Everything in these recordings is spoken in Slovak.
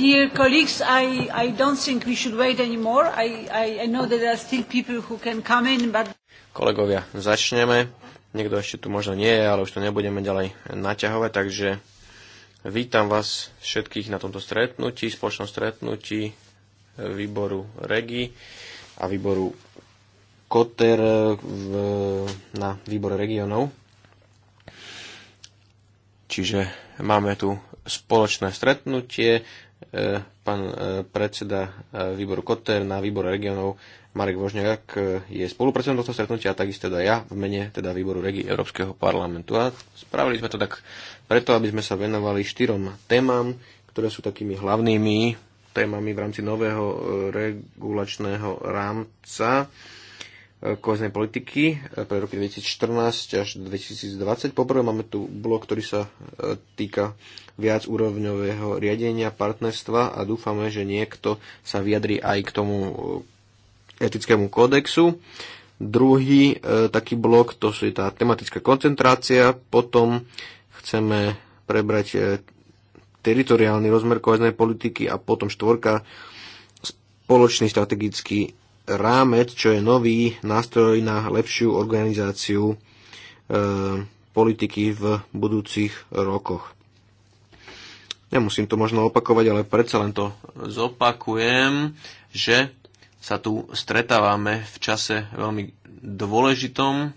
Dear colleagues, I, I don't think we should wait anymore. I, I, I know that there are still people who can come in, but... Kolegovia, začneme. Niekto ešte tu možno nie je, ale už to nebudeme ďalej naťahovať, takže vítam vás všetkých na tomto stretnutí, spoločnom stretnutí výboru REGI a výboru Koter v, na výbore regionov. Čiže máme tu spoločné stretnutie E, pán e, predseda e, výboru Kotter na výbor regionov Marek Vožňák je spolupredsedom tohto stretnutia a takisto teda ja v mene teda výboru regi Európskeho parlamentu. A spravili sme to tak preto, aby sme sa venovali štyrom témam, ktoré sú takými hlavnými témami v rámci nového regulačného rámca koheznej politiky eh, pre roky 2014 až 2020. Poprvé máme tu blok, ktorý sa eh, týka viac úrovňového riadenia, partnerstva a dúfame, že niekto sa vyjadri aj k tomu eh, etickému kódexu. Druhý e, taký blok, to je tá tematická koncentrácia. Potom chceme prebrať e, teritoriálny rozmer koheznej politiky a potom štvorka spoločný strategický rámec, čo je nový nástroj na lepšiu organizáciu e, politiky v budúcich rokoch. Nemusím to možno opakovať, ale predsa len to zopakujem, že sa tu stretávame v čase veľmi dôležitom.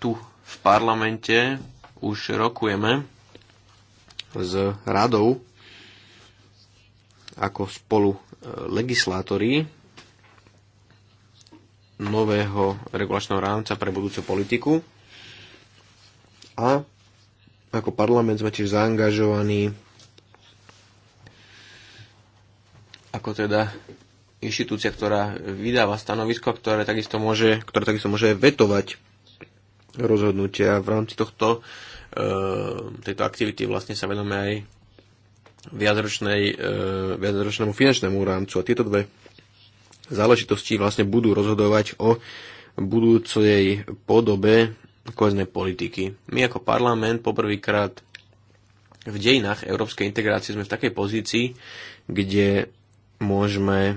Tu v parlamente už rokujeme s radou ako spolu e, legislátori nového regulačného rámca pre budúcu politiku a ako parlament sme tiež zaangažovaní ako teda inštitúcia, ktorá vydáva stanovisko, ktoré takisto môže, ktoré takisto môže vetovať rozhodnutia. V rámci tohto, e, tejto aktivity vlastne sa vedome aj E, viacročnému finančnému rámcu. A tieto dve záležitosti vlastne budú rozhodovať o budúcej podobe kohezné politiky. My ako parlament poprvýkrát v dejinách európskej integrácie sme v takej pozícii, kde môžeme e,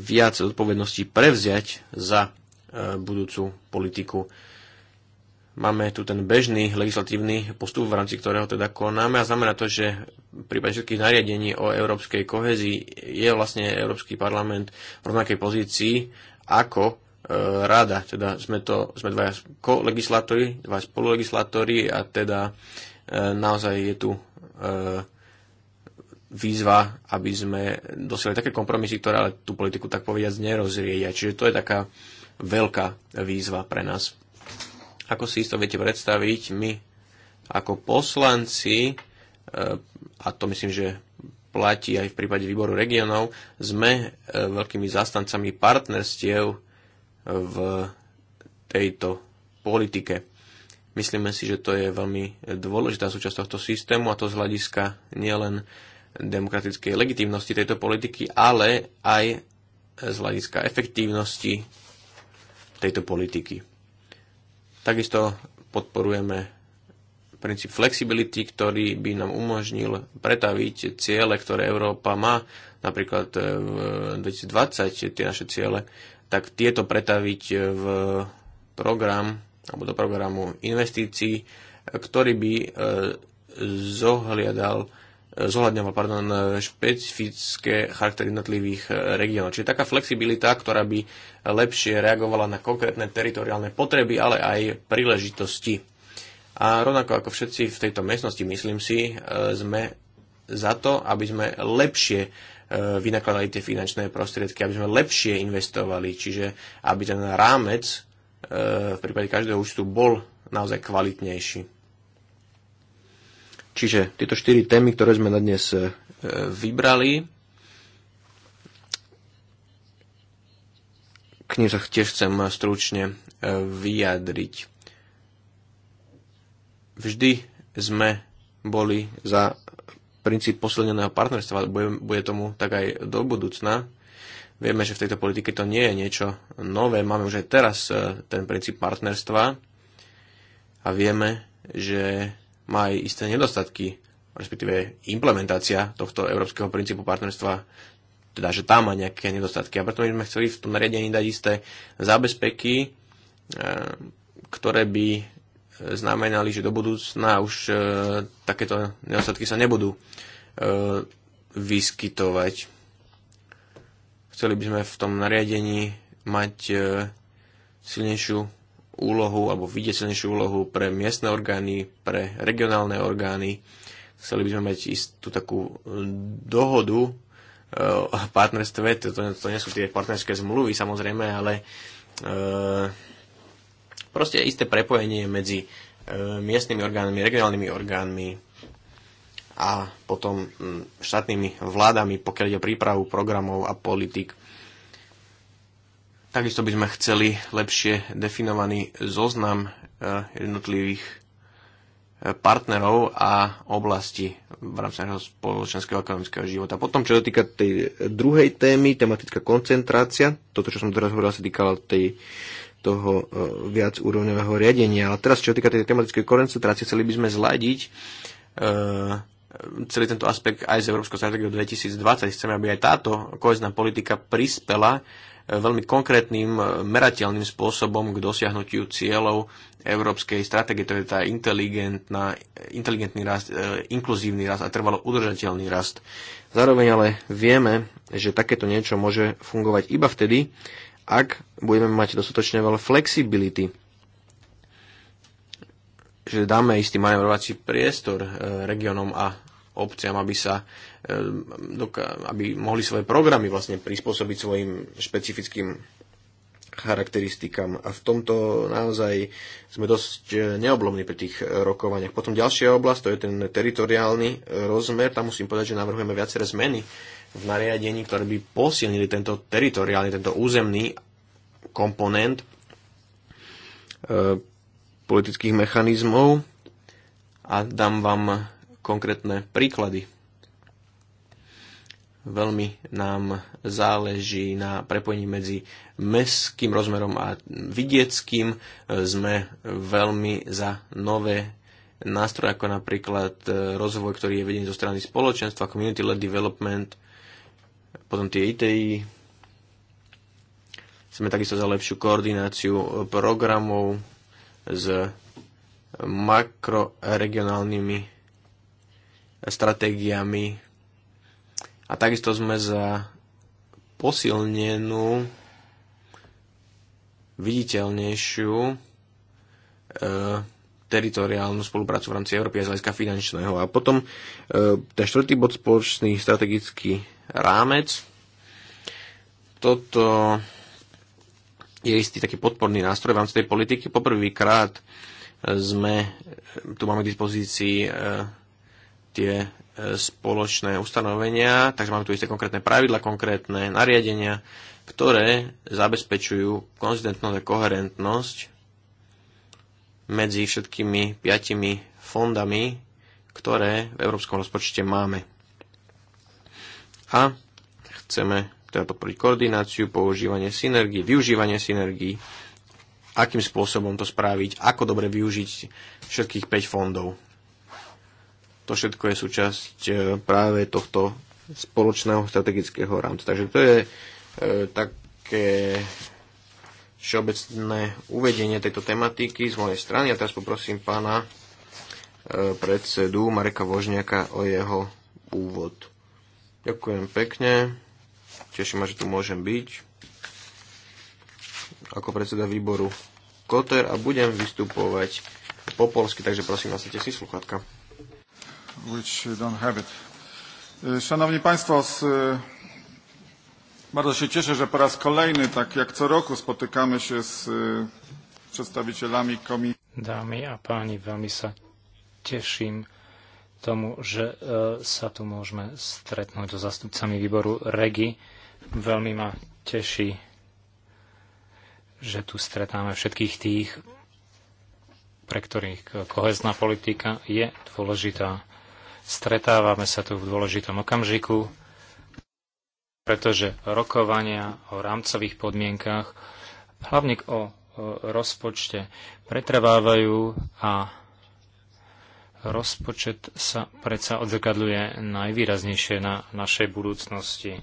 viac odpovedností prevziať za e, budúcu politiku Máme tu ten bežný legislatívny postup, v rámci ktorého teda konáme a znamená to, že v prípade všetkých nariadení o európskej kohezii je vlastne Európsky parlament v rovnakej pozícii ako e, rada. Teda sme, to, sme dvaja legislatóri, dvaja spolulegislatóri a teda e, naozaj je tu e, výzva, aby sme dosiahli také kompromisy, ktoré ale tú politiku tak povediac nerozrieja. Čiže to je taká veľká výzva pre nás. Ako si isto viete predstaviť, my ako poslanci, e, a to myslím, že platí aj v prípade výboru regionov, sme e, veľkými zastancami partnerstiev e, v tejto politike. Myslíme si, že to je veľmi dôležitá súčasť tohto systému a to z hľadiska nielen demokratickej legitimnosti tejto politiky, ale aj z hľadiska efektívnosti tejto politiky. Takisto podporujeme princíp flexibility, ktorý by nám umožnil pretaviť ciele, ktoré Európa má, napríklad e, v 2020 tie naše ciele, tak tieto pretaviť v program alebo do programu investícií, ktorý by e, zohliadal zohľadňoval pardon, špecifické charaktery jednotlivých e, regiónov. Čiže taká flexibilita, ktorá by lepšie reagovala na konkrétne teritoriálne potreby, ale aj príležitosti. A rovnako ako všetci v tejto miestnosti, myslím si, e, sme za to, aby sme lepšie e, vynakladali tie finančné prostriedky, aby sme lepšie investovali, čiže aby ten rámec v prípade každého účtu bol naozaj kvalitnejší. Čiže tieto štyri témy, ktoré sme na dnes e, e, vybrali, k nim sa tiež chcem stručne e, vyjadriť. Vždy sme boli za princíp posledneného partnerstva, bude, bude tomu tak aj do budúcna. Vieme, že v tejto politike to nie je niečo nové. Máme už aj teraz ten princíp partnerstva a vieme, že má aj isté nedostatky, respektíve implementácia tohto európskeho princípu partnerstva, teda že tam má nejaké nedostatky. A preto my sme chceli v tom nariadení dať isté zábezpeky, e, ktoré by e, znamenali, že do budúcna už e, takéto nedostatky sa nebudú vyskytovať. Chceli by sme v tom nariadení mať silnejšiu úlohu alebo viditeľnejšiu úlohu pre miestne orgány, pre regionálne orgány. Chceli by sme mať istú takú e, dohodu e, o partnerstve. To, to nie sú tie partnerské zmluvy samozrejme, ale uh, proste isté prepojenie medzi uh, miestnymi orgánmi, regionálnymi orgánmi a potom štátnymi vládami, pokiaľ ide o prípravu programov a politik Takisto by sme chceli lepšie definovaný zoznam eh, jednotlivých eh, partnerov a oblasti v rámci nášho spoločenského a ekonomického života. Potom, čo sa týka tej druhej témy, tematická koncentrácia, toto, čo som teraz hovoril, sa týkalo tej, toho eh, viac úrovňového riadenia. Ale teraz, čo sa týka tej tematickej koncentrácie, chceli by sme zladiť uh, celý tento aspekt aj z Európskou stratégiou 2020. Chceme, aby aj táto kohezná politika prispela veľmi konkrétnym, e, merateľným spôsobom k dosiahnutiu cieľov európskej stratégie, to je tá inteligentná, inteligentný rast, e, inkluzívny rast a trvalo udržateľný rast. Zároveň ale vieme, že takéto niečo môže fungovať iba vtedy, ak budeme mať dostatočne veľa flexibility že dáme istý manevrovací priestor e, regionom a obciam, aby, sa, e, aby mohli svoje programy vlastne prispôsobiť svojim špecifickým charakteristikám. A v tomto naozaj sme dosť e, neoblomní pri tých e, rokovaniach. Potom ďalšia oblasť, to je ten teritoriálny rozmer. Tam musím povedať, že navrhujeme viaceré zmeny v nariadení, ktoré by posilnili tento teritoriálny, tento územný komponent politických mechanizmov a dám vám konkrétne príklady. Veľmi nám záleží na prepojení medzi mestským rozmerom a vidieckým. Sme veľmi za nové nástroje, ako napríklad e, rozvoj, ktorý je vedený zo strany spoločenstva, community-led development, potom tie ITI. Sme takisto za lepšiu koordináciu e, programov s makroregionálnymi stratégiami. A takisto sme za posilnenú, viditeľnejšiu e, teritoriálnu spoluprácu v rámci Európy a z hľadiska finančného. A potom e, ten štvrtý bod, spoločný strategický rámec. Toto je istý taký podporný nástroj v rámci tej politiky. Poprvýkrát sme, e, tu máme k dispozícii e, tie e, spoločné ustanovenia, takže máme tu isté konkrétne pravidla, konkrétne nariadenia, ktoré zabezpečujú konzistentnosť a koherentnosť medzi všetkými piatimi fondami, ktoré v európskom rozpočte máme. A chceme teda podporiť koordináciu, používanie synergii, využívanie synergii, akým spôsobom to spraviť, ako dobre využiť všetkých 5 fondov. To všetko je súčasť e, práve tohto spoločného strategického rámca. Takže to je e, také všeobecné uvedenie tejto tematiky z mojej strany a teraz poprosím pána e, predsedu Mareka Vožniaka o jeho úvod. Ďakujem pekne, teším ma, že tu môžem byť ako predseda výboru Koter a budem vystupovať po polsky, takže prosím, nasadte si sluchatka which uh, don't have it. E, szanowni Państwo, z, e, bardzo się cieszę, że po raz kolejny, tak jak co roku, spotykamy się z e, przedstawicielami komisji. Dámy a páni, veľmi sa teším tomu, že sa tu môžeme stretnúť so zastupcami výboru REGI. Veľmi ma teší, že tu stretáme všetkých tých, pre ktorých kohezná politika je dôležitá. Stretávame sa tu v dôležitom okamžiku, pretože rokovania o rámcových podmienkách, hlavne o rozpočte, pretrvávajú a rozpočet sa predsa odzrkadľuje najvýraznejšie na našej budúcnosti.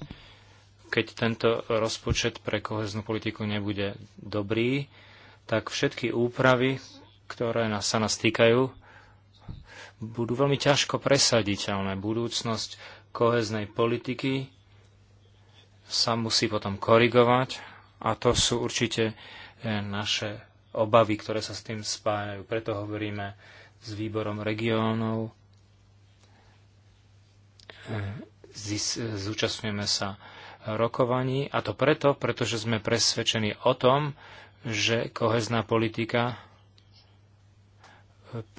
Keď tento rozpočet pre koheznú politiku nebude dobrý, tak všetky úpravy, ktoré nás, sa nás týkajú, budú veľmi ťažko presaditeľné. Budúcnosť koheznej politiky sa musí potom korigovať a to sú určite e, naše obavy, ktoré sa s tým spájajú. Preto hovoríme s výborom regiónov, e, e, zúčastňujeme sa rokovaní a to preto, pretože sme presvedčení o tom, že kohezná politika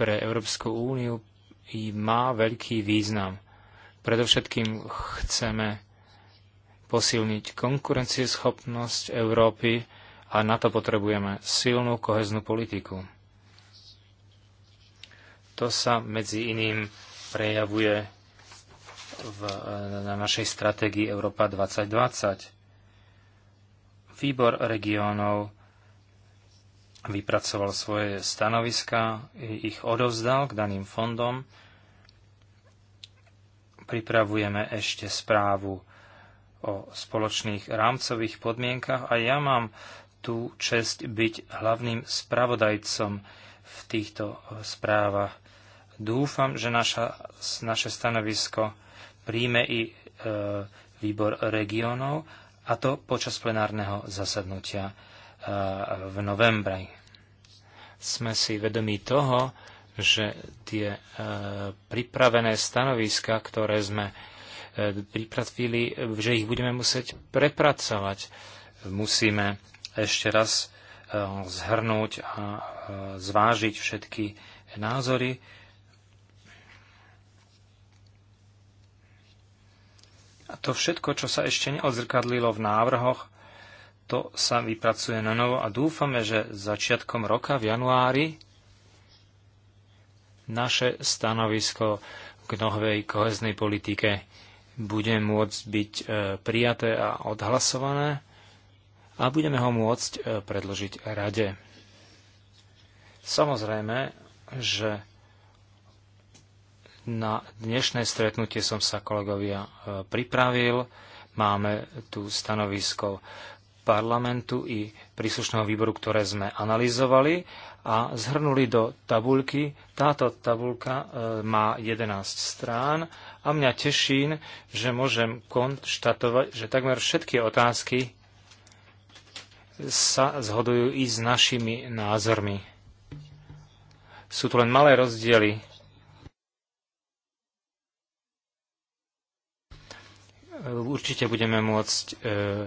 pre Európsku úniu má veľký význam. Predovšetkým chceme posilniť konkurencieschopnosť Európy a na to potrebujeme silnú koheznú politiku. To sa medzi iným prejavuje v, na našej stratégii Európa 2020. Výbor regiónov vypracoval svoje stanoviska, ich odovzdal k daným fondom. Pripravujeme ešte správu o spoločných rámcových podmienkach a ja mám tú čest byť hlavným spravodajcom v týchto správach. Dúfam, že naša, naše stanovisko príjme i e, výbor regionov a to počas plenárneho zasadnutia v novembri. Sme si vedomí toho, že tie e, pripravené stanoviska, ktoré sme e, pripravili, že ich budeme musieť prepracovať. Musíme ešte raz e, zhrnúť a zvážiť všetky názory. A to všetko, čo sa ešte neodzrkadlilo v návrhoch, to sa vypracuje na novo a dúfame, že začiatkom roka v januári naše stanovisko k novej koheznej politike bude môcť byť e, prijaté a odhlasované a budeme ho môcť e, predložiť rade. Samozrejme, že na dnešné stretnutie som sa kolegovia e, pripravil. Máme tu stanovisko parlamentu i príslušného výboru, ktoré sme analyzovali a zhrnuli do tabulky. Táto tabulka e, má 11 strán a mňa teší, že môžem konštatovať, že takmer všetky otázky sa zhodujú i s našimi názormi. Sú tu len malé rozdiely určite budeme môcť e, e,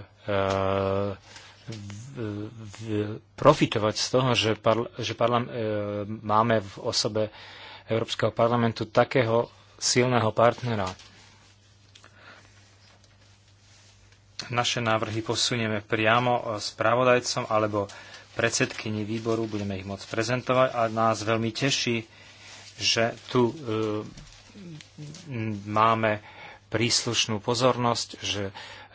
profitovať z toho, že, parl- že parlam, e, máme v osobe Európskeho parlamentu takého silného partnera. Naše návrhy posunieme priamo spravodajcom alebo predsedkyni výboru, budeme ich môcť prezentovať a nás veľmi teší, že tu e, máme príslušnú pozornosť, že e,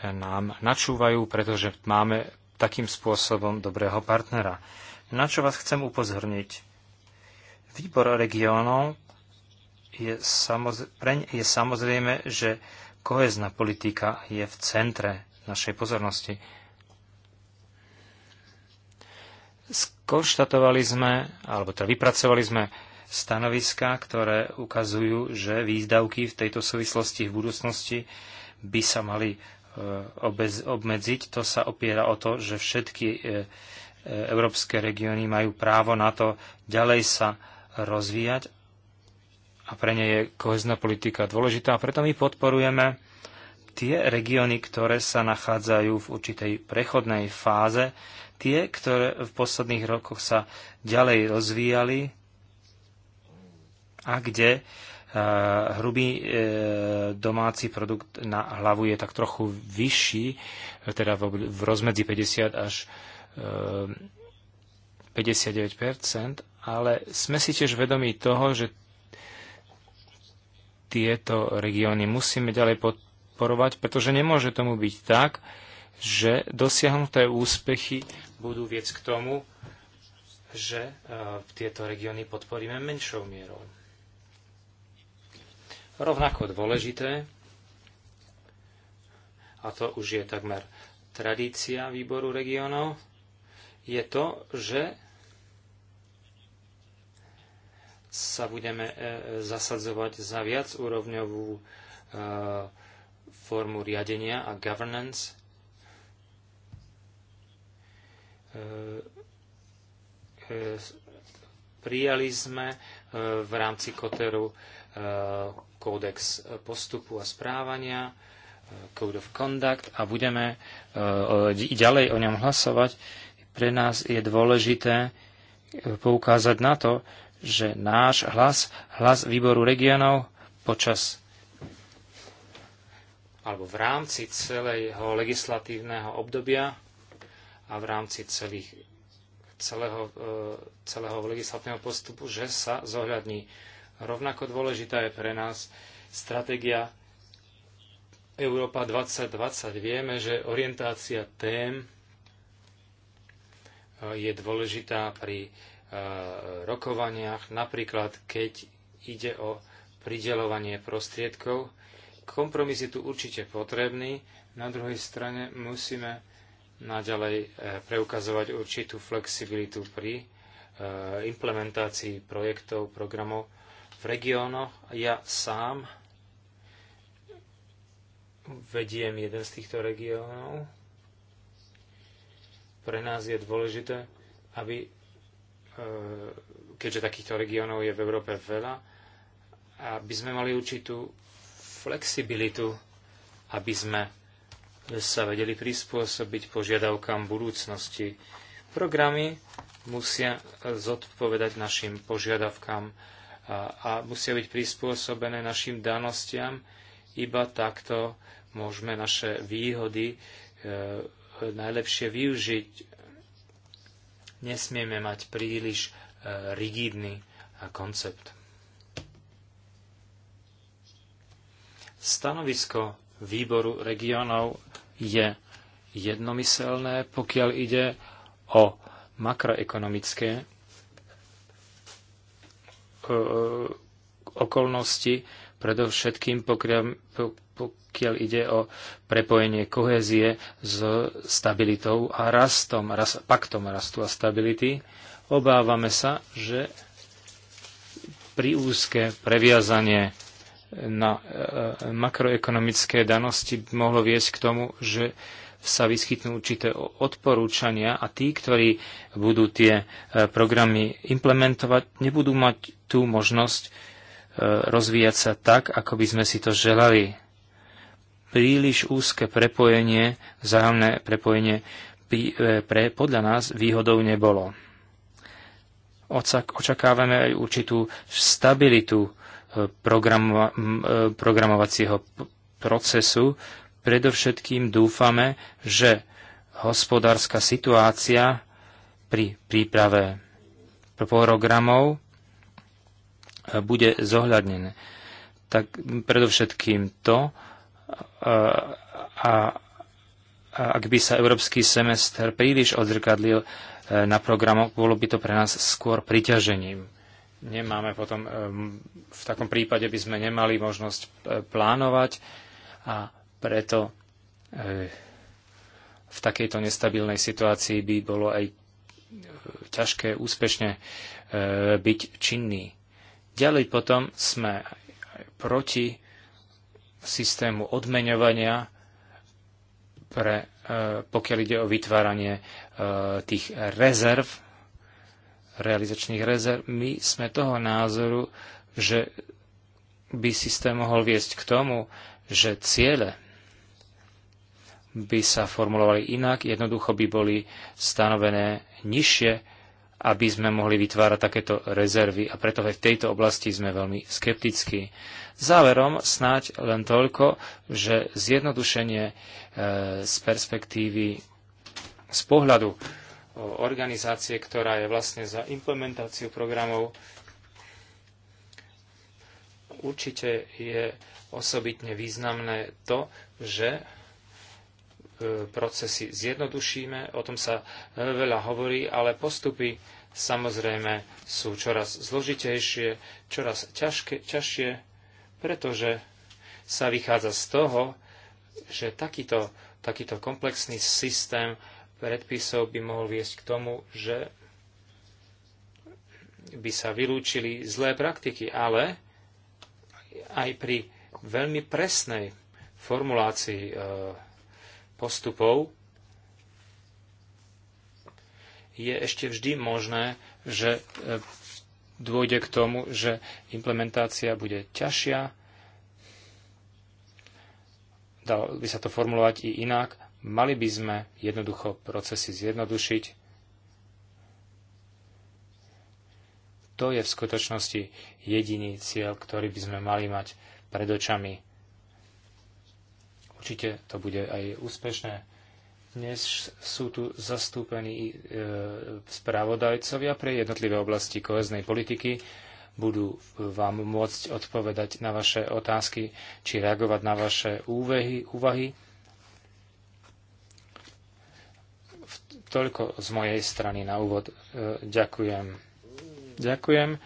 nám načúvajú, pretože máme takým spôsobom dobrého partnera. Na čo vás chcem upozorniť? Výbor regionov je, samozrejme, je samozrejme, že kohezná politika je v centre našej pozornosti. Skonštatovali sme, alebo teda vypracovali sme stanoviská, ktoré ukazujú, že výzdavky v tejto súvislosti v budúcnosti by sa mali e, obmedziť. To sa opiera o to, že všetky e, e, európske regióny majú právo na to ďalej sa rozvíjať a pre ne je kohezná politika dôležitá. A preto my podporujeme tie regióny, ktoré sa nachádzajú v určitej prechodnej fáze, tie, ktoré v posledných rokoch sa ďalej rozvíjali a kde e, hrubý e, domáci produkt na hlavu je tak trochu vyšší, teda v rozmedzi 50 až 59 e, ale sme si tiež vedomi toho, že tieto regióny musíme ďalej podporovať, pretože nemôže tomu byť tak, že dosiahnuté úspechy budú viec k tomu, že tieto regióny podporíme menšou mierou. Rovnako dôležité, a to už je takmer tradícia výboru regionov, je to, že sa budeme e, zasadzovať za viac úrovňovú e, formu riadenia a governance. E, prijali sme v rámci Koteru kódex postupu a správania, e, Code of Conduct a budeme e, ďalej o ňom hlasovať. Pre nás je dôležité e, poukázať na to, že náš hlas, hlas výboru regionov počas alebo v rámci celého legislatívneho obdobia a v rámci celých, celého, celého legislatívneho postupu, že sa zohľadní Rovnako dôležitá je pre nás stratégia Európa 2020. Vieme, že orientácia tém eh, je dôležitá pri eh, rokovaniach, napríklad keď ide o pridelovanie prostriedkov. Kompromis je tu určite potrebný, na druhej strane musíme naďalej eh, preukazovať určitú flexibilitu pri implementácii projektov, programov, v regiónoch. Ja sám vediem jeden z týchto regiónov. Pre nás je dôležité, aby, e, keďže takýchto regiónov je v Európe veľa, aby sme mali určitú flexibilitu, aby sme sa vedeli prispôsobiť požiadavkám budúcnosti. Programy musia zodpovedať našim požiadavkám a, a musia byť prispôsobené našim danostiam. Iba takto môžeme naše výhody e, najlepšie využiť. Nesmieme mať príliš e, rigidný e, koncept. Stanovisko výboru regionov je jednomyselné, pokiaľ ide o makroekonomické okolnosti, predovšetkým pokiaľ ide o prepojenie kohézie s stabilitou a rastom, rast, paktom rastu a stability. Obávame sa, že pri úzke previazanie na e, e, makroekonomické danosti mohlo viesť k tomu, že sa vyskytnú určité odporúčania a tí, ktorí budú tie e, programy implementovať, nebudú mať tú možnosť e, rozvíjať sa tak, ako by sme si to želali. Príliš úzke prepojenie, vzájomné prepojenie e, pre podľa nás výhodou nebolo. Očakávame aj určitú stabilitu programovacieho procesu, Predovšetkým dúfame, že hospodárska situácia pri príprave programov eh, bude zohľadnené. Tak predovšetkým to, eh, a, ak by sa európsky semester príliš odzrkadlil eh, na programoch, bolo by to pre nás skôr priťažením. Nemáme potom, v takom prípade by sme nemali možnosť plánovať a preto e, v takejto nestabilnej situácii by bolo aj e, ťažké úspešne e, byť činný. Ďalej potom sme proti systému odmeňovania, pre, pokiaľ ide o vytváranie tých rezerv, realizačných rezerv. My sme toho názoru, že by systém mohol viesť k tomu, že ciele by sa formulovali inak, jednoducho by boli stanovené nižšie, aby sme mohli vytvárať takéto rezervy a preto aj v tejto oblasti sme veľmi skeptickí. Záverom snáď len toľko, že zjednodušenie e, z perspektívy, z pohľadu organizácie, ktorá je vlastne za implementáciu programov, určite je osobitne významné to, že E, procesy zjednodušíme, o tom sa e, veľa hovorí, ale postupy samozrejme sú čoraz zložitejšie, čoraz ťažké, ťažšie, pretože sa vychádza z toho, že takýto, takýto komplexný systém predpisov by mohol viesť k tomu, že by sa vylúčili zlé praktiky, ale aj pri veľmi presnej formulácii e, postupov je ešte vždy možné, že e, dôjde k tomu, že implementácia bude ťažšia, dal by sa to formulovať i inak, mali by sme jednoducho procesy zjednodušiť. To je v skutočnosti jediný cieľ, ktorý by sme mali mať pred očami určite to bude aj úspešné. Dnes sú tu zastúpení e, správodajcovia pre jednotlivé oblasti koheznej politiky. Budú vám môcť odpovedať na vaše otázky či reagovať na vaše úvehy, úvahy. Toľko z mojej strany na úvod. E, ďakujem. Ďakujem.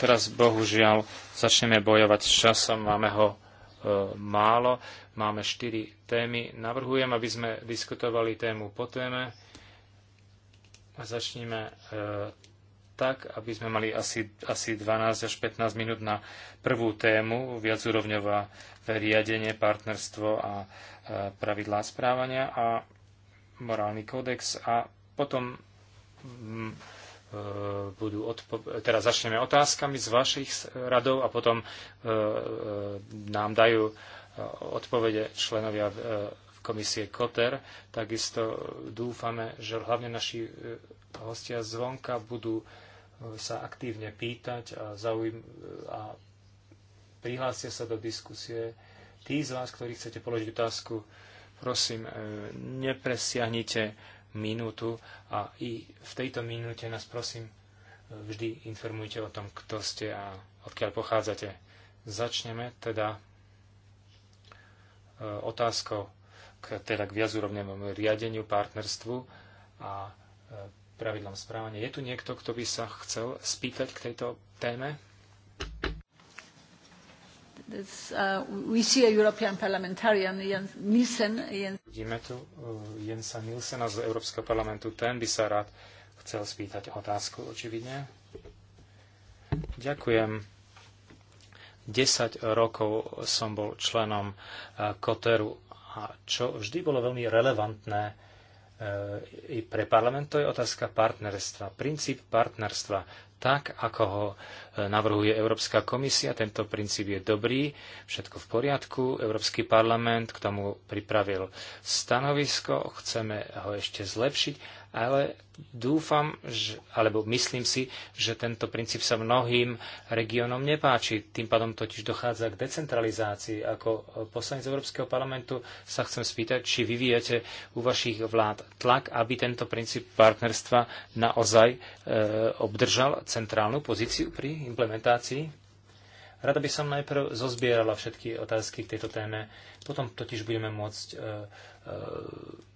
Teraz bohužiaľ začneme bojovať s časom. Máme ho málo. Máme štyri témy. Navrhujem, aby sme diskutovali tému po téme a začneme e, tak, aby sme mali asi, asi 12 až 15 minút na prvú tému, viacúrovňová riadenie, partnerstvo a e, pravidlá správania a morálny kódex a potom E, budú odpo- teraz začneme otázkami z vašich radov a potom e, e, nám dajú odpovede členovia komisie Koter. Takisto dúfame, že hlavne naši hostia zvonka budú sa aktívne pýtať a, zaujím, a prihlásia sa do diskusie. Tí z vás, ktorí chcete položiť otázku, prosím, nepresiahnite minútu a i v tejto minúte nás prosím vždy informujte o tom, kto ste a odkiaľ pochádzate. Začneme teda e, otázkou k, teda k viazúrovnému riadeniu, partnerstvu a e, pravidlom správania. Je tu niekto, kto by sa chcel spýtať k tejto téme? Uh, Nielsen, Vidíme tu uh, Jensa Nilsena z Európskeho parlamentu. Ten by sa rád chcel spýtať otázku, očividne. Ďakujem. 10 rokov som bol členom uh, Koteru a čo vždy bolo veľmi relevantné i pre parlament, to je otázka partnerstva, princíp partnerstva tak, ako ho e, navrhuje Európska komisia. Tento princíp je dobrý, všetko v poriadku. Európsky parlament k tomu pripravil stanovisko, chceme ho ešte zlepšiť ale dúfam, že, alebo myslím si, že tento princíp sa mnohým regiónom nepáči. Tým pádom totiž dochádza k decentralizácii. Ako poslanec Európskeho parlamentu sa chcem spýtať, či vyvíjate u vašich vlád tlak, aby tento princíp partnerstva naozaj e, obdržal centrálnu pozíciu pri implementácii. Rada by som najprv zozbierala všetky otázky k tejto téme, potom totiž budeme môcť e, e,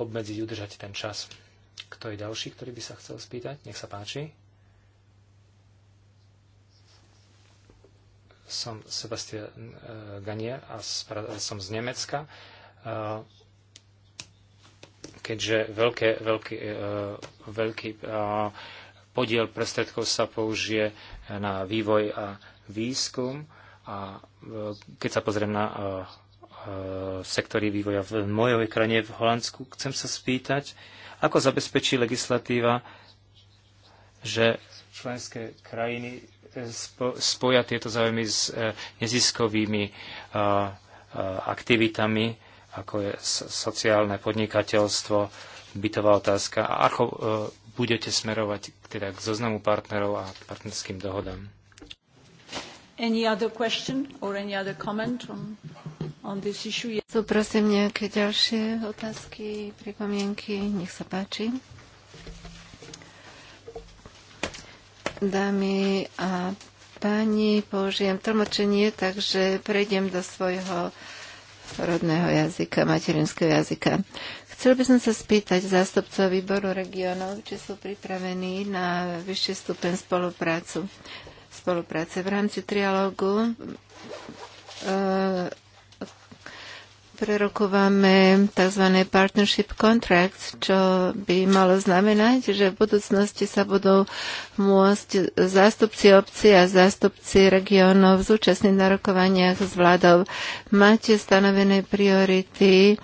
obmedziť, udržať ten čas. Kto je ďalší, ktorý by sa chcel spýtať? Nech sa páči. Som Sebastian eh, Ganier a som z Nemecka. Eh, keďže veľké, veľký, eh, veľký podiel prostredkov sa použije na vývoj a výskum, a keď sa pozriem na Eh, sektory vývoja v mojej krajine v Holandsku. Chcem sa spýtať, ako zabezpečí legislatíva, že členské krajiny eh, spoja tieto záujmy s eh, neziskovými aktivitami, ako je sociálne podnikateľstvo, bytová otázka a ako budete smerovať teda k zoznamu partnerov a partnerským dohodám. Any other question or any other comment? From... Sú prosím nejaké ďalšie otázky, pripomienky? Nech sa páči. Dámy a páni, použijem tlmočenie, takže prejdem do svojho rodného jazyka, materinského jazyka. Chcel by som sa spýtať zástupcov výboru regionov, či sú pripravení na vyššie stupeň spoluprácu, spolupráce. V rámci trialógu e, prerokováme tzv. partnership contracts, čo by malo znamenať, že v budúcnosti sa budú môcť zástupci obci a zástupci regiónov zúčastniť na rokovaniach s vládou. Máte stanovené priority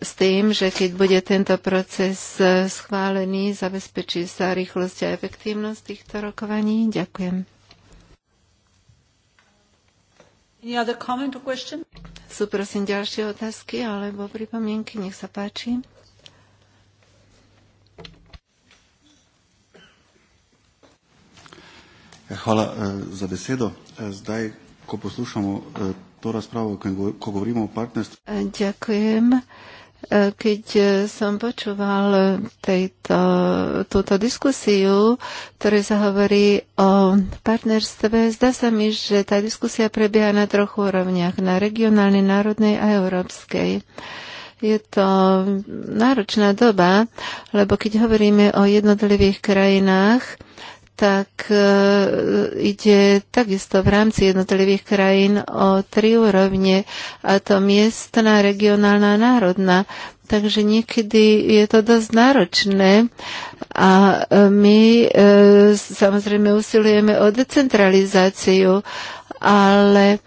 s tým, že keď bude tento proces schválený, zabezpečí sa rýchlosť a efektívnosť týchto rokovaní? Ďakujem. Any other comment or question? Sú prosím ďalšie otázky alebo pripomienky, nech sa páči. Hvala e, za besedo. E, zdaj, ko poslušamo e, to razpravo, ko govorimo o partnerstvu. Ďakujem keď e, som počúval e, tejto, túto diskusiu, ktorá sa hovorí o partnerstve, zdá sa mi, že tá diskusia prebieha na troch úrovniach, na regionálnej, národnej a európskej. Je to náročná doba, lebo keď hovoríme o jednotlivých krajinách, tak e, ide takisto v rámci jednotlivých krajín o tri úrovne, a to miestna, regionálna a národná. Takže niekedy je to dosť náročné a e, my e, samozrejme usilujeme o decentralizáciu, ale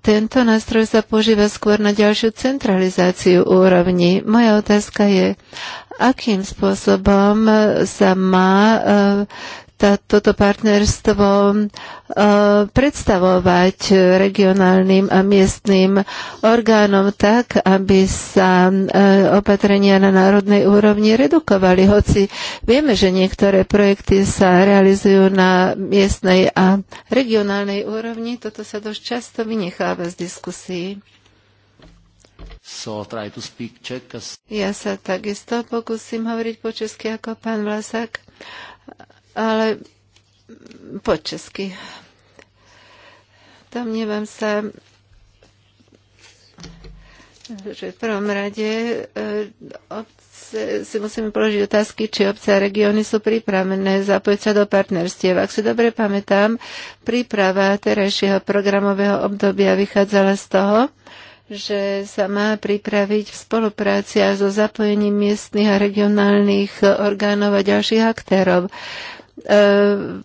tento nástroj sa používa skôr na ďalšiu centralizáciu úrovni. Moja otázka je, akým spôsobom sa má tá, toto partnerstvo e, predstavovať regionálnym a miestnym orgánom tak, aby sa e, opatrenia na národnej úrovni redukovali, hoci vieme, že niektoré projekty sa realizujú na miestnej a regionálnej úrovni. Toto sa dosť často vynecháva z diskusí. So try to speak Czech. Ja sa takisto pokúsim hovoriť po česky ako pán Vlasák. Uh, ale po česky. Domnievam sa, že v prvom rade eh, obce, si musíme položiť otázky, či obce a regióny sú pripravené zapojiť sa do partnerstiev. Ak si dobre pamätám, príprava terajšieho programového obdobia vychádzala z toho, že sa má pripraviť v spolupráci a so zapojením miestnych a regionálnych orgánov a ďalších aktérov. E,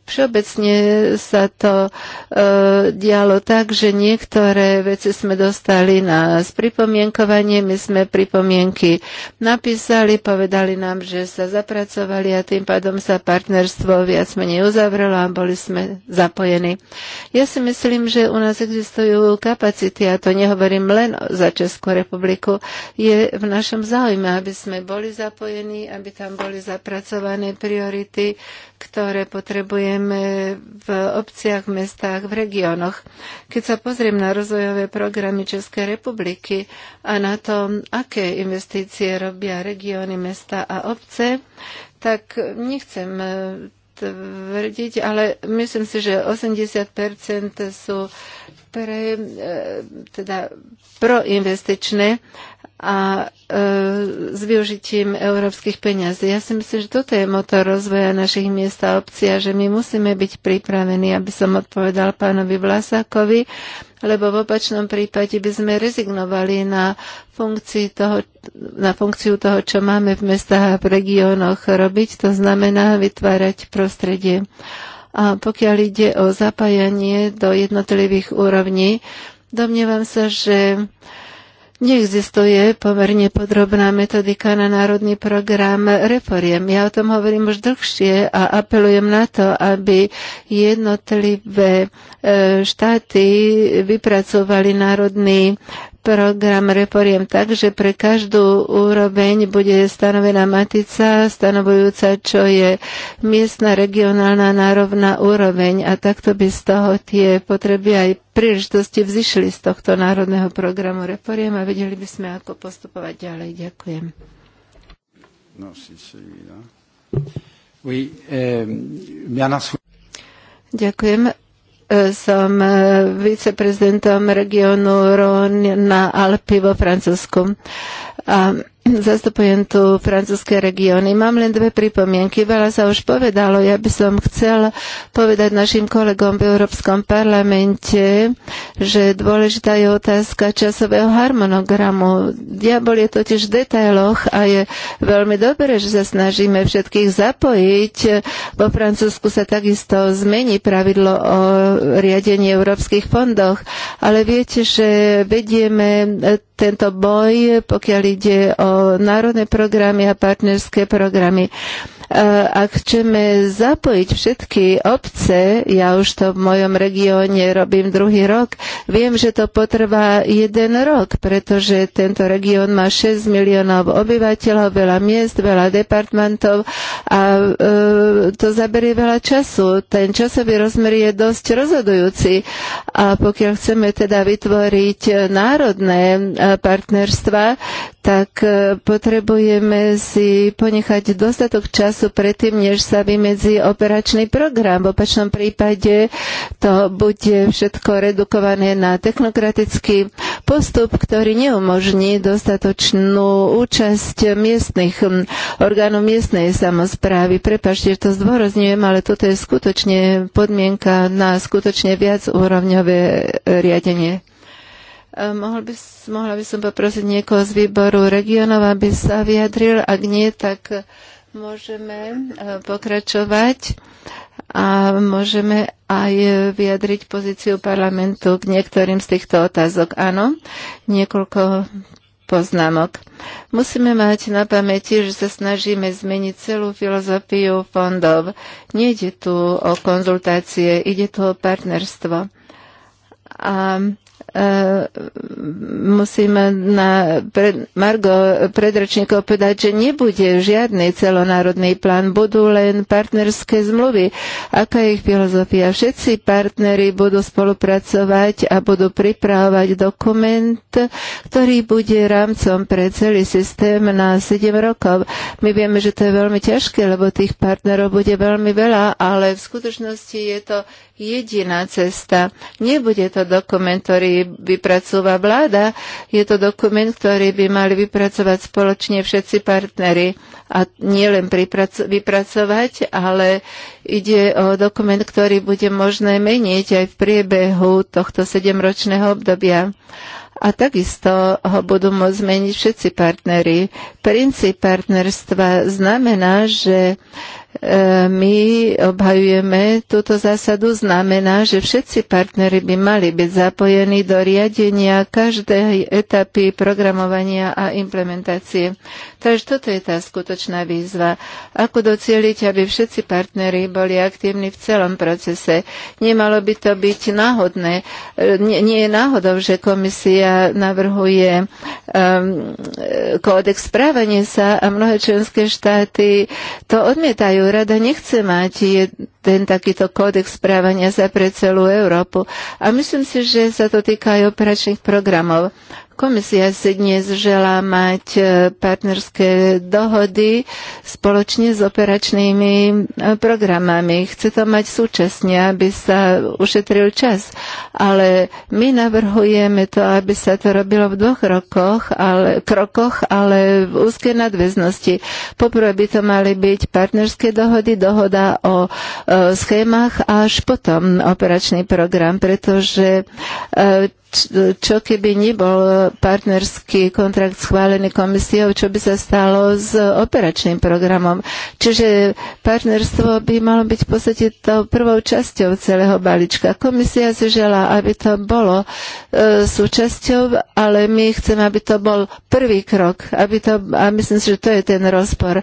všeobecne sa to e, dialo tak, že niektoré veci sme dostali na spripomienkovanie, my sme pripomienky napísali, povedali nám, že sa zapracovali a tým pádom sa partnerstvo viac menej uzavrelo a boli sme zapojení. Ja si myslím, že u nás existujú kapacity, a to nehovorím len za Českú republiku, je v našom záujme, aby sme boli zapojení, aby tam boli zapracované priority ktoré potrebujeme v obciach, v mestách, v regiónoch. Keď sa pozriem na rozvojové programy Českej republiky a na to, aké investície robia regióny, mesta a obce, tak nechcem e, tvrdiť, ale myslím si, že 80% sú pre, e, teda proinvestičné a e, s využitím európskych peňazí. Ja si myslím, že toto je motor rozvoja našich miest a obcí a že my musíme byť pripravení, aby som odpovedal pánovi Vlasákovi, lebo v opačnom prípade by sme rezignovali na, toho, na funkciu toho, čo máme v mestách a v regiónoch robiť, to znamená vytvárať prostredie. A pokiaľ ide o zapájanie do jednotlivých úrovní, domnievam sa, že Neexistuje pomerne podrobná metodika na národný program reforiem. Ja o tom hovorím už dlhšie a apelujem na to, aby jednotlivé e, štáty vypracovali národný program Reporiem tak, že pre každú úroveň bude stanovená matica, stanovujúca, čo je miestna, regionálna, národná úroveň a takto by z toho tie potreby aj príležitosti vzýšli z tohto národného programu Reporiem a vedeli by sme, ako postupovať ďalej. Ďakujem. No, si, si, no. Oui, eh, Ďakujem som e, viceprezidentom regiónu Rhône na Alpy vo Francúzsku. A Zastupujem tu francúzske regióny. Mám len dve pripomienky. Veľa sa už povedalo. Ja by som chcel povedať našim kolegom v Európskom parlamente, že dôležitá je otázka časového harmonogramu. Diabol je totiž v detailoch a je veľmi dobré, že sa snažíme všetkých zapojiť. Vo Francúzsku sa takisto zmení pravidlo o riadení európskych fondoch. Ale viete, že vedieme tento boj, pokiaľ ide o národné programy a partnerské programy. Ak chceme zapojiť všetky obce, ja už to v mojom regióne robím druhý rok, viem, že to potrvá jeden rok, pretože tento región má 6 miliónov obyvateľov, veľa miest, veľa departmentov a e, to zaberie veľa času. Ten časový rozmer je dosť rozhodujúci a pokiaľ chceme teda vytvoriť národné e, partnerstva, tak e, potrebujeme si ponechať dostatok času času predtým, než sa vymedzí operačný program. V opačnom prípade to bude všetko redukované na technokratický postup, ktorý neumožní dostatočnú účasť miestnych hm, orgánov miestnej samozprávy. Prepašte, že to zdôrazňujem, ale toto je skutočne podmienka na skutočne viac úrovňové riadenie. Mohol by, mohla by som poprosiť niekoho z výboru regionov, aby sa vyjadril. Ak nie, tak Môžeme e, pokračovať a môžeme aj vyjadriť pozíciu parlamentu k niektorým z týchto otázok. Áno, niekoľko poznámok. Musíme mať na pamäti, že sa snažíme zmeniť celú filozofiu fondov. Nejde tu o konzultácie, ide tu o partnerstvo. A E, musím na pred, Margo predračníkov povedať, že nebude žiadny celonárodný plán, budú len partnerské zmluvy. Aká je ich filozofia? Všetci partnery budú spolupracovať a budú pripravovať dokument, ktorý bude rámcom pre celý systém na 7 rokov. My vieme, že to je veľmi ťažké, lebo tých partnerov bude veľmi veľa, ale v skutočnosti je to jediná cesta. Nebude to dokument, ktorý vypracúva vláda, je to dokument, ktorý by mali vypracovať spoločne všetci partnery a nielen vypracovať, ale ide o dokument, ktorý bude možné meniť aj v priebehu tohto sedemročného obdobia a takisto ho budú môcť zmeniť všetci partneri. Princíp partnerstva znamená, že E, my obhajujeme túto zásadu, znamená, že všetci partnery by mali byť zapojení do riadenia každej etapy programovania a implementácie. Takže toto je tá skutočná výzva. Ako docieliť, aby všetci partnery boli aktívni v celom procese? Nemalo by to byť náhodné. E, nie, nie je náhodou, že komisia navrhuje um, e, kódex správania sa a mnohé členské štáty to odmietajú Rada nechce mať ten takýto kódex správania za pre celú Európu. A myslím si, že sa to týka aj operačných programov. Komisia si dnes želá mať e, partnerské dohody spoločne s operačnými e, programami. Chce to mať súčasne, aby sa ušetril čas. Ale my navrhujeme to, aby sa to robilo v dvoch rokoch, ale, krokoch, ale v úzkej nadväznosti. Poprvé by to mali byť partnerské dohody, dohoda o, o e, schémach a až potom operačný program, pretože e, čo keby nebol partnerský kontrakt schválený komisiou, čo by sa stalo s operačným programom. Čiže partnerstvo by malo byť v podstate tou prvou časťou celého balíčka. Komisia si žela, aby to bolo e, súčasťou, ale my chceme, aby to bol prvý krok. Aby to, a myslím si, že to je ten rozpor.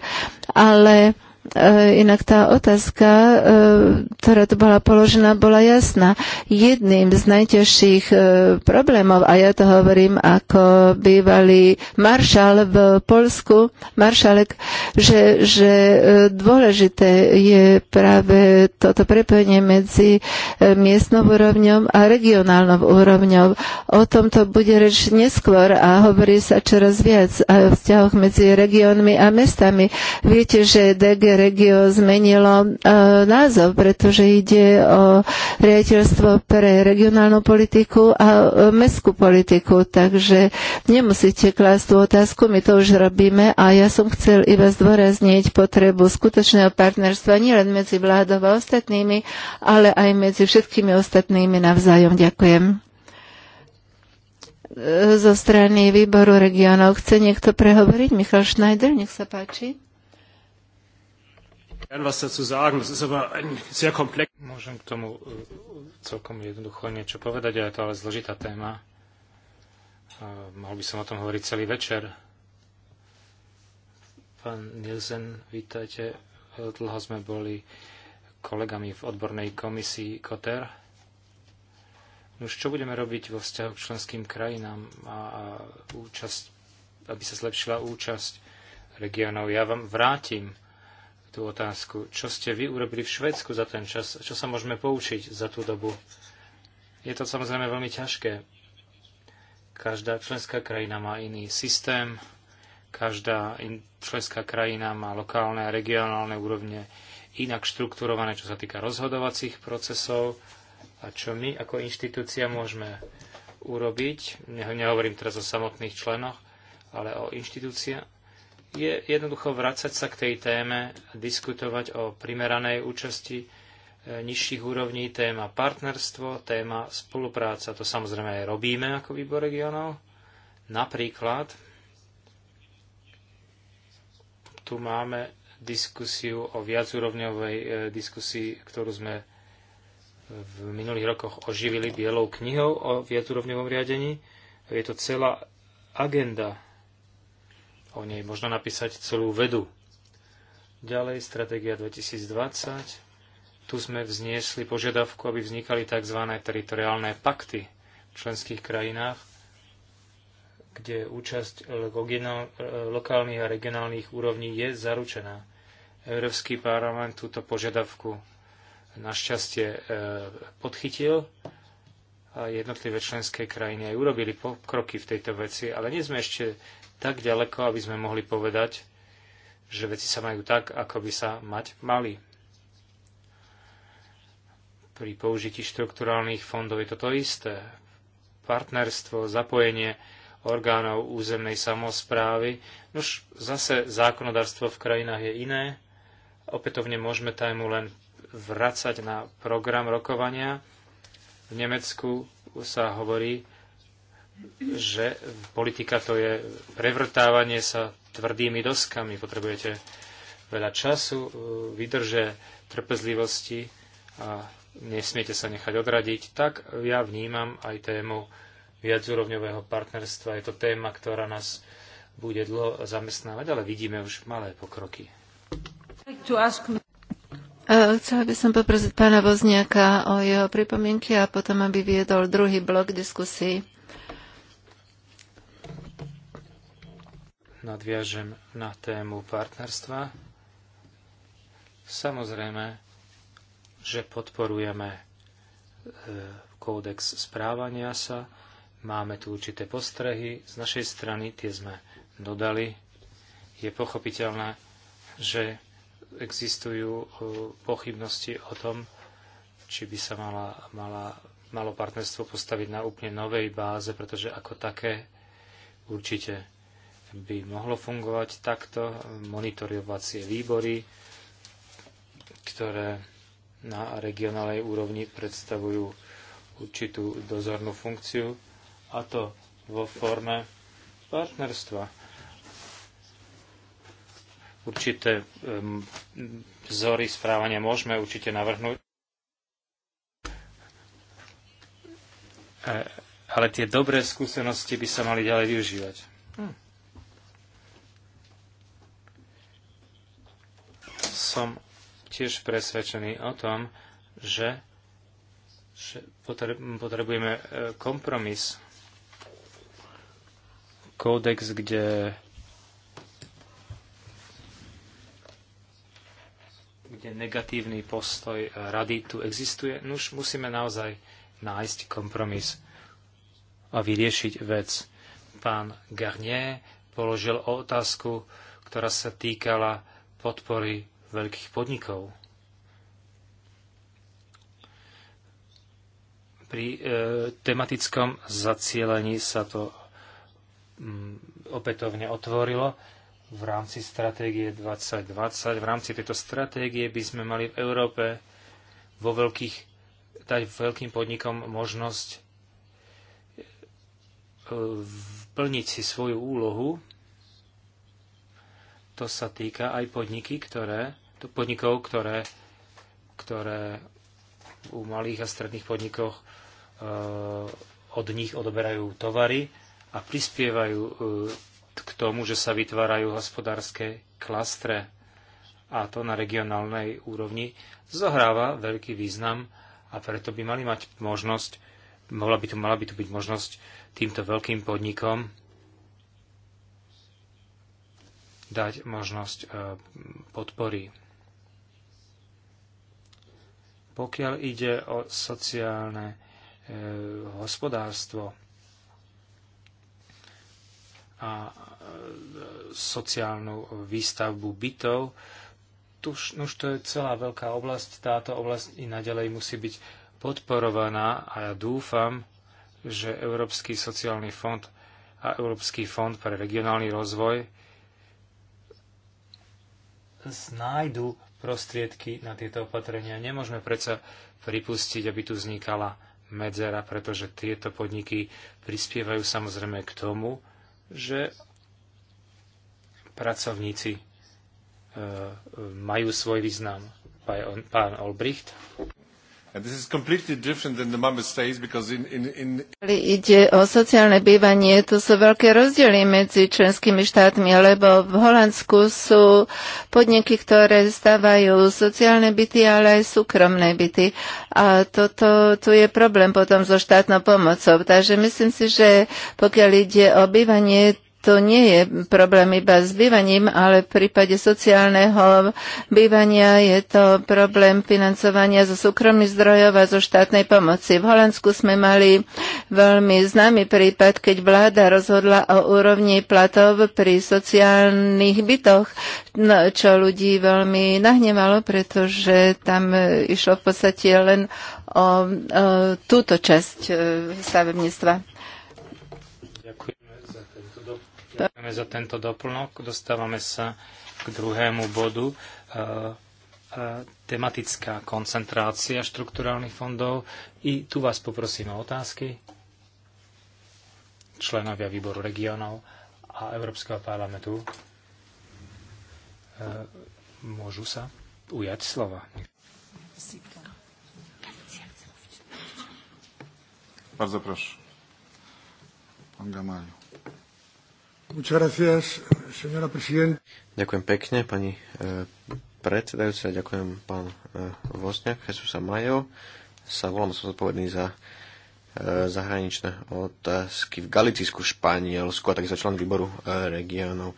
Ale E, inak tá otázka, e, ktorá tu bola položená, bola jasná. Jedným z najťažších e, problémov, a ja to hovorím ako bývalý maršal v Polsku, maršalek, že, že dôležité je práve toto prepojenie medzi miestnou úrovňou a regionálnou úrovňou. O tom to bude reč neskôr a hovorí sa čoraz viac o vzťahoch medzi regiónmi a mestami. Viete, že DG regio zmenilo e, názov, pretože ide o riaditeľstvo pre regionálnu politiku a e, mestskú politiku, takže nemusíte klásť tú otázku, my to už robíme a ja som chcel iba zdôrazniť potrebu skutočného partnerstva nielen medzi vládou a ostatnými, ale aj medzi všetkými ostatnými navzájom. Ďakujem e, zo strany výboru regionov. Chce niekto prehovoriť? Michal Schneider, nech sa páči. Môžem k tomu e, celkom jednoducho niečo povedať, ale je to ale zložitá téma. E, mohol by som o tom hovoriť celý večer. Pán Nielsen, vítajte. E, dlho sme boli kolegami v odbornej komisii KOTER. Už čo budeme robiť vo vzťahu k členským krajinám a, a účasť, aby sa zlepšila účasť regionov? Ja vám vrátim tú otázku. Čo ste vy urobili v Švedsku za ten čas? Čo sa môžeme poučiť za tú dobu? Je to samozrejme veľmi ťažké. Každá členská krajina má iný systém, každá členská krajina má lokálne a regionálne úrovne inak štrukturované, čo sa týka rozhodovacích procesov a čo my ako inštitúcia môžeme urobiť. Nehovorím teraz o samotných členoch, ale o inštitúcia, je jednoducho vrácať sa k tej téme, diskutovať o primeranej účasti e, nižších úrovní, téma partnerstvo, téma spolupráca. To samozrejme aj robíme ako výbor regionov. Napríklad tu máme diskusiu o viacúrovňovej e, diskusii, ktorú sme e, v minulých rokoch oživili bielou knihou o viacúrovňovom riadení. Je to celá agenda o nej možno napísať celú vedu. Ďalej, stratégia 2020. Tu sme vzniesli požiadavku, aby vznikali tzv. teritoriálne pakty v členských krajinách, kde účasť lokálnych a regionálnych úrovní je zaručená. Európsky parlament túto požiadavku našťastie e, podchytil jednotlivé členské krajiny aj urobili kroky v tejto veci, ale nie sme ešte tak ďaleko, aby sme mohli povedať, že veci sa majú tak, ako by sa mať mali. Pri použití štrukturálnych fondov je toto isté. Partnerstvo, zapojenie orgánov územnej samozprávy. Už zase zákonodárstvo v krajinách je iné. Opätovne môžeme tajmu len vracať na program rokovania v Nemecku sa hovorí, že politika to je prevrtávanie sa tvrdými doskami. Potrebujete veľa času, e, vydrže, trpezlivosti a nesmiete sa nechať odradiť. Tak ja vnímam aj tému viacúrovňového partnerstva. Je to téma, ktorá nás bude dlho zamestnávať, ale vidíme už malé pokroky. E, chcela by som poprosiť pána Vozniaka o jeho pripomienky a potom, aby viedol druhý blok diskusí. Nadviažem na tému partnerstva. Samozrejme, že podporujeme e, kódex správania sa. Máme tu určité postrehy. Z našej strany tie sme dodali. Je pochopiteľné, že existujú e, pochybnosti o tom, či by sa mala, mala, malo partnerstvo postaviť na úplne novej báze, pretože ako také určite by mohlo fungovať takto monitorovacie výbory, ktoré na regionálnej úrovni predstavujú určitú dozornú funkciu, a to vo forme partnerstva určité vzory správania môžeme určite navrhnúť. E, ale tie dobré skúsenosti by sa mali ďalej využívať. Hm. Som tiež presvedčený o tom, že, že potrebujeme e, kompromis, kódex, kde negatívny postoj rady tu existuje. Nuž musíme naozaj nájsť kompromis a vyriešiť vec. Pán Garnier položil otázku, ktorá sa týkala podpory veľkých podnikov. Pri e, tematickom zacielení sa to mm, opätovne otvorilo v rámci stratégie 2020. V rámci tejto stratégie by sme mali v Európe vo veľkých, dať veľkým podnikom možnosť e, plniť si svoju úlohu. To sa týka aj podniky, ktoré, podnikov, ktoré, ktoré u malých a stredných podnikoch e, od nich odoberajú tovary a prispievajú e, k tomu, že sa vytvárajú hospodárske klastre a to na regionálnej úrovni zohráva veľký význam a preto by mali mať možnosť, mohla by tu, mala by tu byť možnosť týmto veľkým podnikom dať možnosť e, podpory. Pokiaľ ide o sociálne e, hospodárstvo, a e, sociálnu výstavbu bytov. Tuž, už to je celá veľká oblasť. Táto oblasť i naďalej musí byť podporovaná a ja dúfam, že Európsky sociálny fond a Európsky fond pre regionálny rozvoj znajdu prostriedky na tieto opatrenia. Nemôžeme predsa pripustiť, aby tu vznikala medzera, pretože tieto podniky prispievajú samozrejme k tomu, že pracovníci e, majú svoj význam. Pán Olbricht. Ide o sociálne bývanie, to sú veľké rozdiely medzi členskými štátmi, lebo v Holandsku sú podniky, ktoré stavajú sociálne byty, ale aj súkromné byty. A toto, tu je problém potom so štátnou pomocou. Takže myslím si, že pokiaľ ide o bývanie, to nie je problém iba s bývaním, ale v prípade sociálneho bývania je to problém financovania zo súkromných zdrojov a zo štátnej pomoci. V Holandsku sme mali veľmi známy prípad, keď vláda rozhodla o úrovni platov pri sociálnych bytoch, no, čo ľudí veľmi nahnevalo, pretože tam išlo v podstate len o, o túto časť e, stavebníctva. Ďakujeme za tento doplnok. Dostávame sa k druhému bodu. E, e, tematická koncentrácia štrukturálnych fondov. I tu vás poprosím o otázky členovia výboru regionov a Európskeho parlamentu e, môžu sa ujať slova. Bardzo proszę. Pan Gamaliu. Ďakujem pekne, pani e, predsedajúca, ďakujem pán e, Vosňák, Jesusa Majo. Sa volám, som zodpovedný za e, zahraničné otázky v Galicisku, Španielsku a takisto člen výboru regiónov.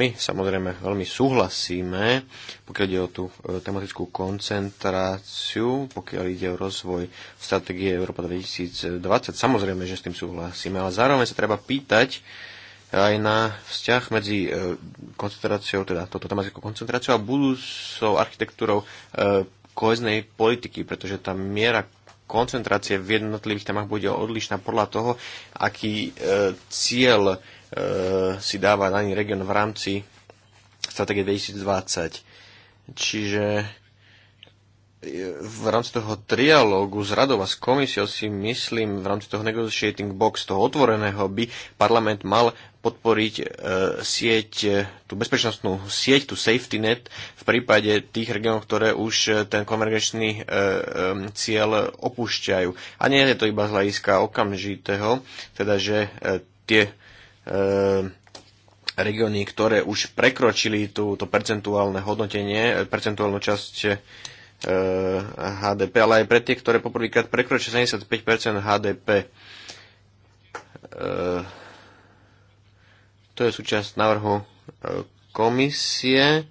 My samozrejme veľmi súhlasíme, pokiaľ ide o tú tematickú koncentráciu, pokiaľ ide o rozvoj stratégie Európa 2020. Samozrejme, že s tým súhlasíme, ale zároveň sa treba pýtať, aj na vzťah medzi e, koncentráciou, teda toto tematickou koncentráciou a budúcou architektúrou e, koheznej politiky, pretože tá miera koncentrácie v jednotlivých témach bude odlišná podľa toho, aký e, cieľ si dáva daný region v rámci stratégie 2020. Čiže v rámci toho trialógu s radou a s komisiou si myslím, v rámci toho negotiating box, toho otvoreného, by parlament mal podporiť e, sieť, e, tú bezpečnostnú sieť, tú safety net v prípade tých regiónov, ktoré už e, ten konvergenčný cieľ opúšťajú. A nie je to iba z hľadiska okamžitého, teda že tie regióny, ktoré už prekročili tú, to percentuálne hodnotenie, percentuálnu časť HDP, ale aj pre tie, ktoré poprvýkrát prekročia 75% HDP. To je súčasť návrhu e, komisie.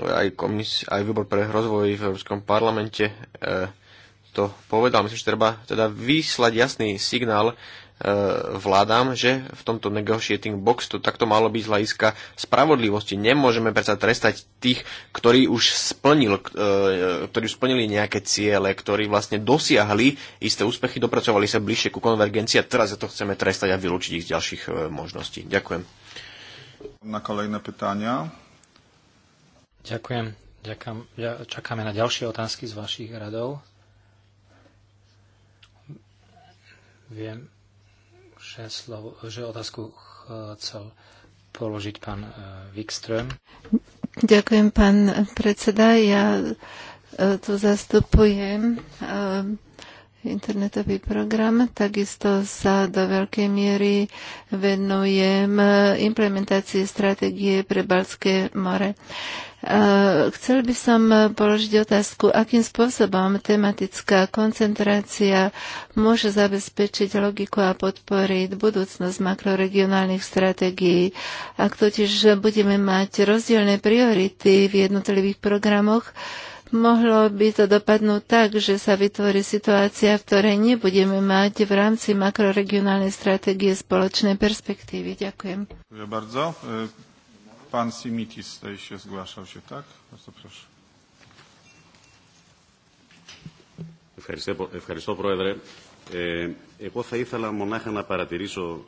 Aj, komis, aj výbor pre rozvoj v Európskom parlamente e, to povedal. Myslím, že treba teda vyslať jasný signál E, vládam, že v tomto negotiating box to takto malo byť z hľadiska spravodlivosti. Nemôžeme predsa trestať tých, ktorí už, splnil, e, ktorí už splnili nejaké ciele, ktorí vlastne dosiahli isté úspechy, dopracovali sa bližšie ku konvergencii a teraz za to chceme trestať a vylúčiť ich z ďalších e, možností. Ďakujem. Na kolejné pytania. Ďakujem. Ďakám, čakáme na ďalšie otázky z vašich radov. Viem, že, slovo, že otázku chcel položiť pán e, Wikström. Ďakujem, pán predseda. Ja e, tu zastupujem e, internetový program. Takisto sa do veľkej miery venujem implementácii stratégie pre Balské more. Eh, chcel by som eh, položiť otázku, akým spôsobom tematická koncentrácia môže zabezpečiť logiku a podporiť budúcnosť makroregionálnych stratégií. Ak totiž budeme mať rozdielne priority v jednotlivých programoch, mohlo by to dopadnúť tak, že sa vytvorí situácia, v ktorej nebudeme mať v rámci makroregionálnej stratégie spoločnej perspektívy. Ďakujem. Ďakujem bardzo. Pan Simitis tutaj się zgłaszał się, tak? Bardzo proszę. Ευχαριστώ, Πρόεδρε. Ε, εγώ θα ήθελα μονάχα να παρατηρήσω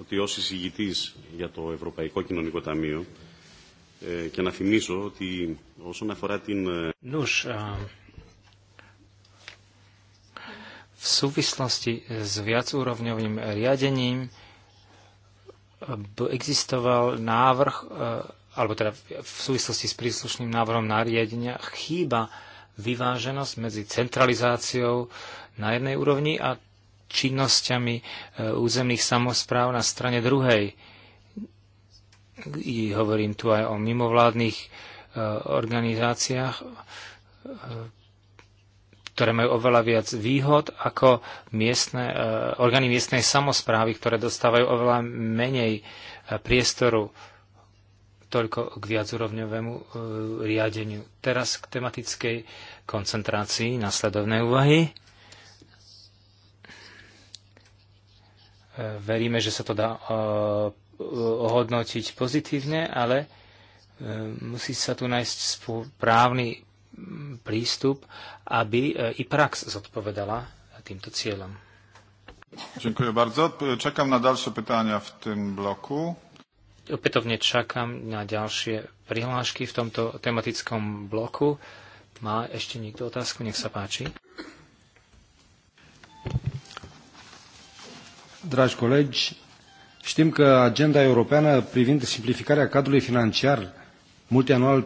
ότι ως εισηγητής για το Ευρωπαϊκό Κοινωνικό Ταμείο ε, και να θυμίσω ότι όσον αφορά την... Νους, α, v súvislosti s viacúrovňovým riadením existoval návrh, e, alebo teda v súvislosti s príslušným návrhom nariadenia, chýba vyváženosť medzi centralizáciou na jednej úrovni a činnosťami e, územných samozpráv na strane druhej. I hovorím tu aj o mimovládnych e, organizáciách ktoré majú oveľa viac výhod ako miestne, e, orgány miestnej samozprávy, ktoré dostávajú oveľa menej e, priestoru toľko k viacúrovňovému e, riadeniu. Teraz k tematickej koncentrácii následovnej úvahy. E, veríme, že sa to dá e, ohodnotiť pozitívne, ale e, musí sa tu nájsť správny prístup, aby e, i prax zodpovedala týmto cieľom. Ďakujem bardzo. Čakám na ďalšie pytania v tom bloku. Opätovne čakám na ďalšie prihlášky v tomto tematickom bloku. Má ešte niekto otázku? Nech sa páči. Dragi colegi, știm că agenda europeană privind simplificarea cadrului financiar multianual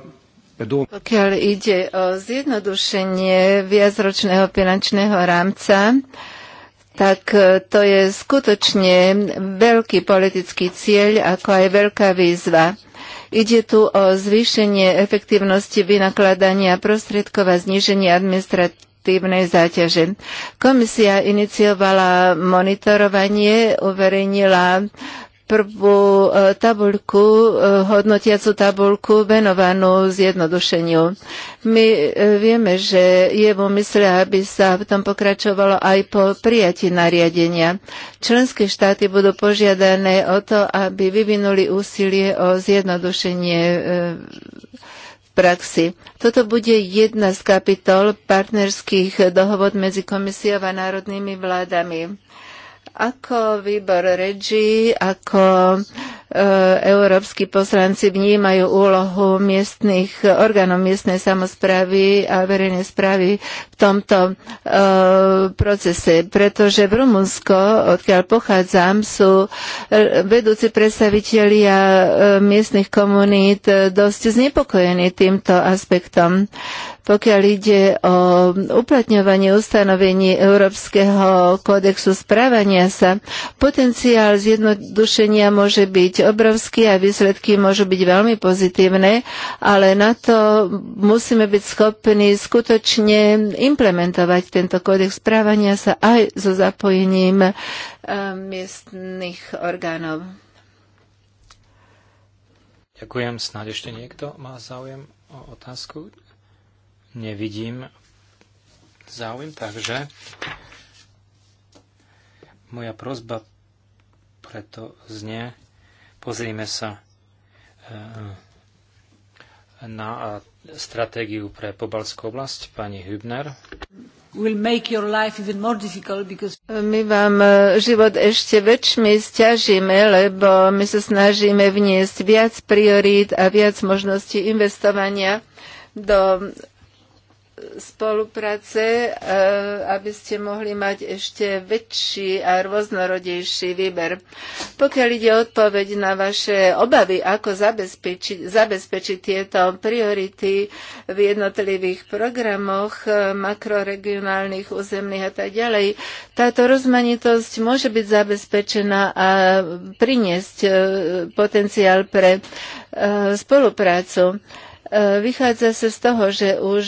pokiaľ ide o zjednodušenie viacročného finančného rámca, tak e, to je skutočne veľký politický cieľ, ako aj veľká výzva. Ide tu o zvýšenie efektívnosti vynakladania prostriedkov a zníženie administratívnej záťaže. Komisia iniciovala monitorovanie, uverejnila prvú e, tabuľku, e, hodnotiacu tabuľku venovanú zjednodušeniu. My e, vieme, že je v mysle, aby sa v tom pokračovalo aj po prijatí nariadenia. Členské štáty budú požiadané o to, aby vyvinuli úsilie o zjednodušenie praxi. Toto bude jedna z kapitol partnerských dohovod medzi komisiou a národnými vládami. Ako výbor REGI, ako e, európsky poslanci vnímajú úlohu miestných orgánov miestnej samozprávy a verejnej správy v tomto e, procese, pretože v Rumunsko, odkiaľ pochádzam, sú e, vedúci predstavitelia e, miestnych komunít dosť znepokojení týmto aspektom. E, pokiaľ ide o uplatňovanie ustanovení Európskeho kódexu správania sa, potenciál zjednodušenia môže byť obrovský a výsledky môžu byť veľmi pozitívne, ale na to musíme byť schopní skutočne implementovať tento kódex správania sa aj so zapojením eh, miestných orgánov. Ďakujem. Snáď ešte niekto má záujem o otázku? Nevidím záujem, takže moja prozba preto znie, pozrime sa eh, na eh, stratégiu pre Pobalskú oblasť, pani Hübner. My vám eh, život ešte väčšmi stiažíme, lebo my sa snažíme vniesť viac priorít a viac možností investovania do spolupráce, e, aby ste mohli mať ešte väčší a rôznorodejší výber. Pokiaľ ide odpoveď na vaše obavy, ako zabezpečiť, zabezpečiť tieto priority v jednotlivých programoch e, makroregionálnych, územných a tak ďalej, táto rozmanitosť môže byť zabezpečená a priniesť e, potenciál pre spoluprácu. E, vychádza sa z toho, že už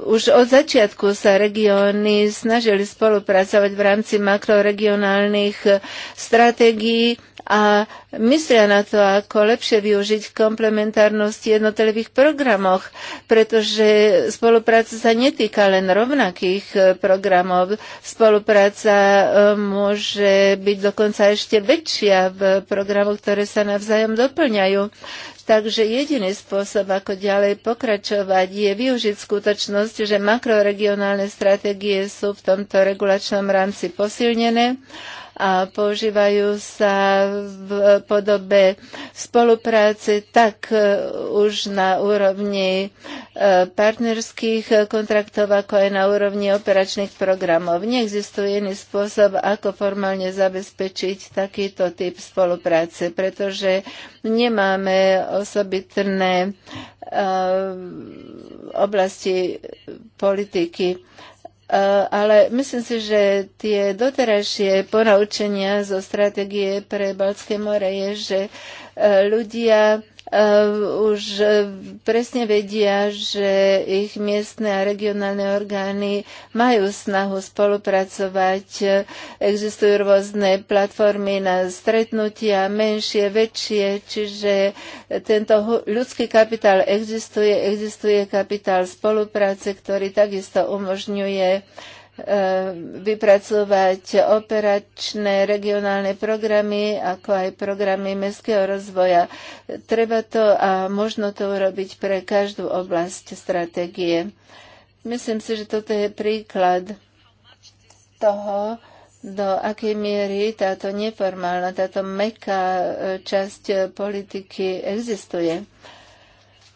už od začiatku sa regióny snažili spolupracovať v rámci makroregionálnych e, stratégií a myslia na to, ako lepšie využiť komplementárnosť v jednotlivých programoch, pretože spolupráca sa netýka len rovnakých e, programov. Spolupráca môže byť dokonca ešte väčšia v programoch, ktoré sa navzájom doplňajú. Takže jediný spôsob, ako ďalej pokračovať, je využiť skutočnosť, že makroregionálne stratégie sú v tomto regulačnom rámci posilnené a používajú sa v podobe spolupráce tak e, už na úrovni e, partnerských kontraktov, ako aj na úrovni operačných programov. Neexistuje iný spôsob, ako formálne zabezpečiť takýto typ spolupráce, pretože nemáme osobitné e, oblasti politiky Eh, ale myslím si, že tie doterajšie ponaučenia zo stratégie pre Balské more je, že eh, ľudia Eh, už eh, presne vedia, že ich miestne a regionálne orgány majú snahu spolupracovať. Existujú rôzne platformy na stretnutia, menšie, väčšie, čiže tento ľudský kapitál existuje, existuje kapitál spolupráce, ktorý takisto umožňuje vypracovať operačné regionálne programy, ako aj programy mestského rozvoja. Treba to a možno to urobiť pre každú oblasť stratégie. Myslím si, že toto je príklad toho, do akej miery táto neformálna, táto meká e, časť politiky existuje.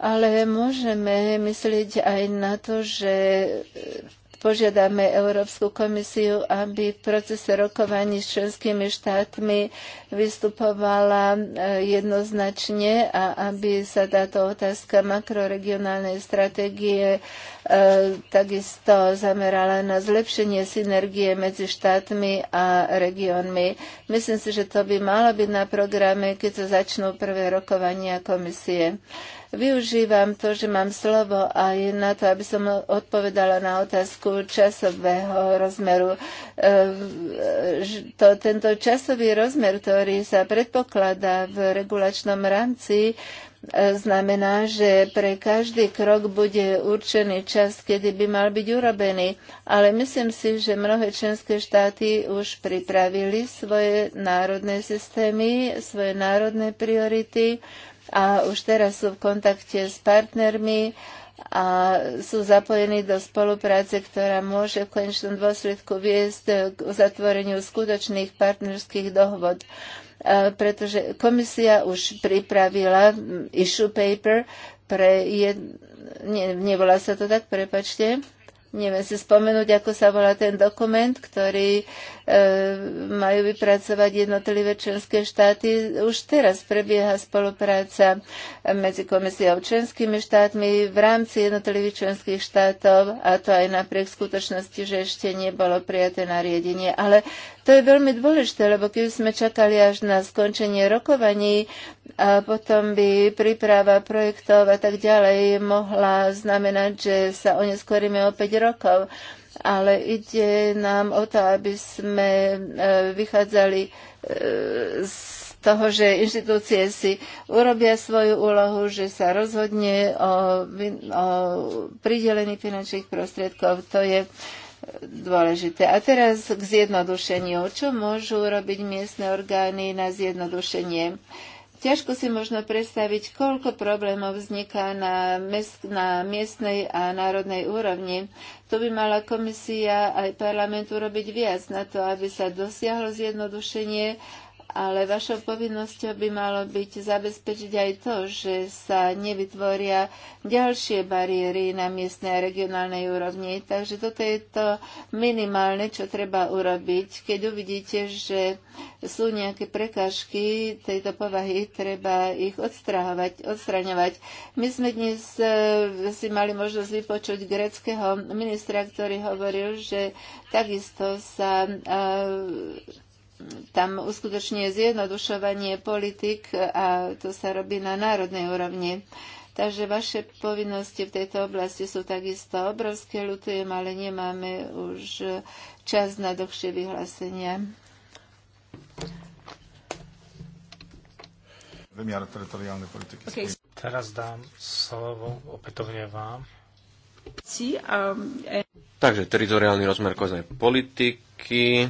Ale môžeme myslieť aj na to, že požiadame Európsku komisiu, aby v procese rokovaní s členskými štátmi vystupovala e, jednoznačne a aby sa táto otázka makroregionálnej stratégie e, takisto zamerala na zlepšenie synergie medzi štátmi a regiónmi. Myslím si, že to by malo byť na programe, keď sa začnú prvé rokovania komisie. Využívam to, že mám slovo aj na to, aby som odpovedala na otázku časového rozmeru. E, to, tento časový rozmer, ktorý sa predpokladá v regulačnom rámci, e, znamená, že pre každý krok bude určený čas, kedy by mal byť urobený. Ale myslím si, že mnohé členské štáty už pripravili svoje národné systémy, svoje národné priority a už teraz sú v kontakte s partnermi a sú zapojení do spolupráce, ktorá môže v konečnom dôsledku viesť k uzatvoreniu skutočných partnerských dohod pretože komisia už pripravila issue paper pre jed... Nie, nevolá sa to tak, prepačte neviem si spomenúť, ako sa volá ten dokument, ktorý e, majú vypracovať jednotlivé členské štáty. Už teraz prebieha spolupráca medzi komisiou a členskými štátmi v rámci jednotlivých členských štátov a to aj napriek skutočnosti, že ešte nebolo prijaté nariadenie. Ale to je veľmi dôležité, lebo keby sme čakali až na skončenie rokovaní a potom by príprava projektov a tak ďalej mohla znamenať, že sa oneskoríme opäť rokov. Ale ide nám o to, aby sme e, vychádzali e, z toho, že inštitúcie si urobia svoju úlohu, že sa rozhodne o, o pridelení finančných prostriedkov. To je dôležité. A teraz k zjednodušeniu. Čo môžu robiť miestne orgány na zjednodušenie? Uh, Ťažko si možno predstaviť, koľko problémov vzniká na, mes- na miestnej a národnej úrovni. Tu by mala komisia aj parlament urobiť viac na to, aby sa dosiahlo zjednodušenie ale vašou povinnosťou by malo byť zabezpečiť aj to, že sa nevytvoria ďalšie bariéry na miestnej a regionálnej úrovni. Takže toto je to minimálne, čo treba urobiť. Keď uvidíte, že sú nejaké prekážky tejto povahy, treba ich odstrahovať, odstraňovať. My sme dnes e, si mali možnosť vypočuť greckého ministra, ktorý hovoril, že takisto sa e, tam uskutočne zjednodušovanie politik a to sa robí na národnej úrovni. Takže vaše povinnosti v tejto oblasti sú takisto obrovské, ľutujem, ale nemáme už čas na dlhšie vyhlásenia. Vymiar teritoriálnej politiky. Okay. Teraz dám slovo opätovne vám. Um, eh. Takže teritoriálny rozmer koznej politiky.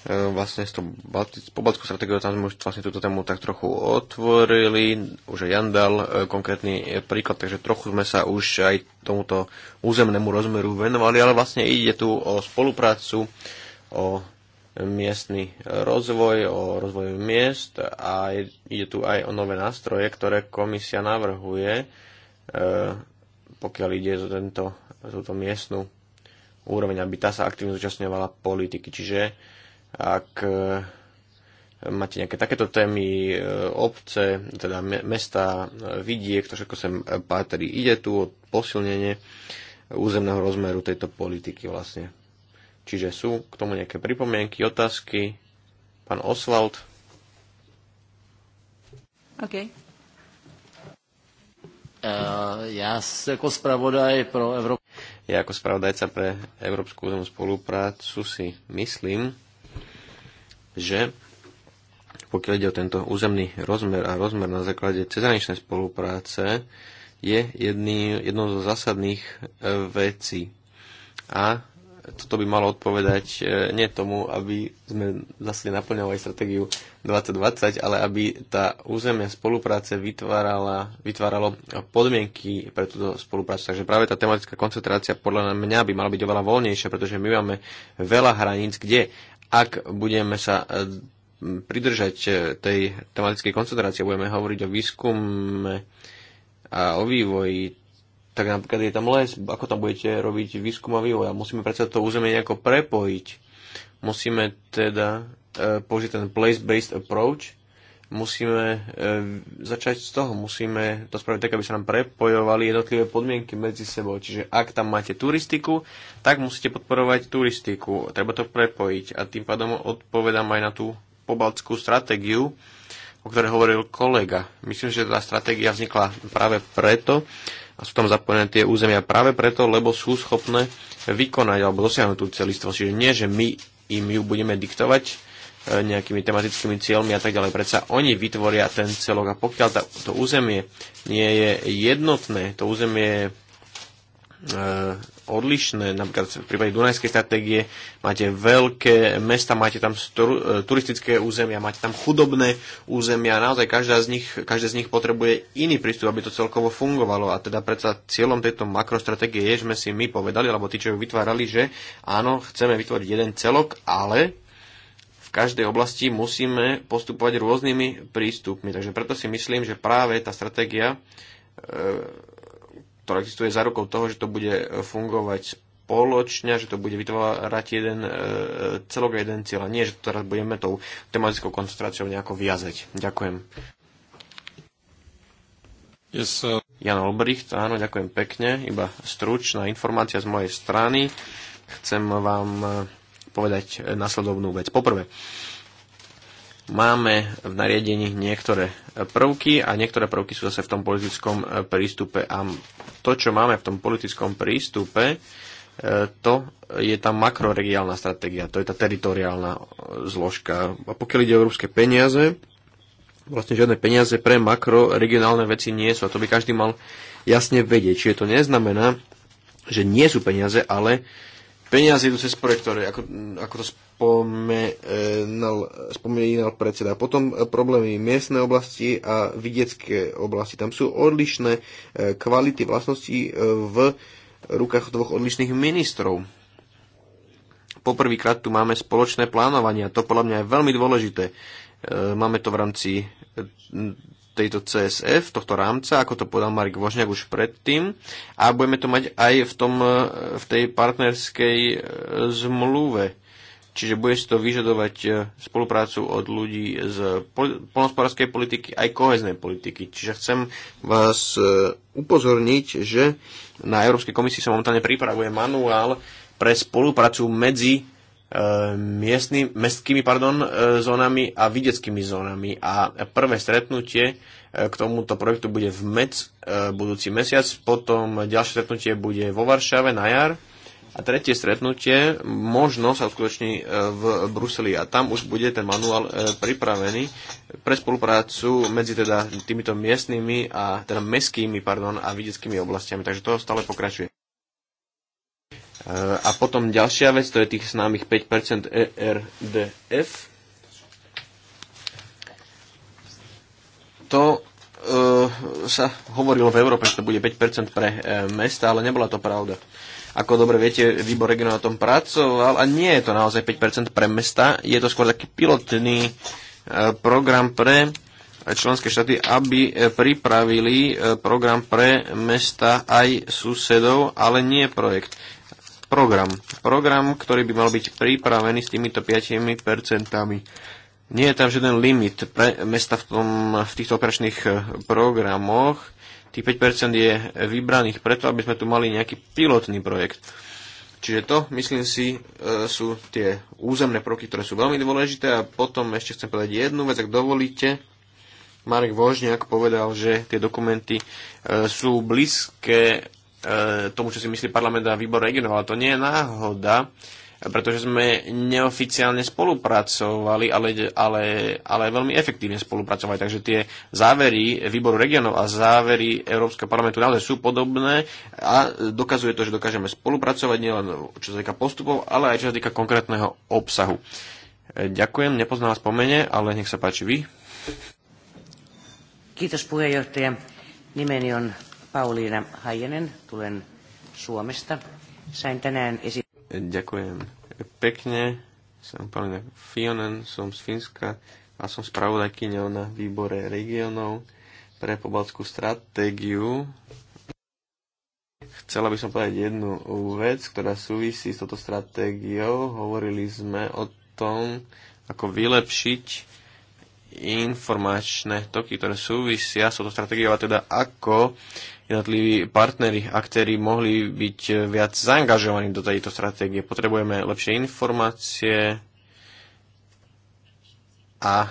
E, vlastne s tou pobaltskou stratégiou tam sme už vlastne túto tému tak trochu otvorili, už aj Jan dal e, konkrétny e, príklad, takže trochu sme sa už aj tomuto územnému rozmeru venovali, ale vlastne ide tu o spoluprácu, o miestny rozvoj, o rozvoj miest a ide tu aj o nové nástroje, ktoré komisia navrhuje, pokiaľ ide o tento, túto miestnu úroveň, aby tá sa aktívne zúčastňovala politiky. Čiže ak e, máte nejaké takéto témy, e, obce, teda mesta, e, vidiek, to všetko sem patrí. Ide tu o posilnenie územného rozmeru tejto politiky vlastne. Čiže sú k tomu nejaké pripomienky, otázky? Pán Oswald? OK. Uh, ja ako spravodaj pro Európu... Ja ako spravodajca pre Európsku územnú spoluprácu si myslím, že pokiaľ ide o tento územný rozmer a rozmer na základe cezhraničnej spolupráce, je jedný, jednou zo zásadných e, vecí. A toto by malo odpovedať e, nie tomu, aby sme zase naplňovali stratégiu 2020, ale aby tá územia spolupráce vytvárala, vytváralo podmienky pre túto spoluprácu. Takže práve tá tematická koncentrácia podľa mňa by mala byť oveľa voľnejšia, pretože my máme veľa hraníc, kde ak budeme sa e, pridržať e, tej tematickej koncentrácie, budeme hovoriť o výskume a o vývoji, tak napríklad je tam les, ako tam budete robiť výskum a vývoj a musíme predsa to územie nejako prepojiť. Musíme teda e, použiť ten place-based approach musíme e, začať z toho, musíme to spraviť tak, aby sa nám prepojovali jednotlivé podmienky medzi sebou. Čiže ak tam máte turistiku, tak musíte podporovať turistiku. Treba to prepojiť a tým pádom odpovedám aj na tú pobaltskú stratégiu, o ktorej hovoril kolega. Myslím, že tá stratégia vznikla práve preto a sú tam zapojené tie územia práve preto, lebo sú schopné vykonať alebo dosiahnuť tú celistvosť. Čiže nie, že my im ju budeme diktovať, E, nejakými tematickými cieľmi a tak ďalej. Predsa oni vytvoria ten celok a pokiaľ tá, to územie nie je jednotné, to územie je odlišné. Napríklad v prípade Dunajskej stratégie máte veľké mesta, máte tam e, turistické územia, máte tam chudobné územia. Naozaj každá z nich, každé z nich potrebuje iný prístup, aby to celkovo fungovalo. A teda predsa cieľom tejto makrostratégie je, že sme si my povedali, alebo tí, čo ju vytvárali, že áno, chceme vytvoriť jeden celok, ale v každej oblasti musíme postupovať rôznymi prístupmi. Takže preto si myslím, že práve tá stratégia, e, ktorá existuje za rukou toho, že to bude fungovať spoločne, že to bude vytvárať jeden e, celok jeden cieľ. A nie, že to teraz budeme tou tematickou koncentráciou nejako viazať. Ďakujem. Yes, Jan Olbricht, áno, ďakujem pekne. Iba stručná informácia z mojej strany. Chcem vám e, povedať e, nasledovnú vec. Poprvé, máme v nariadení niektoré prvky a niektoré prvky sú zase v tom politickom e, prístupe. A to, čo máme v tom politickom prístupe, e, to je tá makroregiálna stratégia, to je tá teritoriálna zložka. A pokiaľ ide o európske peniaze, vlastne žiadne peniaze pre makroregionálne veci nie sú. A to by každý mal jasne vedieť. Čiže to neznamená, že nie sú peniaze, ale Peniaze idú cez projektory, ako, ako to spomenal, spomenal predseda. Potom e, problémy miestnej oblasti a vidiecké oblasti. Tam sú odlišné e, kvality vlastnosti e, v rukách dvoch odlišných ministrov. Poprvýkrát tu máme spoločné plánovanie a to podľa mňa je veľmi dôležité. Máme to v rámci tejto CSF, tohto rámca, ako to povedal Marek Vožňák už predtým. A budeme to mať aj v, tom, e, v tej partnerskej e, zmluve. Čiže bude si to vyžadovať e, spoluprácu od ľudí z polnospodárskej politiky aj koheznej politiky. Čiže chcem vás upozorniť, že na Európskej komisii sa momentálne pripravuje manuál pre spoluprácu medzi E, miestny, mestskými pardon, e, zónami a videckými zónami. A prvé stretnutie e, k tomuto projektu bude v MEC budúci mesiac, potom ďalšie stretnutie bude vo Varšave na jar a tretie stretnutie možno sa uskutoční v Bruseli a tam už bude ten manuál pripravený pre spoluprácu medzi teda týmito miestnymi a teda mestskými pardon, a videckými oblastiami. Takže to stále pokračuje. Eh, a potom ďalšia vec, to je tých známych 5% ERDF. To e, sa hovorilo v Európe, že to bude 5% pre e, mesta, ale nebola to pravda. Ako dobre viete, výbor regionu na tom pracoval a nie je to naozaj 5% pre mesta, je to skôr taký pilotný e, program pre členské štáty, aby pripravili program pre mesta aj susedov, ale nie projekt program. Program, ktorý by mal byť pripravený s týmito 5%. Nie je tam žiaden limit pre mesta v, tom, v týchto operačných eh, programoch. Tých 5% je vybraných preto, aby sme tu mali nejaký pilotný projekt. Čiže to, myslím si, eh, sú tie územné proky, ktoré sú veľmi dôležité. A potom ešte chcem povedať jednu vec, ak dovolíte. Marek Vožňák povedal, že tie dokumenty eh, sú blízke E, tomu, čo si myslí parlament a výbor regionov, ale to nie je náhoda, pretože sme neoficiálne spolupracovali, ale, ale, ale veľmi efektívne spolupracovali. Takže tie závery výboru regionov a závery Európskeho parlamentu naozaj sú podobné a dokazuje to, že dokážeme spolupracovať nielen čo sa týka postupov, ale aj čo sa týka konkrétneho obsahu. Ďakujem, nepoznám vás po mene, ale nech sa páči vy. Kiitos puheenjohtaja. Nimeni on Pauliina Hajanen, tulen Suomesta. Sain tänään esi... Ďakujem pekne. Som Paulina Fionen, som z Fínska a som spravodajkyňou na výbore regionov pre pobaltskú stratégiu. Chcela by som povedať jednu vec, ktorá súvisí s touto stratégiou. Hovorili sme o tom, ako vylepšiť informačné toky, ktoré súvisia s touto stratégiou, a teda ako jednotliví partnery, aktéry mohli byť eh, viac zaangažovaní do tejto stratégie. Potrebujeme lepšie informácie a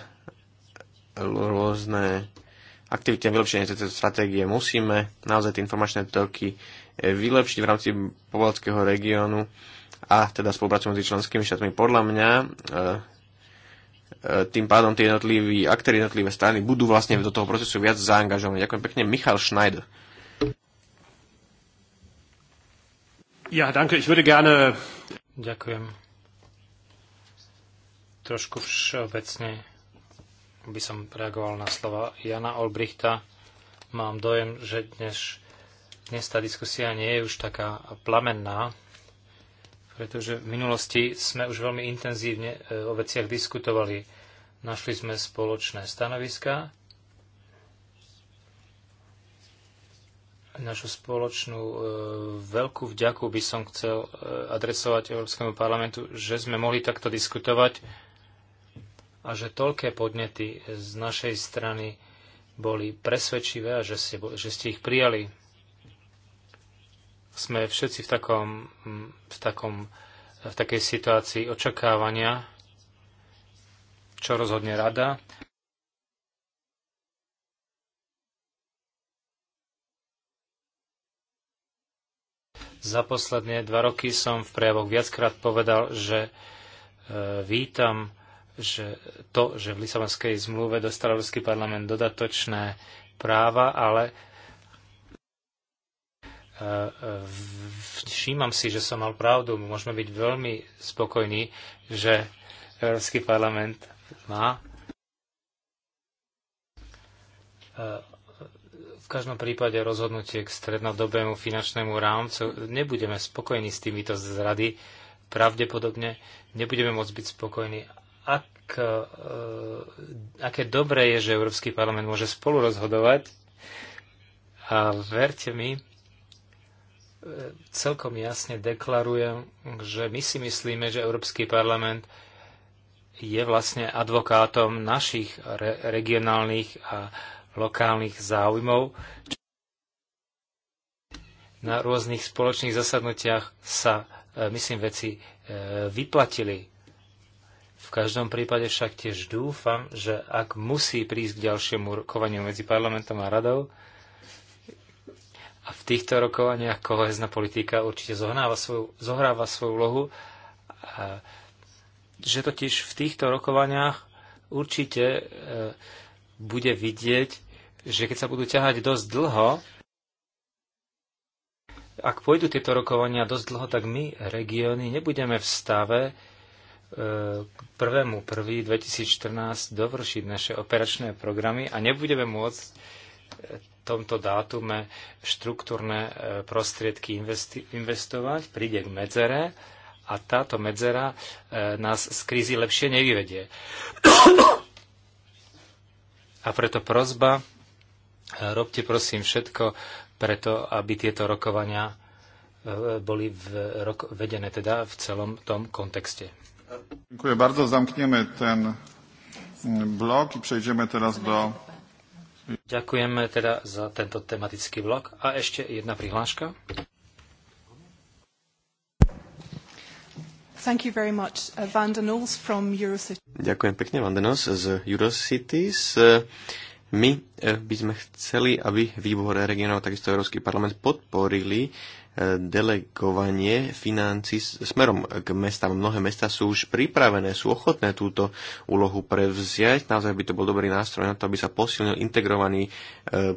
rôzne aktivity a vylepšenie tejto stratégie. Musíme naozaj tie informačné toky eh, vylepšiť v rámci povalského regiónu a teda spolupracujú medzi členskými štátmi. Podľa mňa eh, tým pádom tie jednotliví aktéry, jednotlivé strany budú vlastne do toho procesu viac zaangažovaní. Ďakujem pekne. Michal Schneider. Ja, danke, ich würde gerne... Ďakujem. Trošku všeobecne by som reagoval na slova Jana Olbrichta. Mám dojem, že dnes, dnes tá diskusia nie je už taká plamenná, pretože v minulosti sme už veľmi intenzívne e, o veciach diskutovali. Našli sme spoločné stanoviska, našu spoločnú e, veľkú vďaku by som chcel e, adresovať Európskemu parlamentu, že sme mohli takto diskutovať a že toľké podnety z našej strany boli presvedčivé a že ste, že ste ich prijali. Sme všetci v, takom, v, takom, v takej situácii očakávania, čo rozhodne rada. Za posledné dva roky som v prejavoch viackrát povedal, že e, vítam že to, že v Lisabonskej zmluve dostal Európsky parlament dodatočné práva, ale e, e, všímam si, že som mal pravdu. Môžeme byť veľmi spokojní, že Európsky parlament má každom prípade rozhodnutie k strednodobému finančnému rámcu nebudeme spokojní s týmito zrady. Pravdepodobne nebudeme môcť byť spokojní. Ak, e, aké dobré je, že Európsky parlament môže spolu rozhodovať. A verte mi, e, celkom jasne deklarujem, že my si myslíme, že Európsky parlament je vlastne advokátom našich re, regionálnych a lokálnych záujmov. Na rôznych spoločných zasadnutiach sa, e, myslím, veci e, vyplatili. V každom prípade však tiež dúfam, že ak musí prísť k ďalšiemu rokovaniu medzi parlamentom a radou, a v týchto rokovaniach kohezná politika určite zohráva svoju, zohráva svoju lohu, že totiž v týchto rokovaniach určite e, bude vidieť, že keď sa budú ťahať dosť dlho, ak pôjdu tieto rokovania dosť dlho, tak my, regióny, nebudeme v stave e, k 1.1.2014 dovršiť naše operačné programy a nebudeme môcť v e, tomto dátume štruktúrne e, prostriedky investovať, príde k medzere a táto medzera nás z krízy lepšie nevyvedie. A preto prozba, robte prosím všetko preto, aby tieto rokovania e, boli v, roko, vedené teda v celom tom kontexte. Dziękuję bardzo. Zamkniemy ten mm, blok i przejdziemy teraz do... Ďakujeme teda za tento tematický blok. A ešte jedna prihláška. Thank you very much. Uh, from Eurocities. Ďakujem pekne, Vandenos z Eurocities. E, my e, by sme chceli, aby výbor regionov, takisto Európsky parlament podporili e, delegovanie financí smerom k mestám. Mnohé mesta sú už pripravené, sú ochotné túto úlohu prevziať. Naozaj by to bol dobrý nástroj na to, aby sa posilnil integrovaný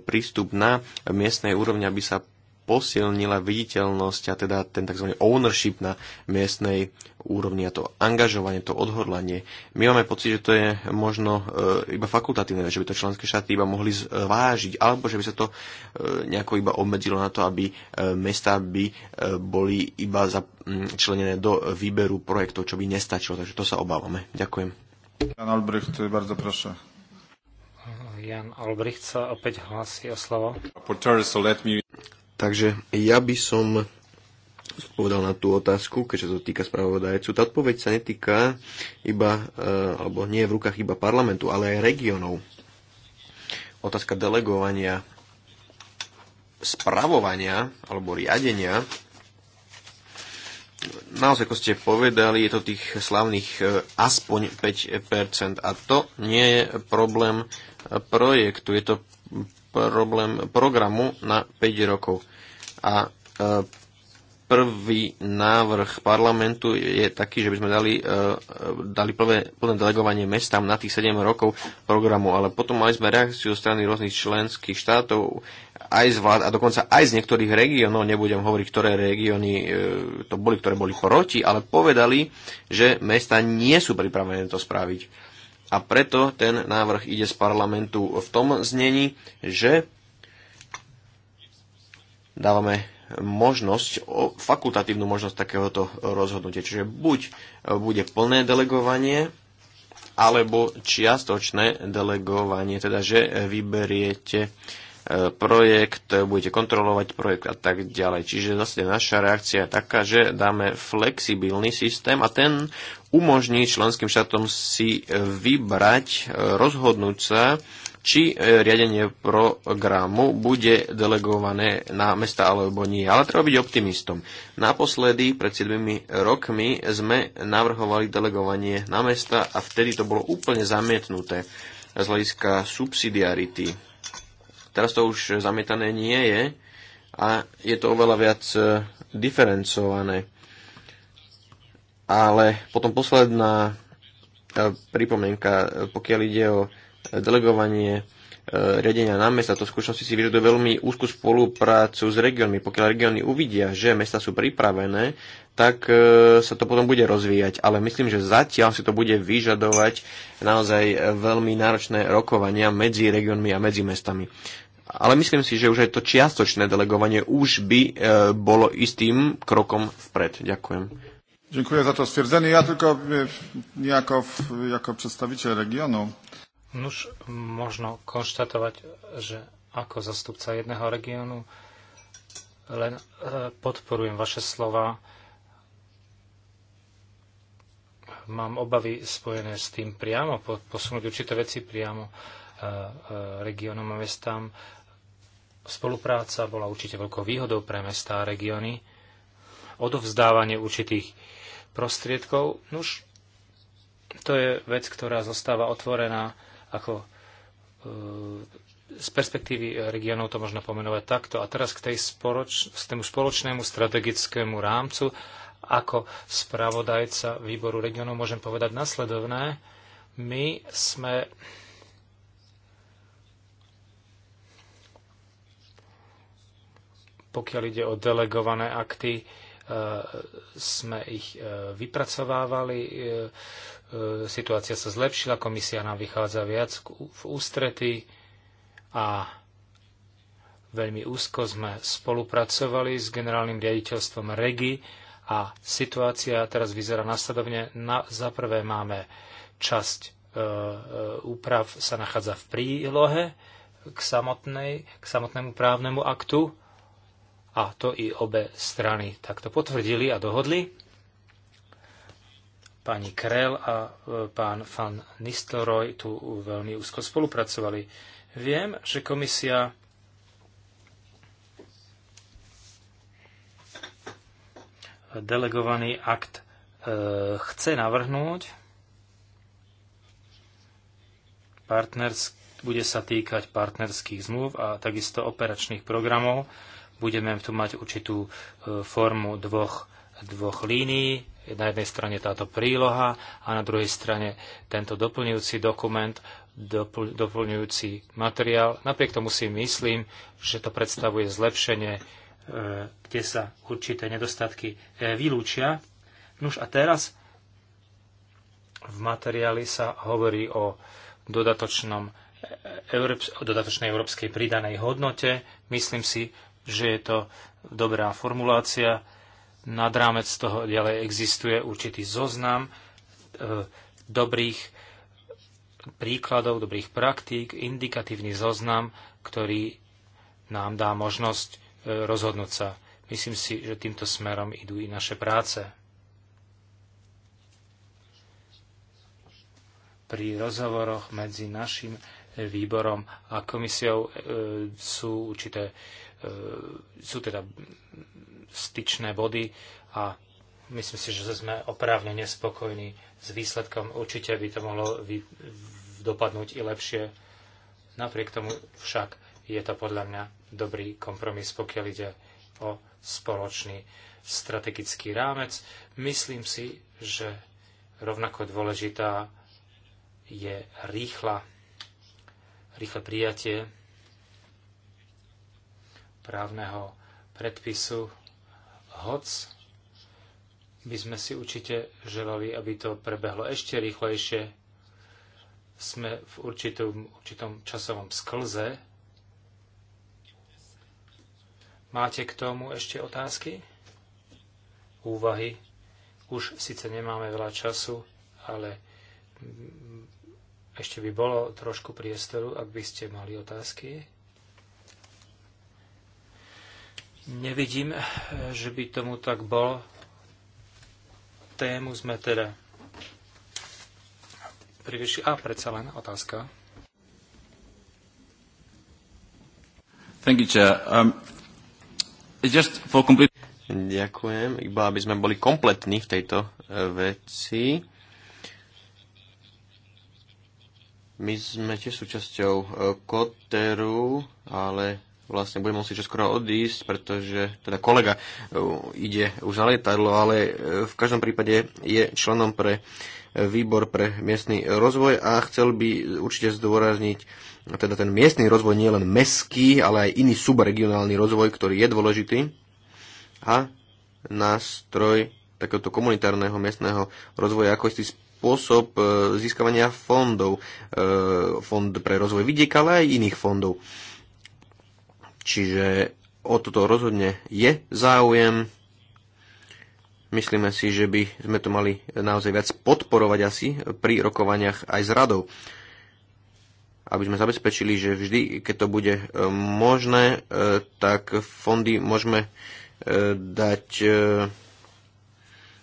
prístup na miestnej úrovni, aby sa posilnila viditeľnosť a teda ten tzv. ownership na miestnej úrovni a to angažovanie, to odhodlanie. My máme pocit, že to je možno e, iba fakultatívne, že by to členské štáty iba mohli zvážiť, alebo že by sa to e, nejako iba obmedzilo na to, aby e, mesta by e, boli iba začlenené do výberu projektov, čo by nestačilo. Takže to sa obávame. Ďakujem. Jan Albrecht, bardzo proszę. Jan Albrecht sa opäť hlasí o slovo. Takže ja by som odpovedal na tú otázku, keďže to týka spravodajcu. Tá odpoveď sa netýka iba, e, alebo nie je v rukách iba parlamentu, ale aj regionov. Otázka delegovania, spravovania alebo riadenia naozaj, ako ste povedali, je to tých slavných e, aspoň 5%. A to nie je problém projektu, je to problém programu na 5 rokov. A e, prvý návrh parlamentu je taký, že by sme dali, e, e, dali plné, plné delegovanie mestám na tých 7 rokov programu, ale potom mali sme reakciu strany rôznych členských štátov, aj z vlád a dokonca aj z niektorých regiónov, nebudem hovoriť, ktoré regióny to boli, ktoré boli proti, ale povedali, že mesta nie sú pripravené to spraviť. A preto ten návrh ide z parlamentu v tom znení, že dávame možnosť, fakultatívnu možnosť takéhoto rozhodnutia. Čiže buď e, bude plné delegovanie, alebo čiastočné delegovanie, teda že vyberiete e, projekt, budete kontrolovať projekt a tak ďalej. Čiže zase naša reakcia je taká, že dáme flexibilný systém a ten umožní členským štátom si vybrať, e, rozhodnúť sa, či e, riadenie programu bude delegované na mesta alebo nie. Ale treba byť optimistom. Naposledy, pred 7 rokmi, sme navrhovali delegovanie na mesta a vtedy to bolo úplne zamietnuté z hľadiska subsidiarity. Teraz to už zamietané nie je a je to oveľa viac e, diferencované. Ale potom posledná e, pripomienka, pokiaľ ide o delegovanie e, riadenia na mesta, to v skutočnosti si vyžaduje veľmi úzkú spoluprácu s regiónmi. Pokiaľ regióny uvidia, že mesta sú pripravené, tak e, sa to potom bude rozvíjať. Ale myslím, že zatiaľ si to bude vyžadovať naozaj veľmi náročné rokovania medzi regiónmi a medzi mestami. Ale myslím si, že už aj to čiastočné delegovanie už by e, bolo istým krokom vpred. Ďakujem. Dziękuję za to stwierdzenie. Ja tylko jako, jako przedstawiciel regionu Nuž možno konštatovať, že ako zastupca jedného regiónu len e, podporujem vaše slova. Mám obavy spojené s tým priamo, posunúť určité veci priamo e, e, regiónom a mestám. Spolupráca bola určite veľkou výhodou pre mestá a regióny. Odovzdávanie určitých prostriedkov, nuž, to je vec, ktorá zostáva otvorená ako e, z perspektívy regiónov to možno pomenovať takto. A teraz k, tej spoloč, k tému spoločnému strategickému rámcu ako spravodajca výboru regionov môžem povedať nasledovné. My sme pokiaľ ide o delegované akty, e, sme ich e, vypracovávali, E, situácia sa zlepšila, komisia nám vychádza viac v ústrety a veľmi úzko sme spolupracovali s generálnym riaditeľstvom REGI a situácia teraz vyzerá nasledovne. Na, za prvé máme časť e, e úprav sa nachádza v prílohe k, samotnej, k samotnému právnemu aktu a to i obe strany takto potvrdili a dohodli. Pani Krell a e, pán Van Nistelrooy tu veľmi úzko spolupracovali. Viem, že komisia delegovaný akt e, chce navrhnúť. Partners, bude sa týkať partnerských zmluv a takisto operačných programov. Budeme tu mať určitú e, formu dvoch dvoch línií. Na jednej strane táto príloha a na druhej strane tento doplňujúci dokument, dopl- doplňujúci materiál. Napriek tomu si myslím, že to predstavuje zlepšenie, e, kde sa určité nedostatky e, vylúčia. Nuž a teraz v materiáli sa hovorí o dodatočnom e, o dodatočnej európskej pridanej hodnote. Myslím si, že je to dobrá formulácia. Nad rámec toho ďalej existuje určitý zoznam e, dobrých príkladov, dobrých praktík, indikatívny zoznam, ktorý nám dá možnosť e, rozhodnúť sa. Myslím si, že týmto smerom idú i naše práce. Pri rozhovoroch medzi našim výborom a komisiou e, sú určité E, sú teda styčné body a myslím si, že sme oprávne nespokojní s výsledkom. Určite by to mohlo vy, dopadnúť i lepšie. Napriek tomu však je to podľa mňa dobrý kompromis, pokiaľ ide o spoločný strategický rámec. Myslím si, že rovnako dôležitá je rýchla, rýchle prijatie právneho predpisu, hoc by sme si určite želali, aby to prebehlo ešte rýchlejšie. Sme v určitom, určitom časovom sklze. Máte k tomu ešte otázky? Úvahy? Už síce nemáme veľa času, ale ešte by bolo trošku priestoru, ak by ste mali otázky. Nevidím, eh, že by tomu tak bol. Tému sme teda privieši. A predsa len otázka. Thank you, Chair. Um, just for complete... Ďakujem. Iba aby sme boli kompletní v tejto eh, veci. My sme tiež súčasťou eh, Koteru, ale vlastne budem musieť skoro odísť, pretože teda kolega e, ide už na lietadlo, ale e, v každom prípade je členom pre e, výbor pre miestny rozvoj a chcel by určite zdôrazniť teda ten miestny rozvoj nie len meský, ale aj iný subregionálny rozvoj, ktorý je dôležitý a nástroj takéhoto komunitárneho miestneho rozvoja ako istý spôsob získavania fondov, fond pre rozvoj vidieka, ale aj iných fondov. Čiže o toto rozhodne je záujem. Myslíme si, že by sme to mali naozaj viac podporovať asi pri rokovaniach aj s radou. Aby sme zabezpečili, že vždy, keď to bude e, možné, e, tak fondy môžeme e, dať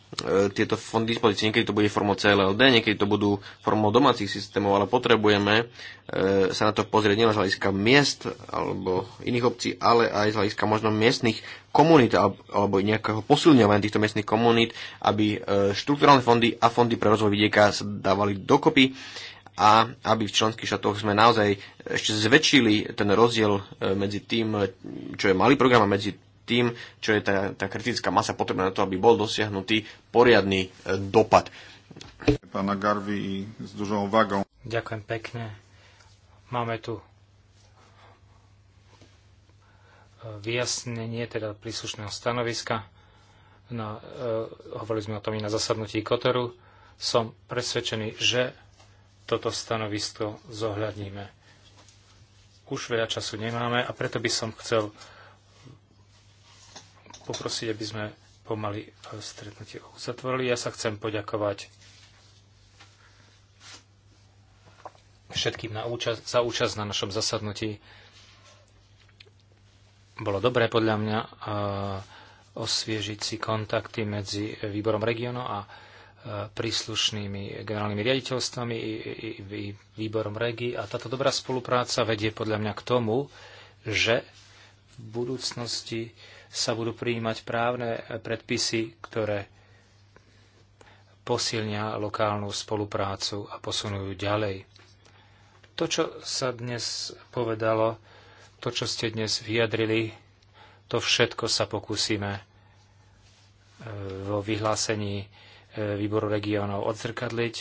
E, tieto fondy dispozície. Niekedy to bude formou CLLD, niekedy to budú formou domácich systémov, ale potrebujeme e, sa na to pozrieť nielen z hľadiska miest alebo iných obcí, ale aj z hľadiska možno miestnych komunít alebo nejakého posilňovania týchto miestnych komunít, aby e, štruktúrálne fondy a fondy pre rozvoj vidieka sa dávali dokopy a aby v členských šatoch sme naozaj ešte zväčšili ten rozdiel medzi tým, čo je malý program a medzi tým, čo je tá, tá kritická masa potrebná na to, aby bol dosiahnutý poriadny e, dopad. Pána Garvi s dužou vagou. Ďakujem pekne. Máme tu e, vyjasnenie teda príslušného stanoviska. Na, no, e, hovorili sme o tom i na zasadnutí Kotoru. Som presvedčený, že toto stanovisko zohľadníme. Už veľa času nemáme a preto by som chcel poprosiť, aby sme pomaly e, stretnutie uzatvorili. Ja sa chcem poďakovať všetkým na účasť, za účasť na našom zasadnutí. Bolo dobré podľa mňa e, osviežiť si kontakty medzi výborom regionu a e, príslušnými generálnymi riaditeľstvami i, i, i výborom regi. A táto dobrá spolupráca vedie podľa mňa k tomu, že v budúcnosti sa budú prijímať právne predpisy, ktoré posilnia lokálnu spoluprácu a posunujú ďalej. To, čo sa dnes povedalo, to, čo ste dnes vyjadrili, to všetko sa pokúsime e, vo vyhlásení e, výboru regiónov odzrkadliť.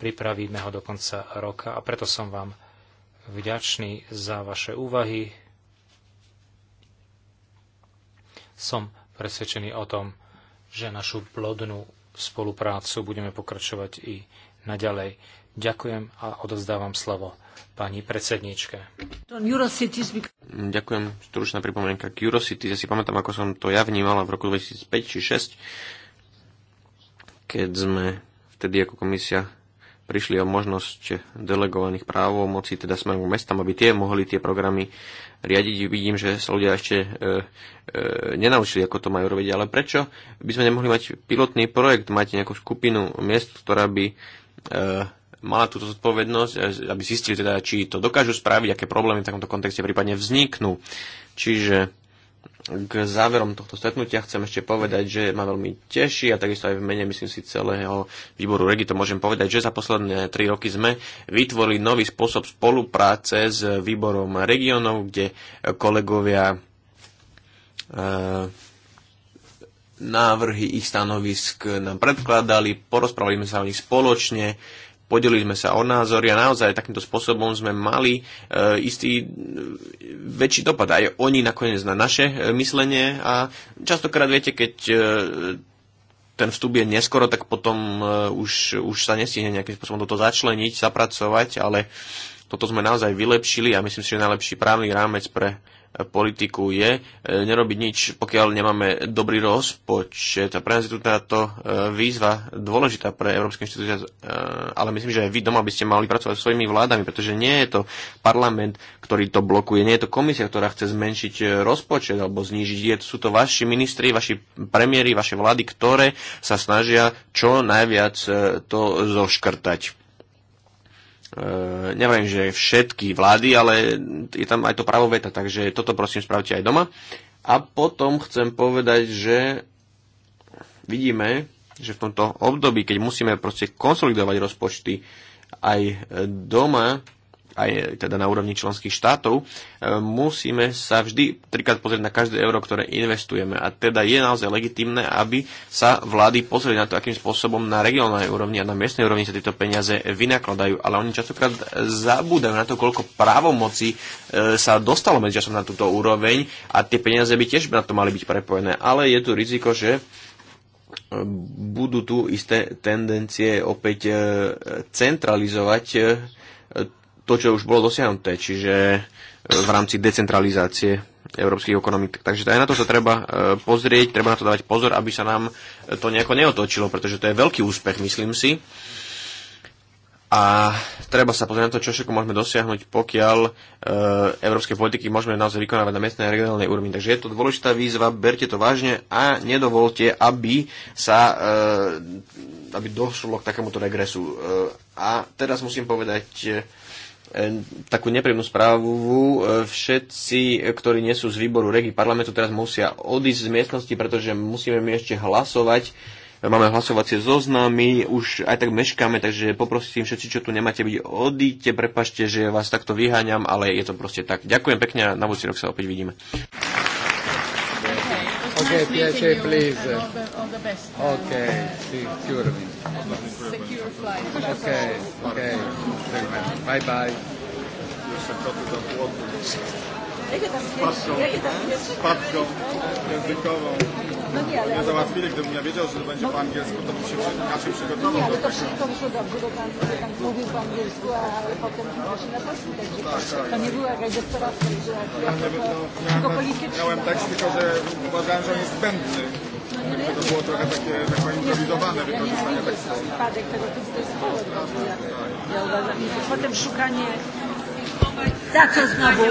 Pripravíme ho do konca roka a preto som vám vďačný za vaše úvahy, Som presvedčený o tom, že našu plodnú spoluprácu budeme pokračovať i naďalej. Ďakujem a odovzdávam slovo pani predsedničke. Ďakujem. Stručná pripomienka k Eurocity. Ja si pamätám, ako som to ja vnímala v roku 2005 či 2006, keď sme vtedy ako komisia prišli o možnosť delegovaných právomocí, teda smerom k mestám, aby tie mohli tie programy riadiť. Vidím, že sa ľudia ešte e, e, nenaučili, ako to majú robiť, ale prečo by sme nemohli mať pilotný projekt, mať nejakú skupinu miest, ktorá by e, mala túto zodpovednosť, e, aby zistili teda, či to dokážu spraviť, aké problémy v takomto kontexte prípadne vzniknú. Čiže k záverom tohto stretnutia chcem ešte povedať, že ma veľmi teší a takisto aj v mene, myslím si, celého výboru Regi to môžem povedať, že za posledné tri roky sme vytvorili nový spôsob spolupráce s výborom regionov, kde kolegovia e návrhy ich stanovisk nám predkladali, porozprávali sme sa o nich spoločne podelili sme sa o názory a naozaj takýmto spôsobom sme mali e, istý e, väčší dopad. Aj oni nakoniec na naše e, myslenie a častokrát viete, keď ten vstup je neskoro, tak potom už, už sa nestihne nejakým spôsobom toto začleniť, zapracovať, ale toto sme naozaj vylepšili a myslím si, že najlepší právny rámec pre politiku je e, nerobiť nič, pokiaľ nemáme dobrý rozpočet. A pre nás je tu táto teda e, výzva dôležitá pre Európske inštitúcie, e, ale myslím, že aj vy doma by ste mali pracovať s svojimi vládami, pretože nie je to parlament, ktorý to blokuje, nie je to komisia, ktorá chce zmenšiť rozpočet alebo znížiť. Je, sú to vaši ministri, vaši premiéry, vaše vlády, ktoré sa snažia čo najviac to zoškrtať E, neviem, že všetky vlády, ale je tam aj to právo veta, takže toto prosím spravte aj doma. A potom chcem povedať, že vidíme, že v tomto období, keď musíme proste konsolidovať rozpočty aj doma, aj e, teda na úrovni členských štátov, e, musíme sa vždy trikrát pozrieť na každé euro, ktoré investujeme. A teda je naozaj legitimné, aby sa vlády pozreli na to, akým spôsobom na regionálnej úrovni a na miestnej úrovni sa tieto peniaze vynakladajú. Ale oni častokrát zabúdajú na to, koľko právomoci e, sa dostalo časom na túto úroveň a tie peniaze by tiež na to mali byť prepojené. Ale je tu riziko, že budú tu isté tendencie opäť centralizovať to, čo už bolo dosiahnuté, čiže e, v rámci decentralizácie európskych ekonomík. Takže aj na to sa treba e, pozrieť, treba na to dávať pozor, aby sa nám to nejako neotočilo, pretože to je veľký úspech, myslím si. A treba sa pozrieť na to, čo všetko môžeme dosiahnuť, pokiaľ e, európske politiky môžeme naozaj vykonávať na miestnej a regionálnej úrovni. Takže je to dôležitá výzva, berte to vážne a nedovolte, aby sa e, aby došlo k takémuto regresu. E, a teraz musím povedať e, takú nepríjemnú správu. E, všetci, ktorí nie sú z výboru regi parlamentu, teraz musia odísť z miestnosti, pretože musíme my ešte hlasovať. Máme hlasovacie zoznamy, už aj tak meškáme, takže poprosím všetci, čo tu nemáte byť, odíďte, prepašte, že vás takto vyháňam, ale je to proste tak. Ďakujem pekne a na budúci rok sa opäť vidíme piace, piace, please. Okay, secure Ok, sì, sicuramente. Ok, ok. Bye bye pasją, językową. No nie załatwili, gdybym ja wiedział, że to będzie po angielsku, to bym się inaczej przygotował. Nie, ale to wszystko wyszło dobrze, bo pan, mówił po angielsku, a potem się na polsku, to nie była jakaś doktoracja, że no, tylko polityczna. Miałem tekst, tylko że uważałem, że on jest zbędny. No to było trochę takie, improwizowane wykorzystanie tekstu. Spadek tego tekstu jest Ja uważam, potem szukanie... Za co znowu?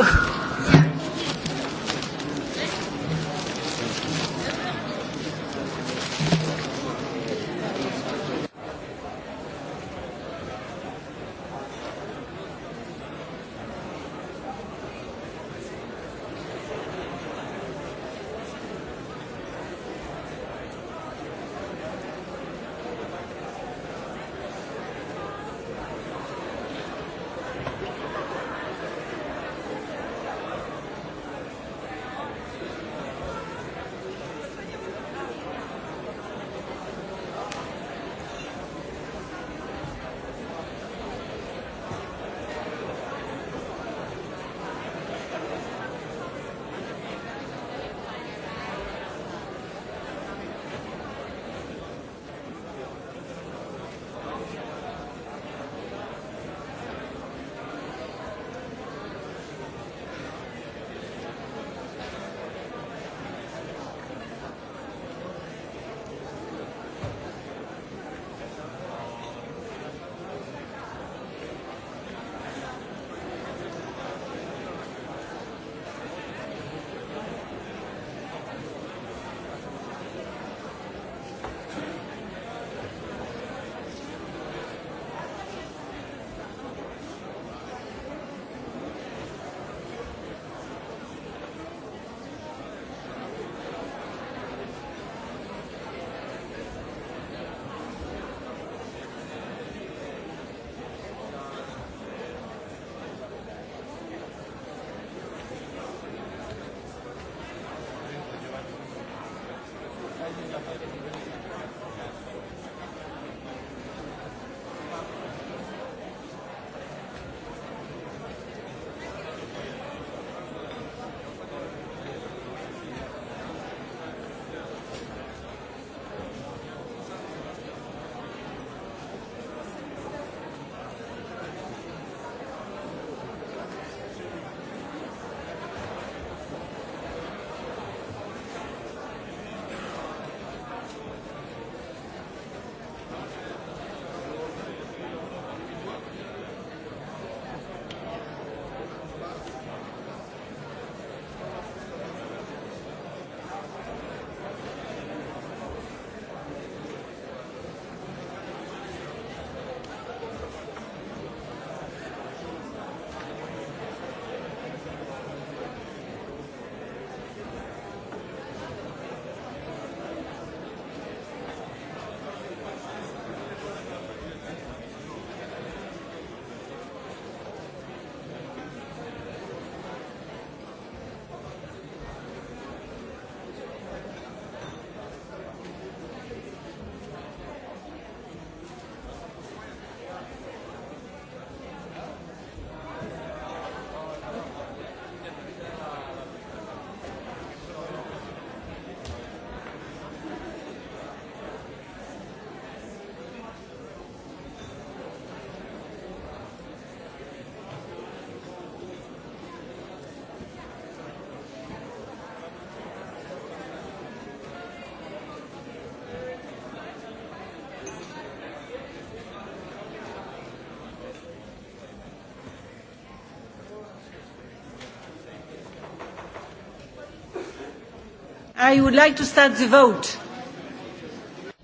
I would like to start the vote.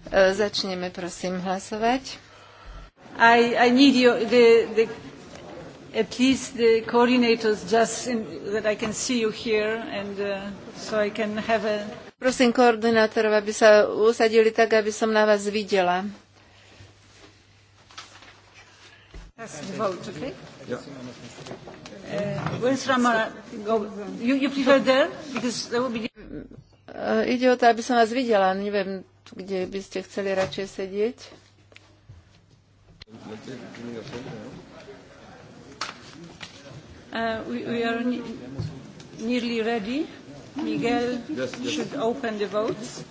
E, začneme prosím hlasovať. I, I need your, the, the, at least the coordinators just in, that I can see you here and uh, so I can have a... Prosím koordinátorov, aby sa usadili tak, aby som na vás videla. That's the vote, okay? Yeah. Uh, where's Ramara? Go. You, you prefer there? Because there will be E, ide o to, aby som vás videla. Neviem, kde by ste chceli radšej sedieť. Uh, we, we are ne nearly ready. Miguel should open the votes.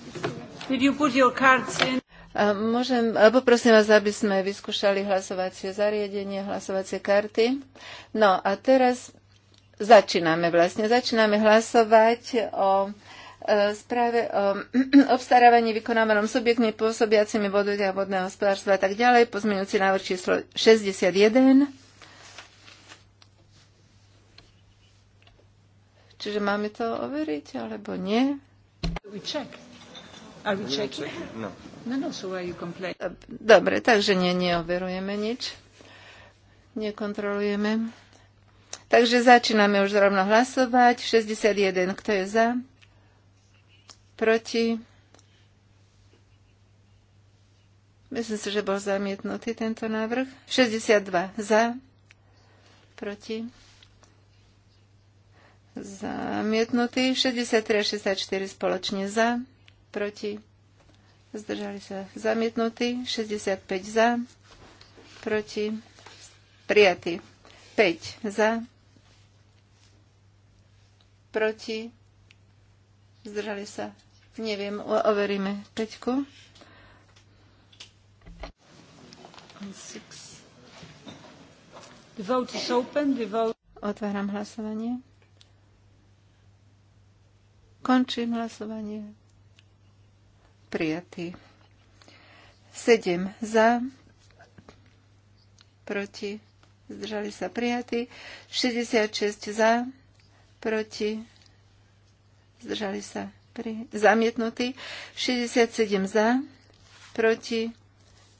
Did you put your cards in? A môžem, a poprosím vás, aby sme vyskúšali hlasovacie zariadenie, hlasovacie karty. No a teraz začíname vlastne. Začíname hlasovať o Eh, správe o obstarávaní vykonávanom subjektmi pôsobiacimi vody a vodného hospodárstva a tak ďalej, pozmeňujúci návrh číslo 61. Čiže máme to overiť, alebo nie? We check. Are we checking? No. No, no, so you eh, Dobre, takže nie, neoverujeme nič. Nekontrolujeme. Takže začíname už rovno hlasovať. 61, kto je za? proti. Myslím si, že bol zamietnutý tento návrh. 62 za, proti. Zamietnutý. 63 a 64 spoločne za, proti. Zdržali sa zamietnutý. 65 za, proti. Prijatý. 5 za, proti. Zdržali sa Neviem, overíme peťku. Otváram hlasovanie. Končím hlasovanie. Prijatý. 7 za, proti, zdržali sa prijatí, 66 za, proti, zdržali sa pri, zamietnutý, 67 za, proti,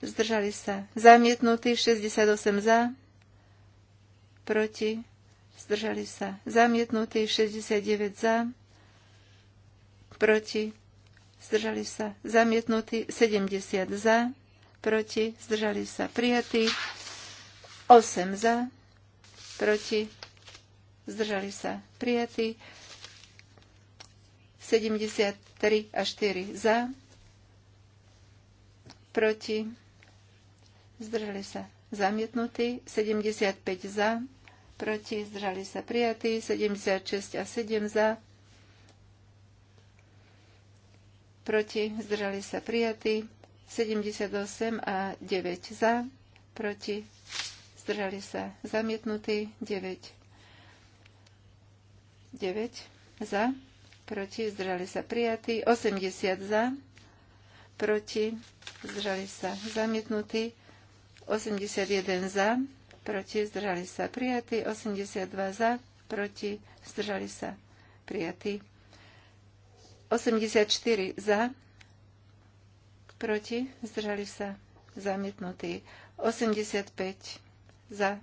zdržali sa, zamietnutý, 68 za, proti, zdržali sa, zamietnutý, 69 za, proti, zdržali sa, zamietnutý, 70 za, proti, zdržali sa, prijatý, 8 za, proti, zdržali sa, prijatý, 73 a 4 za, proti, zdržali sa zamietnutí, 75 za, proti, zdržali sa prijatí, 76 a 7 za, proti, zdržali sa prijatí, 78 a 9 za, proti, zdržali sa zamietnutí, 9, 9 za, proti, zdržali sa prijatí, 80 za, proti, zdržali sa zamietnutí, 81 za, proti, zdržali sa prijatí, 82 za, proti, zdržali sa prijatí, 84 za, proti, zdržali sa zamietnutí, 85 za,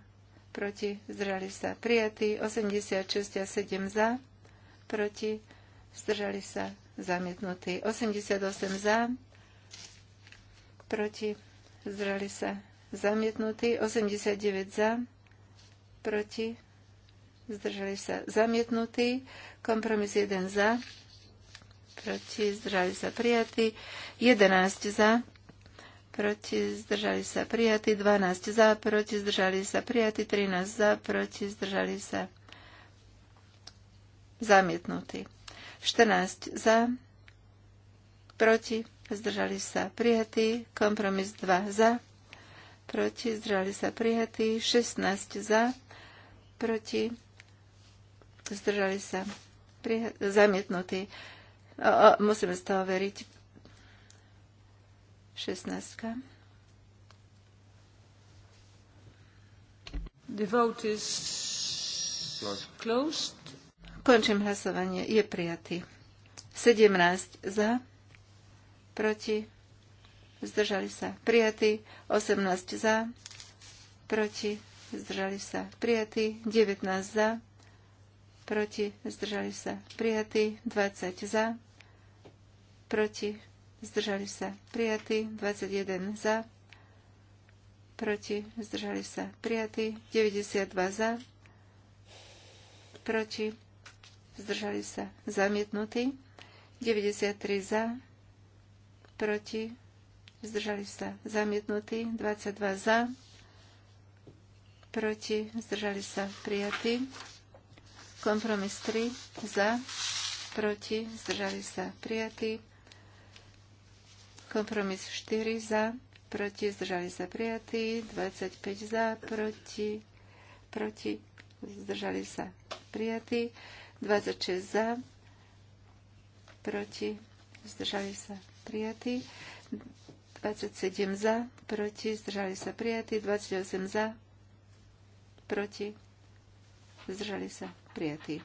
proti, zdržali sa prijatí, 86 a 7 za, proti, Zdržali sa zamietnutí. 88 za. Proti. Zdržali sa zamietnutí. 89 za. Proti. Zdržali sa zamietnutí. Kompromis 1 za. Proti. Zdržali sa prijatí. 11 za proti zdržali sa prijatí, 12 za, proti zdržali sa prijatí, 13 za, proti zdržali sa zamietnutí. 14 za, proti, zdržali sa prijatí, kompromis 2 za, proti, zdržali sa prijatí, 16 za, proti, zdržali sa prijatí, zamietnutí. O, o, musíme z toho veriť. 16. The vote is closed. Končím hlasovanie. Je prijatý. 17 za, proti, zdržali sa. Prijatý. 18 za, proti, zdržali sa. Prijatý. 19 za, proti, zdržali sa. Prijatý. 20 za, proti, zdržali sa. Prijatý. 21 za, proti, zdržali sa. Prijatý. 92 za, proti, zdržali sa zamietnutí, 93 za, proti, zdržali sa zamietnutí, 22 za, proti, zdržali sa prijatí, kompromis 3 za, proti, zdržali sa prijatí, kompromis 4 za, proti, zdržali sa prijatí, 25 za, proti, proti, zdržali sa prijatí, 26 za, proti, zdržali sa prijatí. 27 za, proti, zdržali sa prijatí. 28 za, proti, zdržali sa prijatí.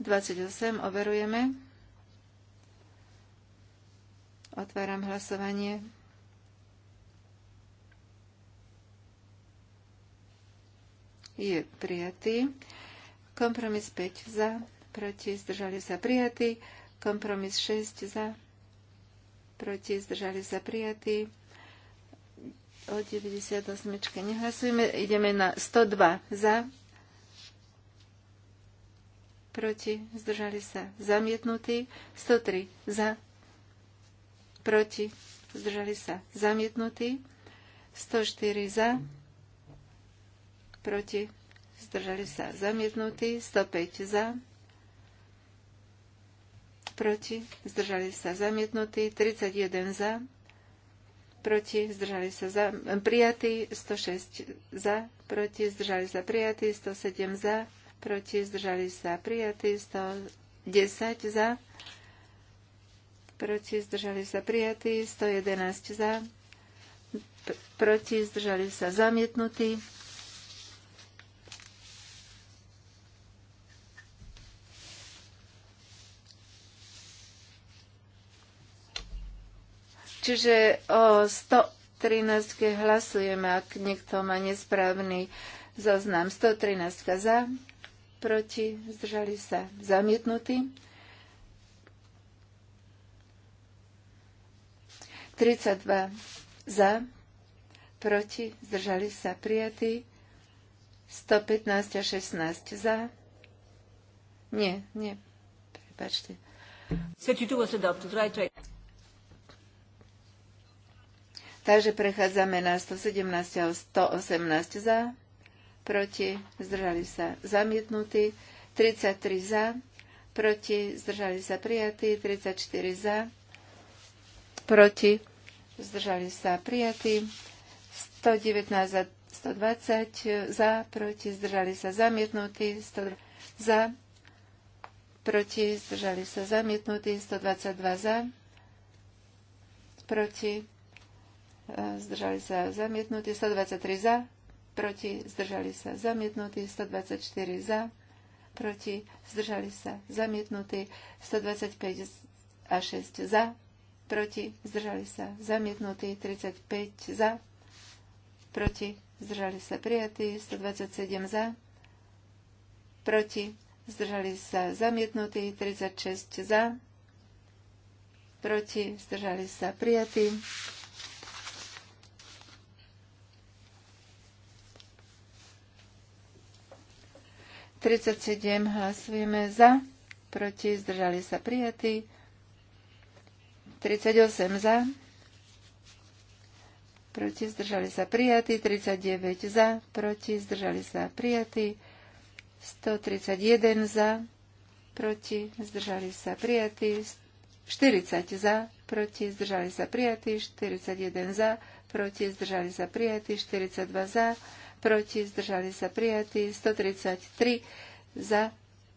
28 overujeme. Otváram hlasovanie. Je prijatý. Kompromis 5 za, proti, zdržali sa prijatí. Kompromis 6 za, proti, zdržali sa prijatí. O 98 nehlasujeme. Ideme na 102 za, proti, zdržali sa zamietnutí. 103 za, proti, zdržali sa zamietnutí. 104 za, proti, zdržali sa zamietnutí, 105 za, proti, zdržali sa zamietnutí, 31 za, proti, zdržali sa za, prijatí, 106 za, proti, zdržali sa prijatí, 107 za, proti, zdržali sa prijatí, 110 za, proti, zdržali sa prijatí, 111 za, proti, zdržali sa zamietnutí, Čiže o 113 hlasujeme, ak niekto má nesprávny zoznam. 113 za, proti, zdržali sa zamietnutí. 32 za, proti, zdržali sa prijatí, 115 a 16 za. Nie, nie, prepačte. Takže prechádzame na 117 a 118 za, proti, zdržali sa zamietnutí, 33 za, proti, zdržali sa prijatí, 34 za, proti, zdržali sa prijatí, 119 za 120 za, proti, zdržali sa zamietnutí, 100 za, proti, zdržali sa zamietnutí, 122 za, proti, E, zdržali sa zamietnutí, 123 za, proti, zdržali sa zamietnutí, 124 za, proti, zdržali sa zamietnutí, 125 a 6 za, proti, zdržali sa zamietnutí, 35 za, proti, zdržali sa prijatí, 127 za, proti, zdržali sa zamietnutí, 36 za, proti, zdržali sa prijatí. 37 hlasujeme za, proti, zdržali sa prijatí. 38 za, proti, zdržali sa prijatí. 39 za, proti, zdržali sa prijatí. 131 za, proti, zdržali sa prijatí. 40 za, proti, zdržali sa prijatí. 41 za, proti, zdržali sa prijatí. 42 za, proti, zdržali sa prijatí, 133 za,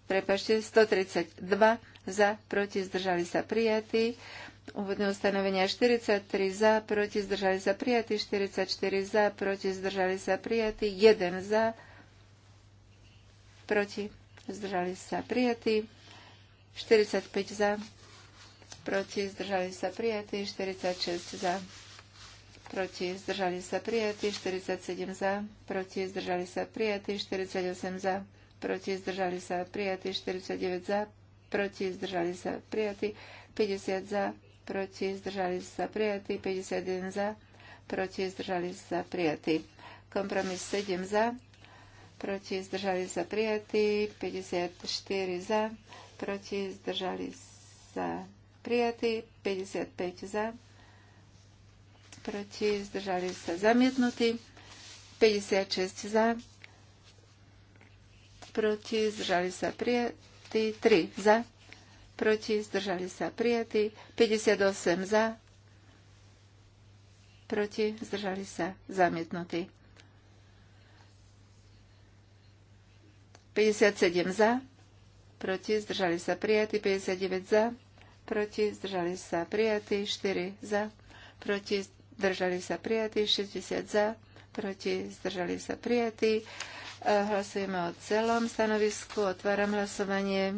prepašte, 132 za, proti, zdržali sa prijatí, úvodné ustanovenia 43 za, proti, zdržali sa prijatí, 44 za, proti, zdržali sa prijatí, 1 za, proti, zdržali sa prijatí, 45 za, proti, zdržali sa prijatí, 46 za proti zdržali sa prijatí, 47 za, proti zdržali sa prijatí, 48 za, proti zdržali sa prijatí, 49 za, proti zdržali sa prijatí, 50 za, proti zdržali sa prijatí, 51 za, proti zdržali sa prijatí. Kompromis 7 za, proti zdržali sa prijatí, 54 za, proti zdržali sa prijatí, 55 za, proti, zdržali sa zamietnutí, 56 za, proti, zdržali sa prijatí, 3 za, proti, zdržali sa prijatí, 58 za, proti, zdržali sa zamietnutí. 57 za, proti, zdržali sa prijatí, 59 za, proti, zdržali sa prijatí, 4 za, proti, zdržali sa prijatí, 60 za, proti, zdržali sa prijatí. E, hlasujeme o celom stanovisku, otváram hlasovanie.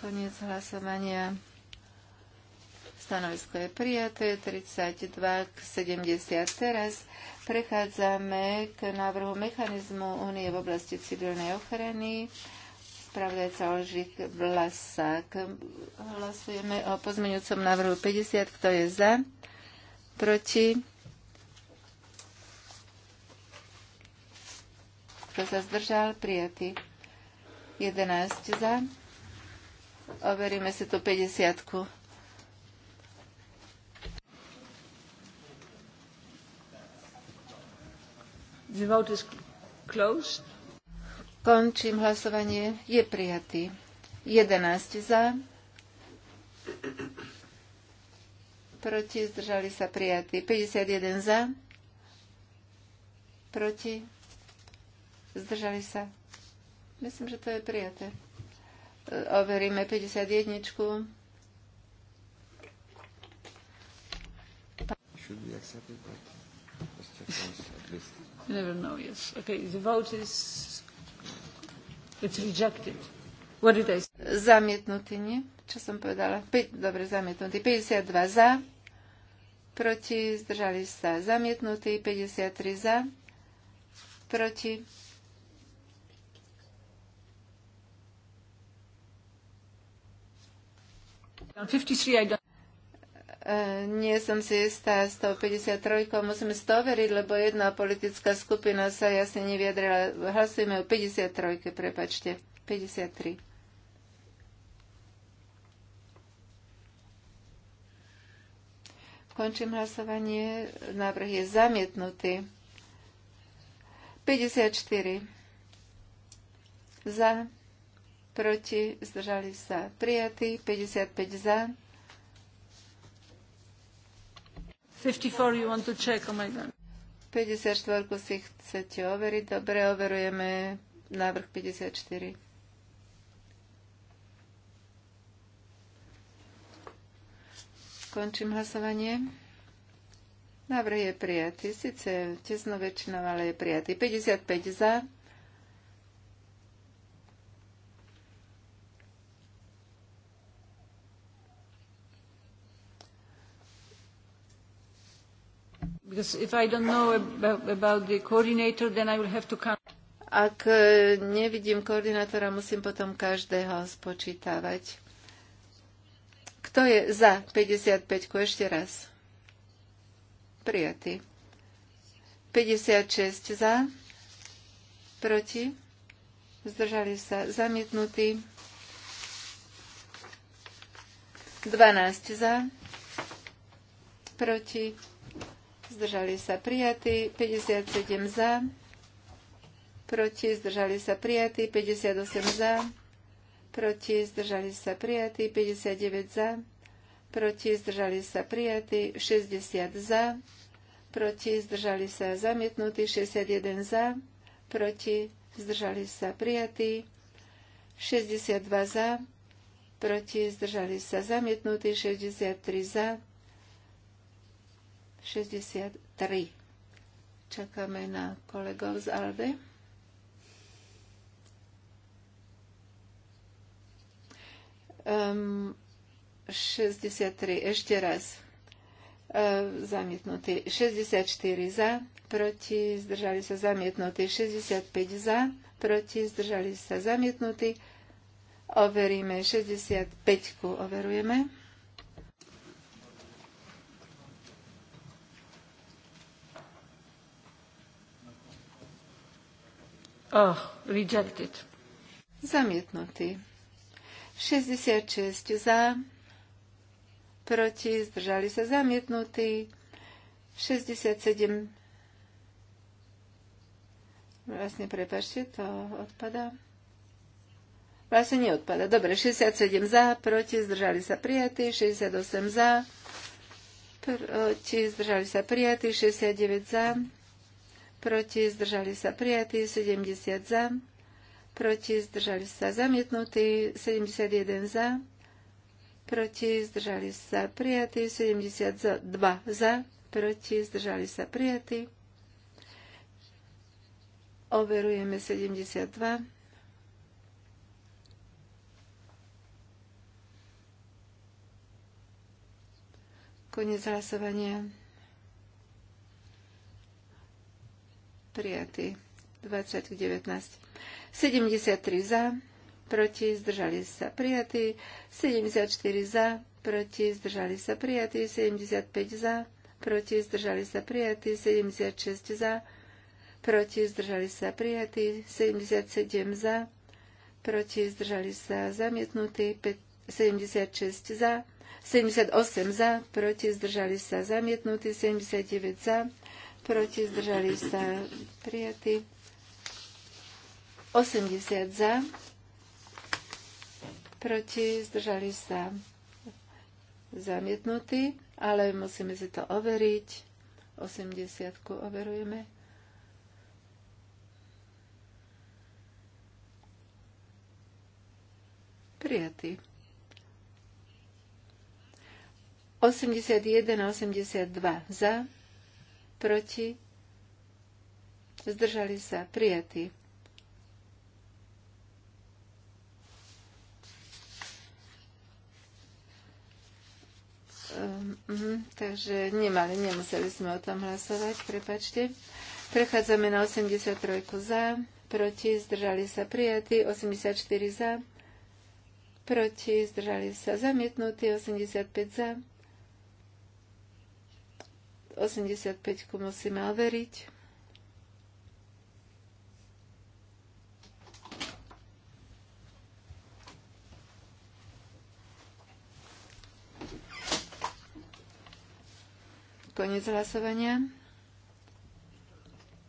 Koniec hlasovania. Stanovisko je prijaté 32 k 70. Teraz prechádzame k návrhu mechanizmu únie v oblasti civilnej ochrany. Spravdajca Olžík Vlasák. Hlasujeme o pozmeňujúcom návrhu 50. Kto je za? Proti? Kto sa zdržal? Prijatý. 11 za. Overíme si tu 50. -ku. The vote is closed. Končím hlasovanie. Je prijatý. 11 za. Proti zdržali sa prijatí. 51 za. Proti zdržali sa. Myslím, že to je prijaté. Overíme 51. Should be accepted, but never know, yes. Okay, the vote is... It's rejected. What did I say? Zamietnutý, nie? Čo som povedala? dobre, zamietnutý. 52 za, proti, zdržali sa. Zamietnutý, 53 za, proti. On 53, I don't nie som si istá 153, musím si to overiť, lebo jedna politická skupina sa jasne neviedrila. Hlasujeme o 53, prepačte. 53. Končím hlasovanie. Návrh je zamietnutý. 54. Za, proti, zdržali sa Prijatý. 55 za, 54 you want to check, oh my god. 54 si chcete overiť. Dobre, overujeme návrh 54. Končím hlasovanie. Návrh je prijatý, síce tesno väčšinou, ale je prijatý. 55 za, Ak e, nevidím koordinátora, musím potom každého spočítavať. Kto je za 55 ku ešte raz? Prijatý. 56 za, proti, zdržali sa zamietnutí. 12 za, proti, zdržali sa prijatí, 57 za, proti, zdržali sa prijatí, 58 za, proti, zdržali sa prijatí, 59 za, proti, zdržali sa prijatí, 60 za, proti, zdržali sa zamietnutí, 61 za, proti, zdržali sa prijatí, 62 za, proti, zdržali sa zamietnutí, 63 za, 63. Čakáme na kolegov z Alde. Um, ehm, 63. Ešte raz. Uh, zamietnutý. 64 za, proti, zdržali sa zamietnutí. 65 za, proti, zdržali sa zamietnutí. Overíme 65. Overujeme. Oh, rejected. Zamietnutý. 66 za, proti, zdržali sa zamietnutí. 67 Vlastne, prepašte, to odpada. Vlastne neodpada. Dobre, 67 za, proti, zdržali sa prijatí, 68 za, proti, zdržali sa prijatí, 69 za, proti zdržali sa prijatí, 70 za, proti zdržali sa zamietnutí, 71 za, proti zdržali sa prijatí, 72 za, proti zdržali sa prijatí. Overujeme 72. Konec hlasovania. prijatý. 20 k 19. 73 za, proti, zdržali sa prijatí. 74 za, proti, zdržali sa prijatí. 75 za, proti, zdržali sa prijatí. 76 za, proti, zdržali sa prijatí. 77 za, proti, zdržali sa zamietnutí. 76 za, 78 za, proti, zdržali sa zamietnutí. 79 za, proti, zdržali sa prijatí. 80 za, proti, zdržali sa zamietnutí, ale musíme si to overiť. 80 overujeme. Prijatý. 81 a 82 za, proti, zdržali sa prijatí. Um, ehm, um, mhm, takže nemali, nemuseli sme o tom hlasovať, prepačte. Prechádzame na 83 za, proti, zdržali sa prijatí, 84 za, proti, zdržali sa zamietnutí, 85 za, 85 ku musíme overiť. Koniec hlasovania.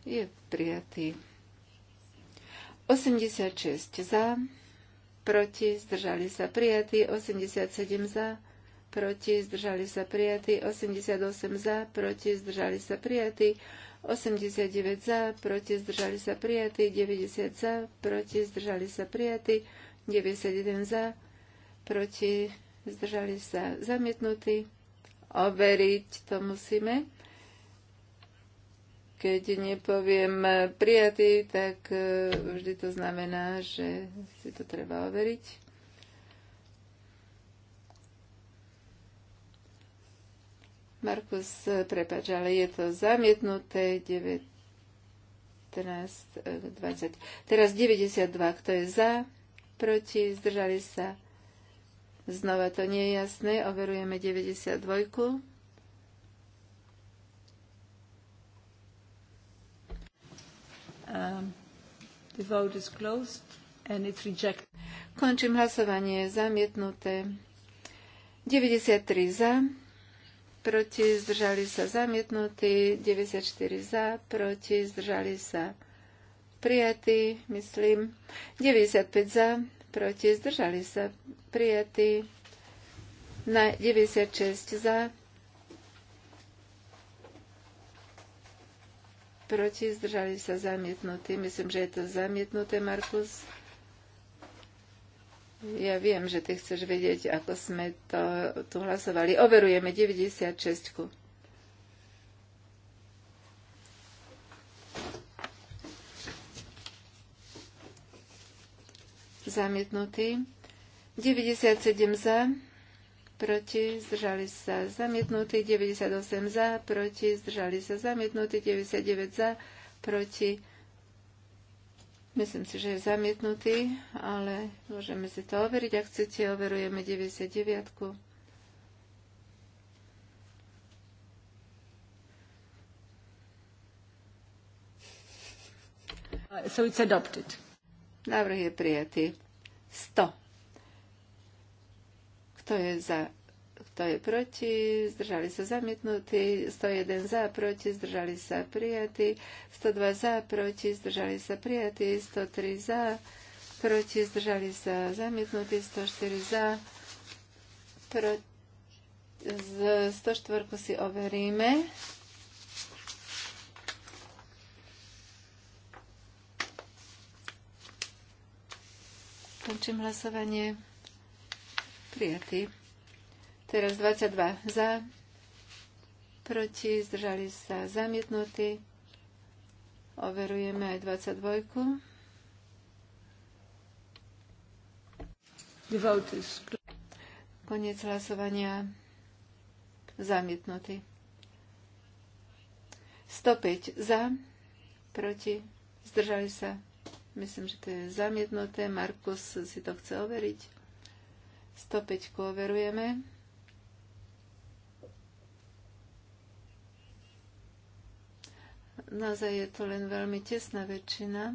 Je prijatý. 86 za, proti, zdržali sa prijatí, 87 za, proti, zdržali sa prijatí, 88 za, proti, zdržali sa prijatí, 89 za, proti, zdržali sa prijatí, 90 za, proti, zdržali sa prijatí, 91 za, proti, zdržali sa zamietnutí. Overiť to musíme. Keď nepoviem prijatý, tak e, vždy to znamená, že si to treba overiť. Markus, prepáč, ale je to zamietnuté 19, 20. Teraz 92, kto je za, proti, zdržali sa. Znova to nie je jasné, overujeme 92. Um, the vote is closed and it's rejected. Končím hlasovanie, zamietnuté. 93 za, proti, zdržali sa zamietnutí, 94 za, proti, zdržali sa prijatí, myslím, 95 za, proti, zdržali sa prijatí, na 96 za, proti, zdržali sa zamietnutí. Myslím, že je to zamietnuté, Markus. Ja viem, že ty chceš vedieť, ako sme to tu hlasovali. Overujeme 96. -ku. Zamietnutý. 97 za, proti, zdržali sa zamietnutí, 98 za, proti, zdržali sa zamietnutí, 99 za, proti, Myslím si, že je zamietnutý, ale môžeme si to overiť. Ak chcete, overujeme 99. -ku. So it's adopted. Návrh je prijatý. 100. Kto je za kto je proti, zdržali sa zamietnutí, 101 za, proti, zdržali sa prijatí, 102 za, proti, zdržali sa prijatí, 103 za, proti, zdržali sa zamietnutí, 104 za, proti, z 104 si overíme. Končím hlasovanie. Prijatý. Teraz 22 za, proti, zdržali sa zamietnutí. Overujeme aj 22. Koniec hlasovania zamietnutý. 105 za, proti, zdržali sa. Myslím, že to je zamietnuté. Markus si to chce overiť. 105 overujeme. naozaj je to len veľmi tesná väčšina.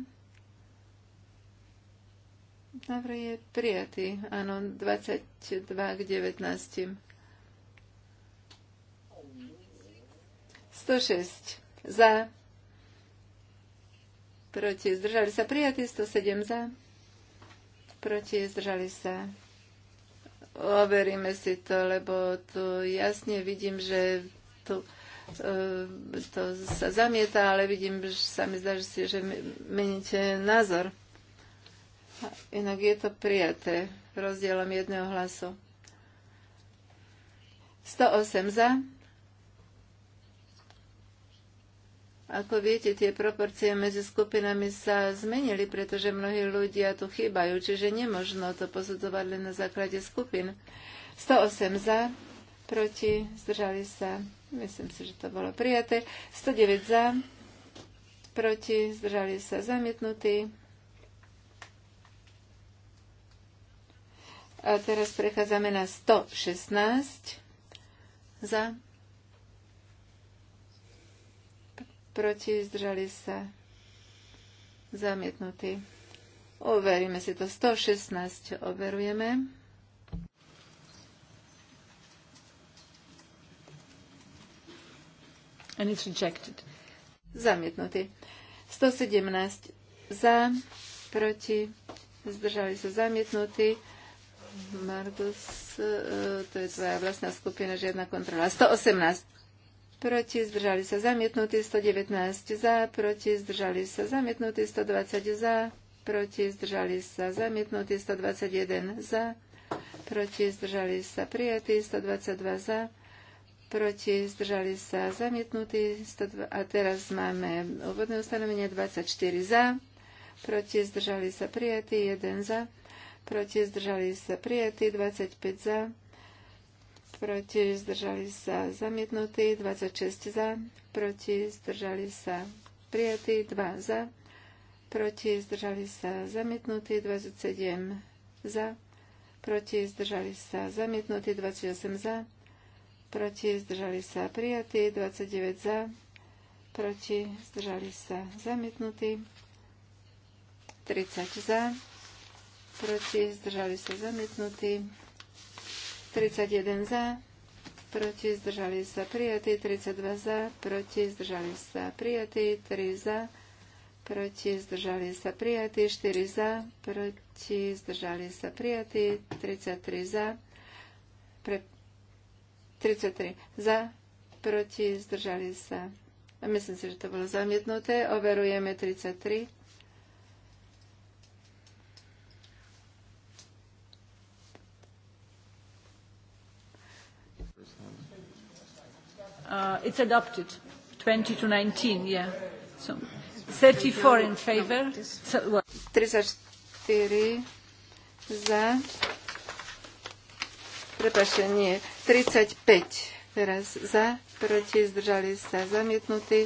Návrh je prijatý, áno, 22 k 19. 106 za, proti zdržali sa prijatí, 107 za, proti zdržali sa. Overíme si to, lebo tu jasne vidím, že tu E, to sa zamieta, ale vidím, že sa mi zdá, že, si, že meníte názor. Inak je to prijaté rozdielom jedného hlasu. 108 za. Ako viete, tie proporcie medzi skupinami sa zmenili, pretože mnohí ľudia tu chýbajú, čiže nemožno to posudzovať len na základe skupin. 108 za, proti, zdržali sa, Myslím si, že to bolo prijaté. 109 za, proti, zdržali sa zamietnutí. A teraz prechádzame na 116 za, proti, zdržali sa zamietnutí. Overíme si to. 116 overujeme. and it's rejected. Zamietnutý. 117 za, proti, zdržali sa zamietnutí. Margus, e, to je tvoja vlastná skupina, žiadna kontrola. 118 proti, zdržali sa zamietnutí, 119 za, proti, zdržali sa zamietnutí, 120 za, proti, zdržali sa zamietnutí, 121 za, proti, zdržali sa prijatí, 122 za, proti, zdržali sa zamietnutí. A teraz máme úvodné ustanovenie 24 za, proti, zdržali sa prijatí, 1 za, proti, zdržali sa prijatí, 25 za, proti, zdržali sa zamietnutí, 26 za, proti, zdržali sa prijatí, 2 za, proti, zdržali sa zamietnutí, 27 za, proti, zdržali sa zamietnutí, 28 za, proti, zdržali sa prijatí, 29 za, proti, zdržali sa zamietnutí, 30 za, proti, zdržali sa zamietnutí, 31 za, proti, zdržali sa prijatí, 32 za, proti, zdržali sa prijatí, 3 za, proti, zdržali sa prijatí, 4 za, proti, zdržali sa prijatí, 33 za, pre, 33 za, proti, zdržali sa. Myslím si, že to bolo zamietnuté. Overujeme 33. Uh, it's adopted. 20 to 19, yeah. So, 34 in favor. So, 34 za Prepašte, nie. 35 teraz za, proti, zdržali sa zamietnutí.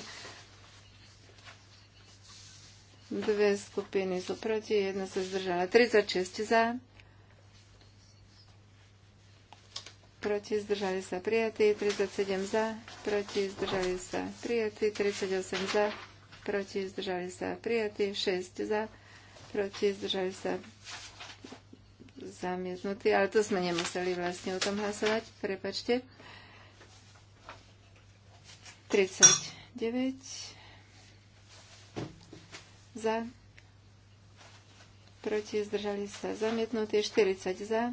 Dve skupiny sú proti, jedna sa zdržala. 36 za, proti, zdržali sa prijatí, 37 za, proti, zdržali sa prijatí, 38 za, proti, zdržali sa prijatí, 6 za, proti, zdržali sa zamietnutý, ale to sme nemuseli vlastne o tom hlasovať, prepačte. 39 za, proti zdržali sa zamietnutý, 40 za,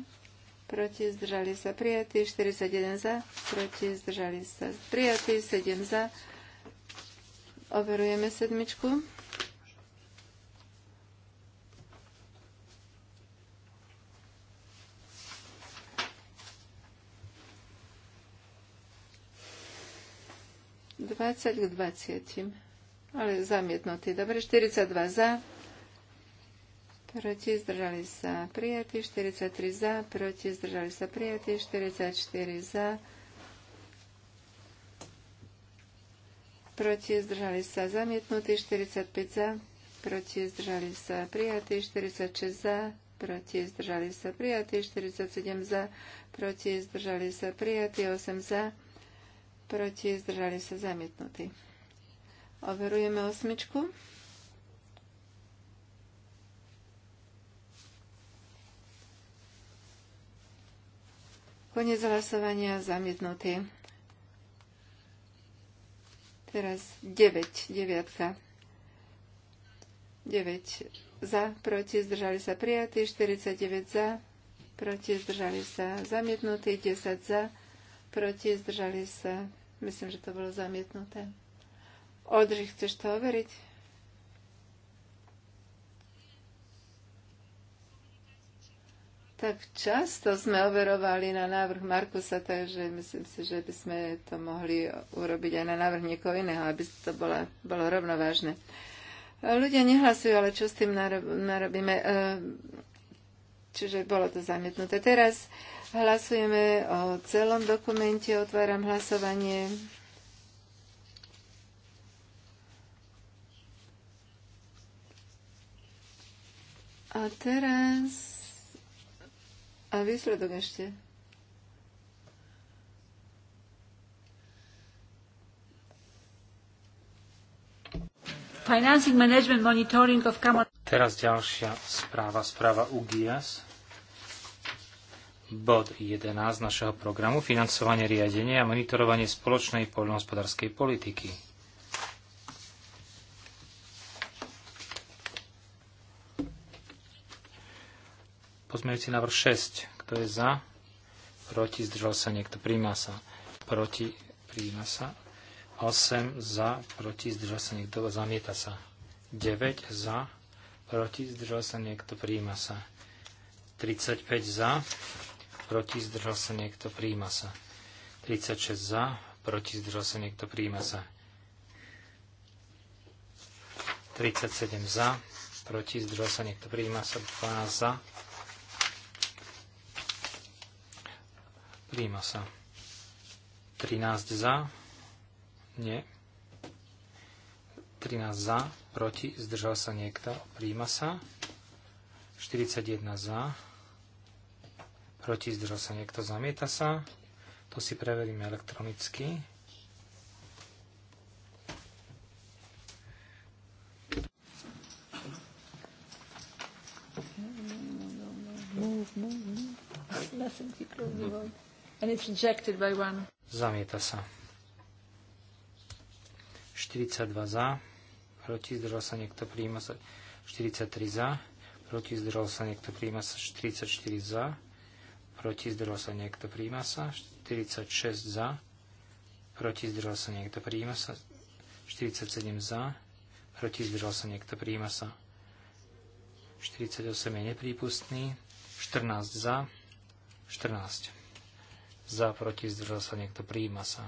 proti zdržali sa prijatý, 41 za, proti zdržali sa prijatý, 7 za. Overujeme sedmičku. 20 k 20. Ale zamietnutý. Dobre, 42 za. Proti zdržali sa prijatí. 43 za. Proti zdržali sa prijatí. 44 za. Proti zdržali sa zamietnutí. 45 za. Proti zdržali sa prijatí. 46 za proti, zdržali sa prijatí, 47 za, proti, zdržali sa prijatí, 8 za, proti, zdržali sa zamietnutí. Overujeme osmičku. Konec hlasovania zamietnutý. Teraz 9, deviatka. 9 za, proti, zdržali sa prijatí, 49 za, proti, zdržali sa zamietnutí, 10 za, proti, zdržali sa Myslím, že to bolo zamietnuté. Odri, chceš to overiť? Tak často sme overovali na návrh Markusa, takže myslím si, že by sme to mohli urobiť aj na návrh niekoho iného, aby to bolo, bolo rovnovážne. Ľudia nehlasujú, ale čo s tým narobíme? Ehm, čiže bolo to zamietnuté. Teraz Hlasujeme o celom dokumente. Otváram hlasovanie. A teraz... A výsledok ešte. Financing Management Monitoring of Teraz ďalšia správa, správa UGIAS bod 11 našeho programu financovanie riadenia a monitorovanie spoločnej poľnohospodárskej politiky. Pozmejúci návrh 6. Kto je za? Proti? Zdržal sa niekto? Príjma sa. Proti? Príjma sa. 8. Za? Proti? Zdržal sa niekto? Zamieta sa. 9. Za? Proti? Zdržal sa niekto? Príjma sa. 35 za proti, zdržal sa niekto, príjma sa. 36 za, proti, zdržal sa niekto, príjma sa. 37 za, proti, zdržal sa niekto, príjma sa. 12 za, príjma sa. 13 za, nie. 13 za, proti, zdržal sa niekto, príjma sa. 41 za, proti, zdržal sa niekto, zamieta sa. To si preveríme elektronicky. Zamieta sa. 42 za, proti zdržal sa niekto, príjma sa 43 za, proti zdržal sa niekto, príjma sa 44 za, proti zdrhol sa niekto, príjma sa. 46 za, proti zdrhol sa niekto, príjma sa. 47 za, proti zdrhol sa niekto, príjma sa. 48 je neprípustný, 14 za, 14 za, proti zdrhol sa niekto, príjma sa.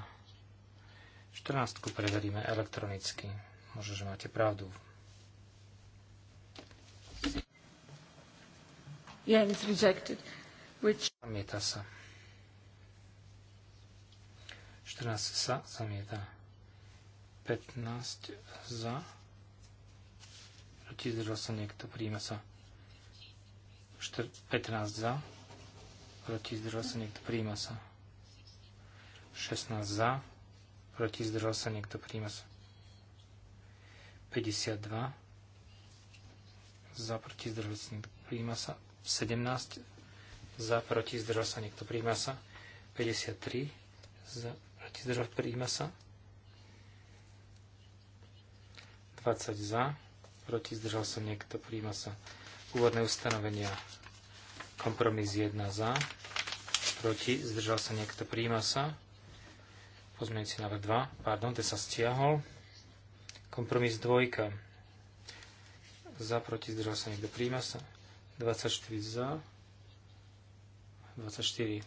14 preveríme elektronicky. Možno, že máte pravdu. Yeah, it's rejected which... Zamieta sa. 14 sa zamieta. 15 za. Proti zdržal sa niekto, príjme sa. 15 za. Proti zdržal sa niekto, príjme sa. 16 za. Proti zdržal sa niekto, príjme sa. 52 za. Proti zdržal sa niekto, príjme sa. 17 za, proti, zdržal sa niekto, príjma sa. 53 za, proti, zdržal, príjma sa. 20 za, proti, zdržal sa niekto, príjma sa. Úvodné ustanovenia, kompromis 1 za, proti, zdržal sa niekto, príjma sa. Pozmeňujúci návrh 2, pardon, ten sa stiahol. Kompromis 2, za, proti, zdržal sa niekto, príjma sa. 24 za, 24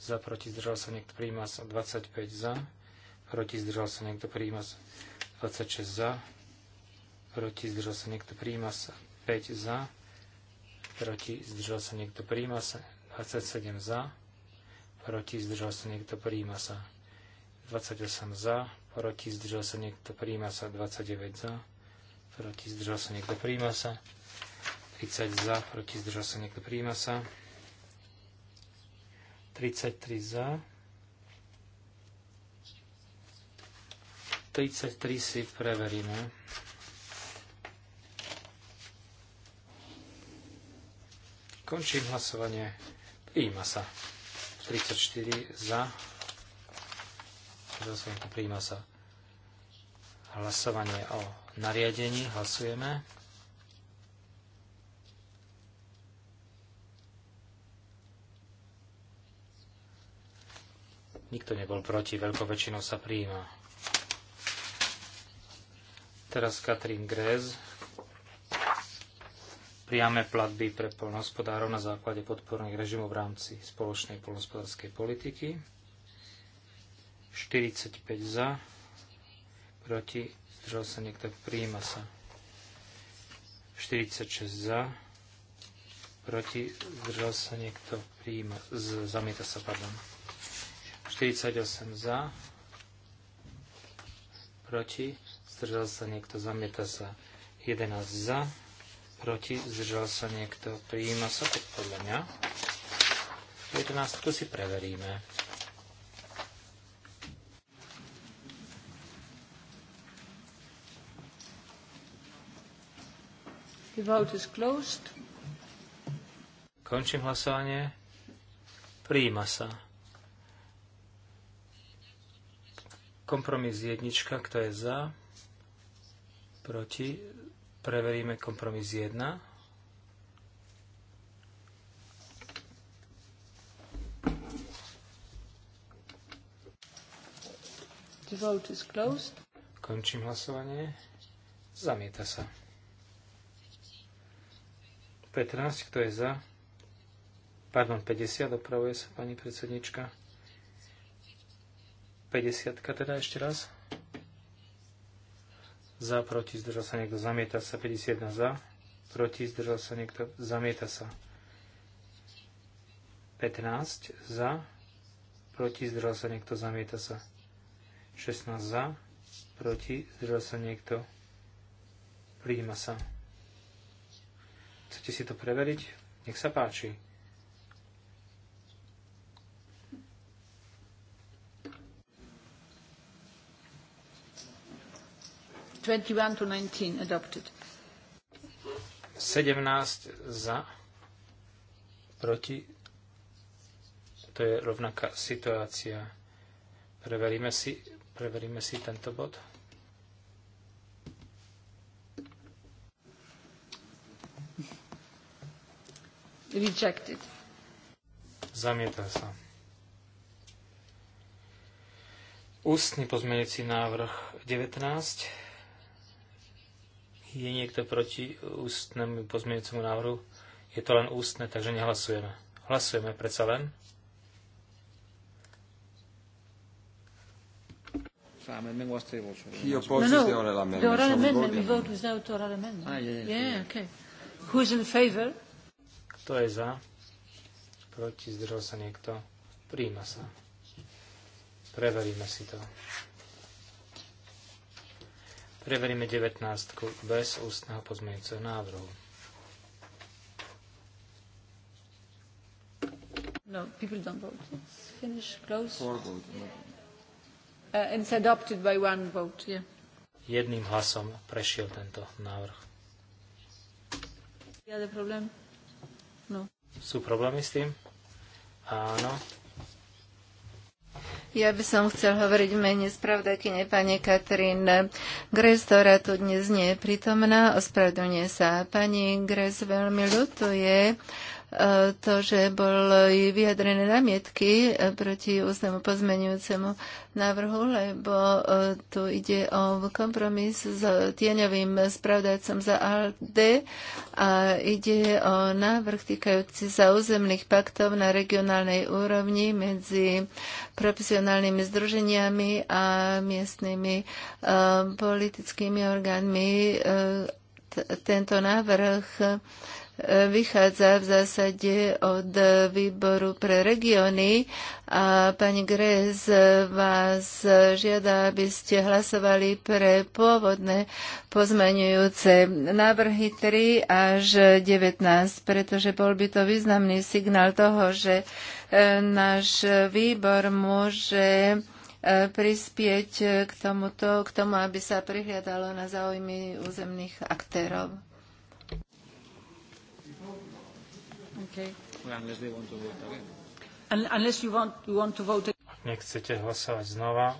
za, proti zdržal sa niekto, príjma sa 25 za, proti zdržal sa niekto, príjma sa 26 za, proti zdržal sa niekto, príjma sa 5 za, proti zdržal sa niekto, príjma sa 27 za, proti zdržal sa niekto, príjma sa 28 za, proti zdržal sa niekto, príjma sa 29 za, proti zdržal sa niekto, príjma sa 30 za, proti zdržal sa niekto, príjma sa 33 za. 33 si preveríme. Končím hlasovanie. Prijíma sa. 34 za. Prijíma sa. Hlasovanie o nariadení. Hlasujeme. Nikto nebol proti, veľkou väčšinou sa prijíma. Teraz Katrin Grez. Priame platby pre polnohospodárov na základe podporných režimov v rámci spoločnej polnohospodárskej politiky. 45 za, proti, zdržal sa niekto, prijíma sa. 46 za, proti, zdržal sa niekto, prijíma, z, zamieta sa, pardon. 48 za, proti, zdržal sa niekto, zamieta sa 11 za, proti, zdržal sa niekto, prijíma sa 5 podľa mňa. 11 tu si preveríme. The vote is closed. Končím hlasovanie. Prijíma sa. Kompromis jednička, kto je za? Proti? Preveríme kompromis 1. The vote is closed. Končím hlasovanie. Zamieta sa. 15, kto je za? Pardon, 50, opravuje sa pani predsednička. 50 teda ešte raz. Za, proti, zdržal sa niekto, zamieta sa. 51 za, proti, zdržal sa niekto, zamieta sa. 15 za, proti, zdržal sa niekto, zamieta sa. 16 za, proti, zdržal sa niekto, príjima sa. Chcete si to preveriť? Nech sa páči. 21 to 19 adopted. 17 za, proti, to je rovnaká situácia. Preveríme si, preveríme si tento bod. Rejected. Zamieta sa. Ústny pozmeňujúci návrh 19. Je niekto proti ústnemu pozmeňujúcemu návrhu? Je to len ústne, takže nehlasujeme. Hlasujeme predsa len. Kto je za? Proti, zdržal sa niekto? Príjma sa. Preveríme si to. Preveríme 19 bez ústneho pozmeňujúceho návrhu. No, people don't vote. It's finished, close. Four vote. Uh, it's adopted by one vote, yeah. Jedným hlasom prešiel tento návrh. Other problem? No. Sú problémy s tým? Áno. Ja by som chcel hovoriť v mene spravdakyne pani Katrin Gres, ktorá tu dnes nie je prítomná. Ospravedlňuje sa. Pani Gres veľmi ľutuje, to, že boli vyjadrené namietky e, proti ústnemu pozmenujúcemu návrhu, lebo e, tu ide o kompromis s tieňovým spravdajcom za ALD a ide o návrh týkajúci sa územných paktov na regionálnej úrovni medzi profesionálnymi združeniami a miestnymi e, politickými orgánmi tento návrh vychádza v zásade od výboru pre regióny a pani Grez vás žiada, aby ste hlasovali pre pôvodné pozmeňujúce návrhy 3 až 19, pretože bol by to významný signál toho, že e, náš výbor môže e, prispieť k, tomuto, k tomu, aby sa prihliadalo na záujmy územných aktérov. Ak nechcete hlasovať znova,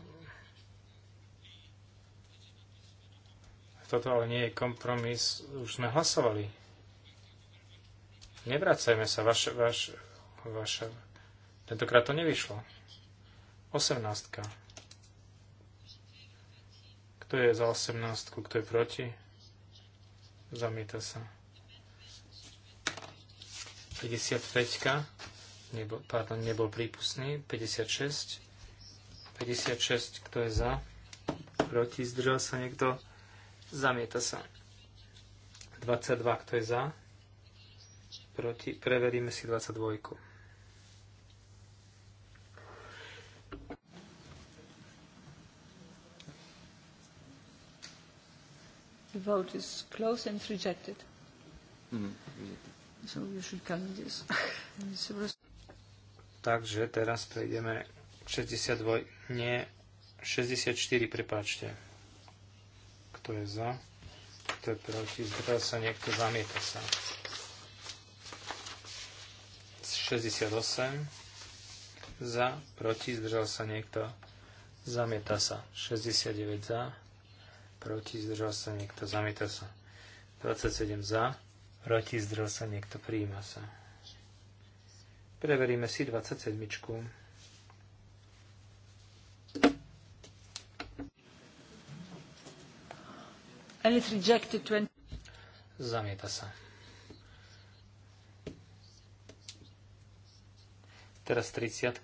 toto ale nie je kompromis, už sme hlasovali. Nevracajme sa, vaš, vaš, vaša. Tentokrát to nevyšlo. Osemnáctka. Kto je za osemnáctku, kto je proti? Zamieta sa. 55 nebo, pardon, nebol prípustný. 56. 56, kto je za? Proti, zdržal sa niekto? Zamieta sa. 22, kto je za? Proti, preveríme si 22. The vote is closed and rejected. Mm, hmm so you should this. Takže teraz prejdeme 62, nie, 64, prepáčte. Kto je za? Kto je proti? Zdrá sa niekto, zamieta sa. 68, za, proti, zdržal sa niekto, zamieta sa. 69 za, proti, zdržal sa niekto, zamieta sa. 27 za, roti zdrel sa niekto, príjma sa. Preveríme si 27. And it rejected 20. Zamieta sa. Teraz 30.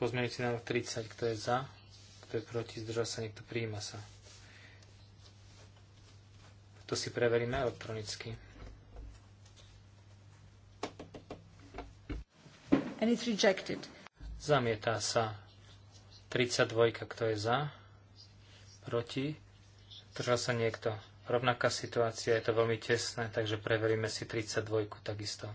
Pozmeňujúci návrh 30, kto je za, kto je proti, zdržal sa, niekto príjma sa. To si preveríme elektronicky. And it's rejected. Zamietá sa 32, kto je za, proti, držal sa niekto. Rovnaká situácia, je to veľmi tesné, takže preveríme si 32 takisto.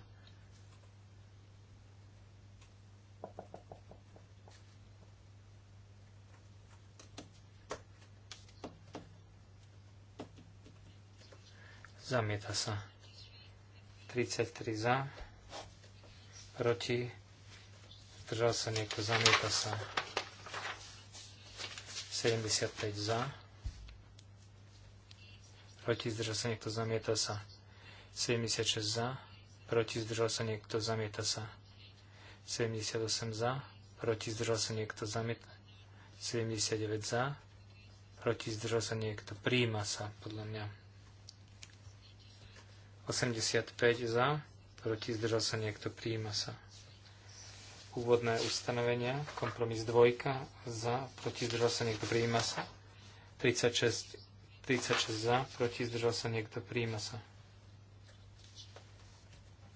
Zamieta sa. 33 za. Proti. Zdržal sa niekto. Zamieta sa. 75 za. Proti. Zdržal sa niekto. Zamieta sa. 76 za. Proti. Zdržal sa niekto. Zamieta sa. 78 za. Proti. Zdržal sa niekto. Zamieta. 79 za. Proti. Zdržal sa niekto. Príjima sa, podľa mňa. 85 za, proti zdržal sa niekto, príjima sa. Úvodné ustanovenia, kompromis 2 za, proti zdržal sa niekto, príjima sa. 36, 36 za, proti zdržal sa niekto, príjima sa.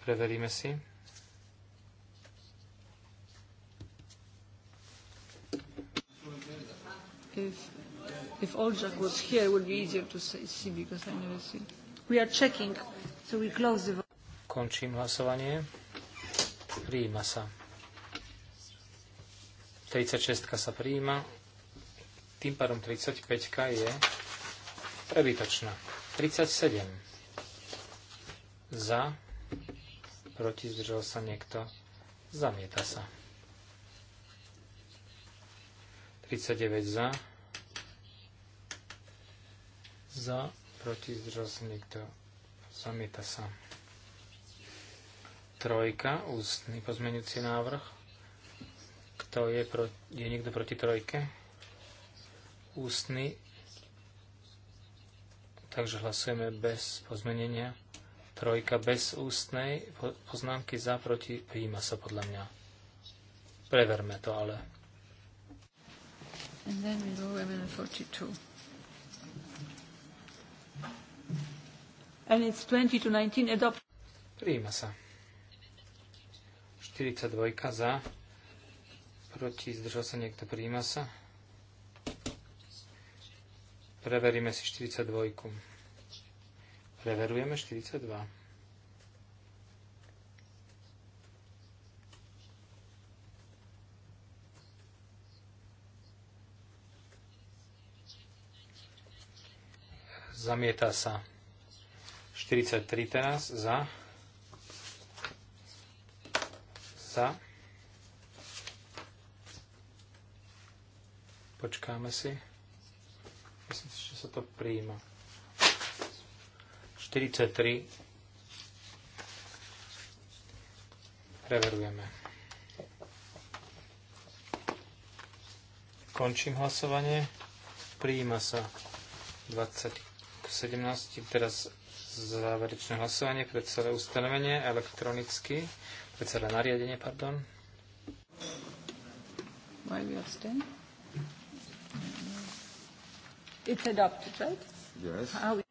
Preveríme si. If, if Oljak was here, it would be easier to say, see because I never see. We are checking, so we close the vote. Končím hlasovanie. Prijíma sa. 36 sa prijíma. Tým pádom 35 je prebytočná. 37. Za. Proti zdržal sa niekto. Zamieta sa. 39 za. Za proti, zdržal sa niekto, zamieta sa. Trojka, ústny pozmenujúci návrh. Kto je, pro, je niekto proti trojke? Ústny. Takže hlasujeme bez pozmenenia. Trojka bez ústnej poznámky za, proti, prijíma sa podľa mňa. Preverme to ale. And then we go 42. Prijíma sa. 42 za. Proti zdržal sa niekto. Prijíma sa. Preveríme si 42. Preverujeme 42. zamieta sa. 43 teraz za. Za. Počkáme si. Myslím si, že sa to prijíma. 43. Preverujeme. Končím hlasovanie. Prijíma sa 20 17, teraz záverečné hlasovanie pre celé ustanovenie elektronicky, pre celé nariadenie, pardon. Why we abstain? It's adopted, right? Yes. How...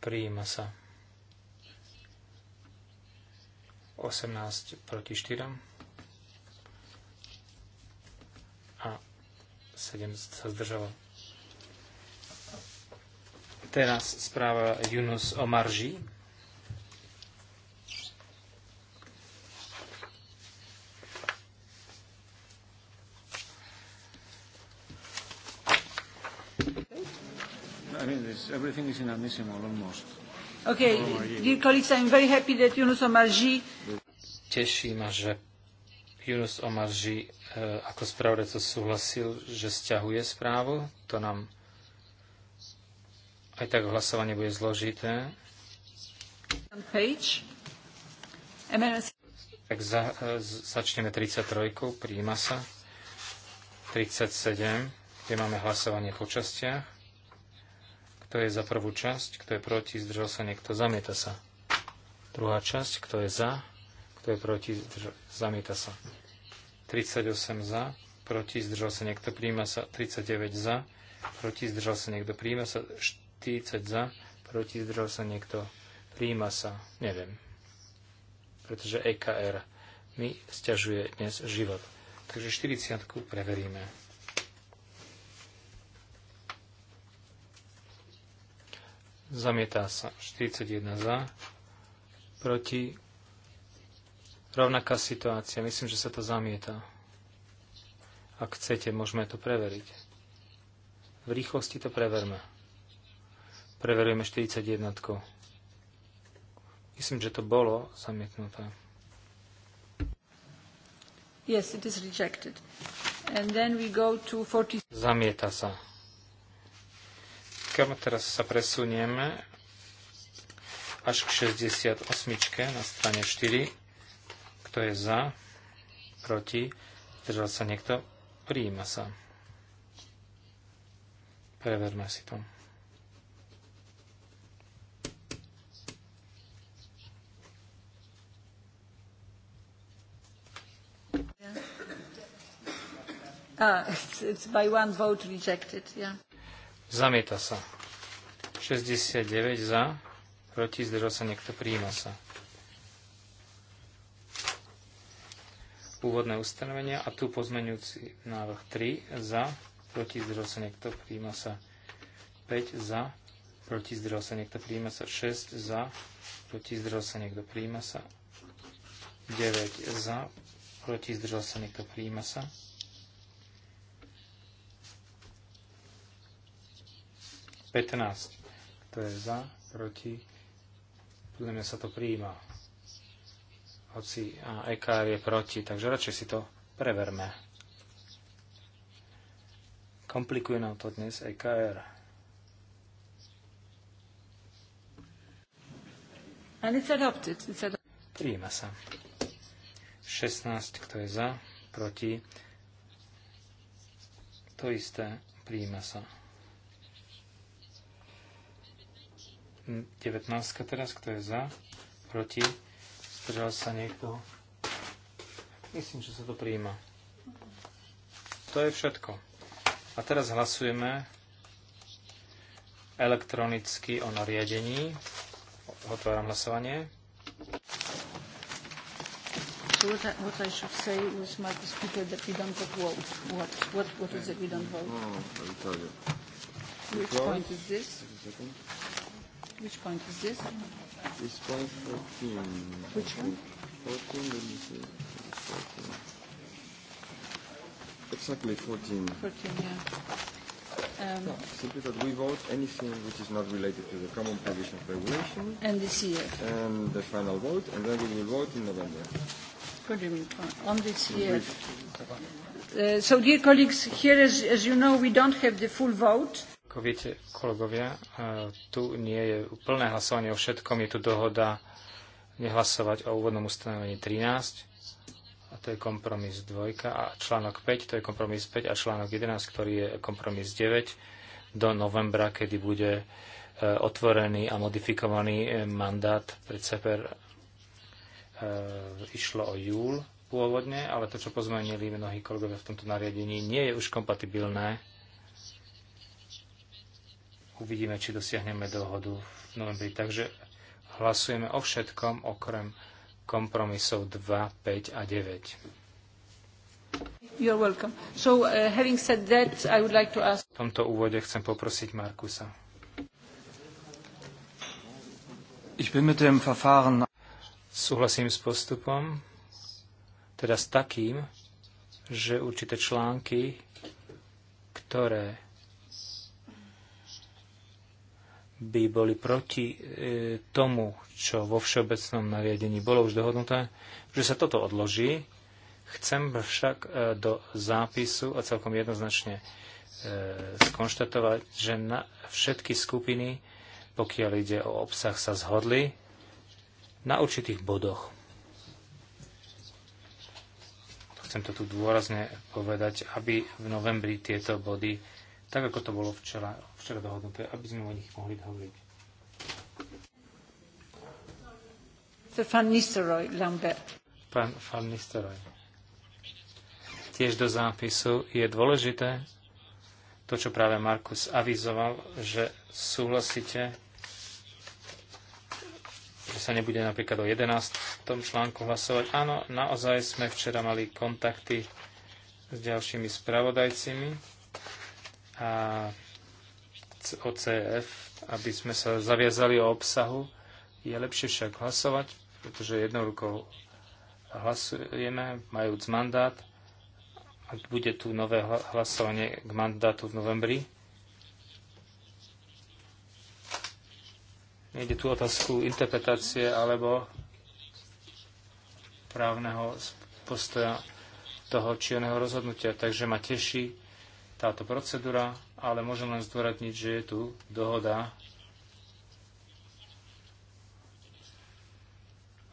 Prijíma sa. 18 proti 4 a 7 sa zdržalo Teraz správa Yunus o marži. I mean, this, everything is inadmissible almost. Okay, dear colleagues, I'm very happy that Yunus Omarji... Teší ma, že Yunus Omarji eh, ako spravodajca súhlasil, že stiahuje správu. To nám aj tak hlasovanie bude zložité. Tak za, e, začneme 33, príjima sa. 37, kde máme hlasovanie po častiach. Kto je za prvú časť, kto je proti, zdržal sa niekto, zamieta sa. Druhá časť, kto je za, kto je proti, zdržal, zamieta sa. 38 za, proti, zdržal sa niekto, Príjima sa. 39 za, proti, zdržal sa niekto, príjma sa. 40 za, proti zdržal sa niekto, príjma sa, neviem. Pretože EKR mi stiažuje dnes život. Takže 40 preveríme. Zamietá sa 41 za, proti rovnaká situácia. Myslím, že sa to zamieta. Ak chcete, môžeme to preveriť. V rýchlosti to preverme. Preverujeme 41. Myslím, že to bolo zamietnuté. Yes, it is rejected. And then we go to 40... Zamieta sa. Kam teraz sa presunieme až k 68. na strane 4. Kto je za? Proti? Zdržal sa niekto? Prijíma sa. Preverme si to. Ah, it's, by one vote rejected, yeah. Zamieta sa. 69 za, proti zdržal sa niekto, príjma sa. Úvodné ustanovenia a tu pozmeňujúci návrh 3 za, proti zdržal sa niekto, príjma sa. 5 za, proti zdržal sa niekto, príjma sa. 6 za, proti zdržal sa niekto, príjma sa. 9 za, proti zdržal sa niekto, príjma sa. 15. Kto je za, proti? Podľa mňa sa to prijíma. Hoci a EKR je proti, takže radšej si to preverme. Komplikuje nám to dnes EKR. And it's adopted. It's adopted. Prijíma sa. 16, kto je za, proti. To isté, prijíma sa. 19 teraz, kto je za, proti, zdržal sa niekto. Myslím, že sa to prijíma. To je všetko. A teraz hlasujeme elektronicky o nariadení. Otváram hlasovanie. So what I, what I should say speaker that we don't vote. What, what, what is it we don't vote? I'll tell you. Which point is this? Which point is this? This point 14. Which one? 14, let me see. Exactly 14. 14, yeah. Um, no, simply that we vote anything which is not related to the common provision of regulation. And this year. And the final vote, and then we will vote in November. Good do uh, On this year. Uh, so, dear colleagues, here, as, as you know, we don't have the full vote. Ako viete, kolegovia, e, tu nie je plné hlasovanie o všetkom, je tu dohoda nehlasovať o úvodnom ustanovení 13, a to je kompromis 2, a článok 5, to je kompromis 5, a článok 11, ktorý je kompromis 9, do novembra, kedy bude e, otvorený a modifikovaný e, mandát pre CEPER. išlo o júl pôvodne, ale to, čo pozmenili mnohí kolegovia v tomto nariadení, nie je už kompatibilné Uvidíme, či dosiahneme dohodu v novembri. Takže hlasujeme o všetkom okrem kompromisov 2, 5 a 9. You're welcome. So, uh, having said that, I would like to ask... V tomto úvode chcem poprosiť Markusa. Ich bin mit dem Verfahren... Súhlasím s postupom, teda s takým, že určité články, ktoré by boli proti e, tomu, čo vo všeobecnom nariadení bolo už dohodnuté, že sa toto odloží. Chcem však e, do zápisu a celkom jednoznačne e, skonštatovať, že na všetky skupiny, pokiaľ ide o obsah, sa zhodli na určitých bodoch. Chcem to tu dôrazne povedať, aby v novembri tieto body tak ako to bolo včera, včera dohodnuté, aby sme o nich mohli hovoriť. Pán Van Nistelrooy. Tiež do zápisu je dôležité to, čo práve Markus avizoval, že súhlasíte, že sa nebude napríklad o 11 v tom článku hlasovať. Áno, naozaj sme včera mali kontakty s ďalšími spravodajcimi a o CF, aby sme sa zaviazali o obsahu. Je lepšie však hlasovať, pretože jednou rukou hlasujeme, majúc mandát. Ak bude tu nové hlasovanie k mandátu v novembri, Nejde tu otázku interpretácie alebo právneho postoja toho či oného rozhodnutia. Takže ma teší, táto procedúra, ale môžem len zdôradniť, že je tu dohoda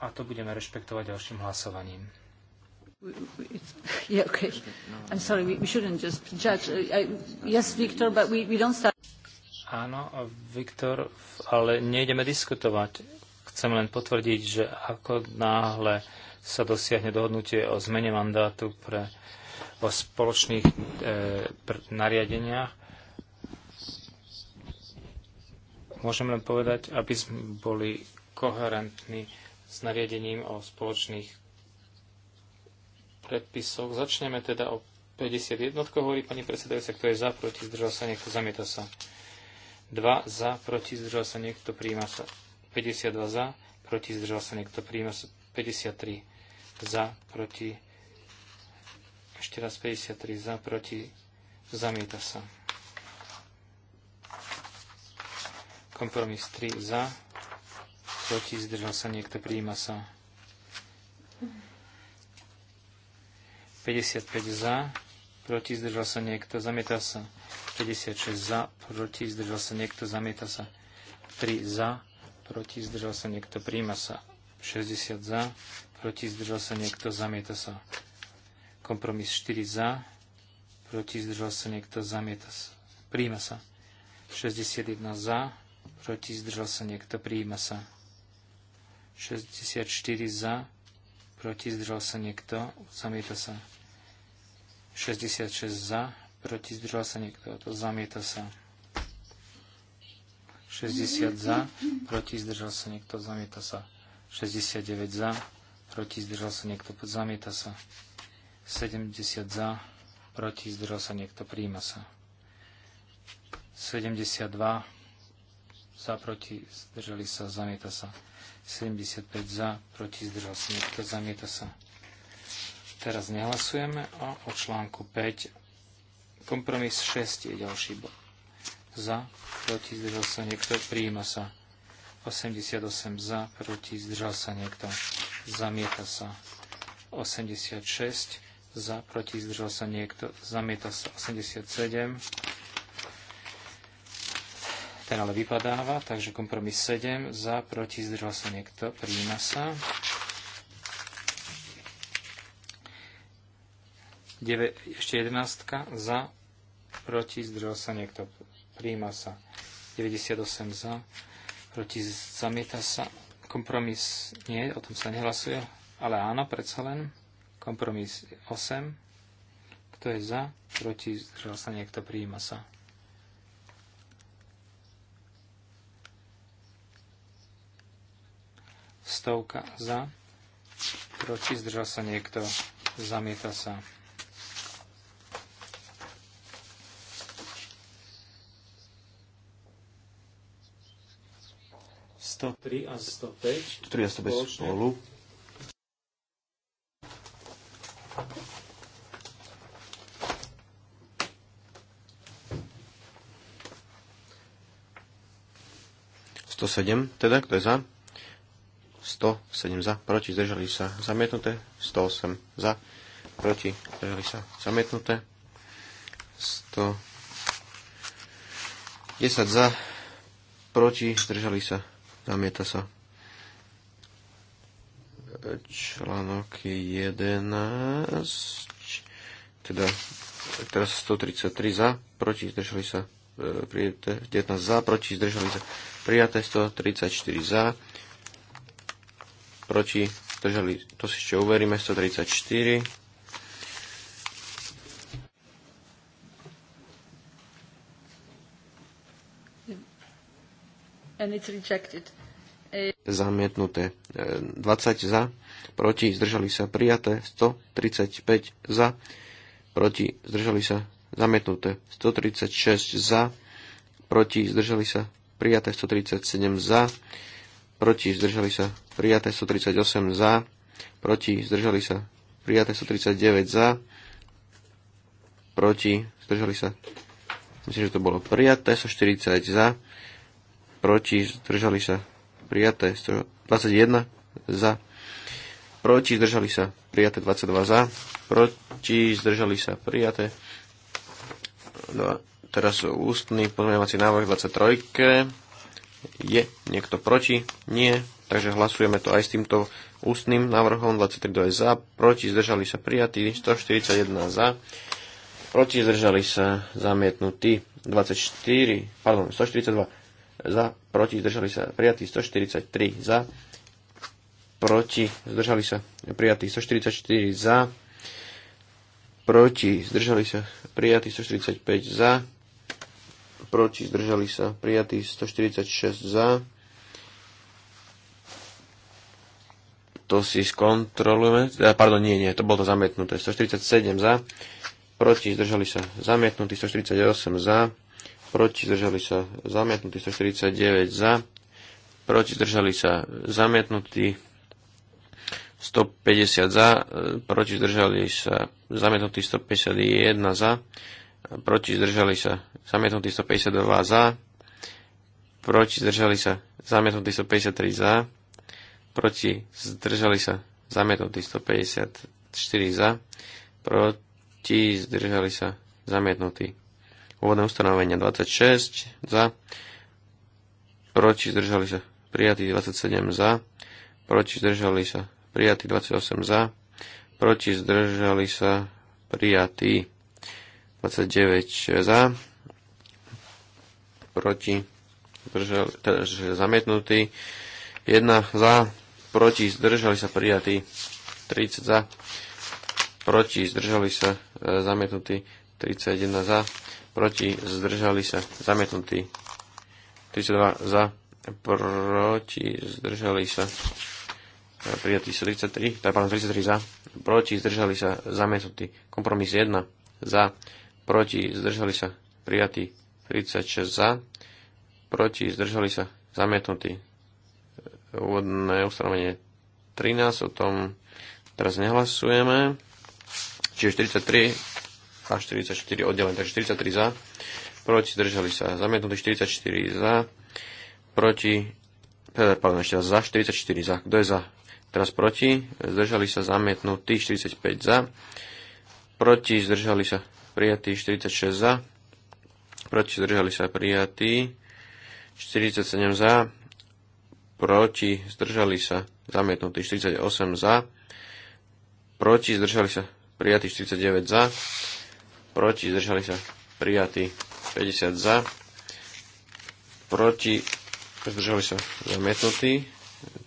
a to budeme rešpektovať ďalším hlasovaním. Áno, Viktor, ale nejdeme diskutovať. Chcem len potvrdiť, že ako náhle sa dosiahne dohodnutie o zmene mandátu pre o spoločných e, nariadeniach. Môžem len povedať, aby sme boli koherentní s nariadením o spoločných predpisoch. Začneme teda o 51. hovorí pani predsedajúca, kto je za, proti, zdržal sa, niekto zamieta sa. 2 za, proti, zdržal sa, niekto príjma sa. 52 za, proti, zdržal sa, niekto príjma sa. 53 za, proti, ešte raz 53 za, proti, zamieta sa. Kompromis 3 za, proti, zdržal sa niekto, prijíma sa. 55 za, proti, zdržal sa niekto, zamieta sa. 56 za, proti, zdržal sa niekto, zamieta sa. 3 za, proti, zdržal sa niekto, prijíma sa. 60 za, proti, zdržal sa niekto, zamieta sa. Kompromis 4 za, proti zdržal sa niekto, zamieta sa. príjma sa. 61 za, proti zdržal sa niekto, príjma sa. 64 za, proti zdržal sa niekto, zamieta sa. 66 za, proti zdržal sa niekto, to zamieta sa. 60 za, proti zdržal sa niekto, zamieta sa. 69 za, proti zdržal sa niekto, zamieta sa. 70 za, proti, zdržal sa niekto, príjma sa. 72 za, proti, zdržali sa, zamieta sa. 75 za, proti, zdržal sa niekto, zamieta sa. Teraz nehlasujeme a o článku 5. Kompromis 6 je ďalší bod. Za, proti, zdržal sa niekto, príjma sa. 88 za, proti, zdržal sa niekto, zamieta sa. 86 za, proti, zdržal sa niekto, zamieta sa 87. Ten ale vypadáva, takže kompromis 7, za, proti, zdržal sa niekto, príjma sa. 9, ešte 11, za, proti, zdržal sa niekto, príjma sa. 98 za, proti, zamieta sa. Kompromis nie, o tom sa nehlasuje, ale áno, predsa len. Kompromis 8. Kto je za? Proti? Zdržal sa niekto? Prijíma sa. Stovka za. Proti? Zdržal sa niekto? Zamieta sa. Sto tri a 105. tri a 105 spolu. 107, teda kto je za? 107 za, proti, zdržali sa, zamietnuté. 108 za, proti, zdržali sa, zamietnuté. 110 za, proti, zdržali sa, zamieta sa. Článok 11, teda teraz 133 za, proti, zdržali sa, E, prijaté 19 za, proti zdržali sa prijaté 134 za, proti zdržali, to si ešte uveríme, 134. And it's rejected. E, Zamietnuté 20 e, za, proti zdržali sa prijaté 135 za, proti zdržali sa zamietnuté 136 za, proti zdržali sa prijaté 137 za, proti zdržali sa prijaté 138 za, proti zdržali sa prijaté 139 za, proti zdržali sa, myslím, že to bolo prijaté 140 za, proti zdržali sa prijaté 121 za, proti zdržali sa prijaté 22 za, proti zdržali sa prijaté No teraz ústny pozmeňovací návrh 23. Je niekto proti? Nie. Takže hlasujeme to aj s týmto ústnym návrhom. 23 je za, proti zdržali sa prijatí, 141 za, proti zdržali sa zamietnutí, 24, pardon, 142 za, proti zdržali sa prijatí, 143 za, proti zdržali sa prijatí, 144 za, proti, zdržali sa, prijatí 145 za, proti, zdržali sa, prijatí 146 za. To si skontrolujeme, eh, pardon, nie, nie, to bolo to zamietnuté, 147 za, proti, zdržali sa, zamietnutí 148 za, proti, zdržali sa, zamietnutí 149 za, proti, zdržali sa, zamietnutí 150 e, za, proti zdržali sa zamietnutí 151 za, proti zdržali sa zamietnutí 152 za, proti zdržali sa zamietnutí 153 za, proti zdržali sa zamietnutí 154 za, proti zdržali sa zamietnutí. Úvodné ustanovenia 26 za, proti zdržali sa prijatí 27 za, proti zdržali sa prijatý 28 za, proti zdržali sa prijatý 29 za, proti zdržali, teda, zamietnutý 1 za, proti zdržali sa prijatý 30 e, za, proti zdržali sa zamietnutý 31 za, proti zdržali sa zamietnutý 32 za, proti zdržali sa prijatý 33, teda pardon, 33 za, proti, zdržali sa, zamietnutý, kompromis 1 za, proti, zdržali sa, prijatý 36 za, proti, zdržali sa, zamietnutý. Úvodné ustanovenie 13, o tom teraz nehlasujeme. Čiže 43 a 44 oddelené, takže 43 za, proti, zdržali sa, zamietnutý 44 za, proti, pardon, ešte raz za, 44 za. Kto je za? teraz proti, zdržali sa zamietnutí 45 za, proti zdržali sa prijatí 46 za, proti zdržali sa prijatí 47 za, proti zdržali sa zamietnutí 48 za, proti zdržali sa prijatí 49 za, proti zdržali sa prijatí 50 za, proti zdržali sa zamietnutí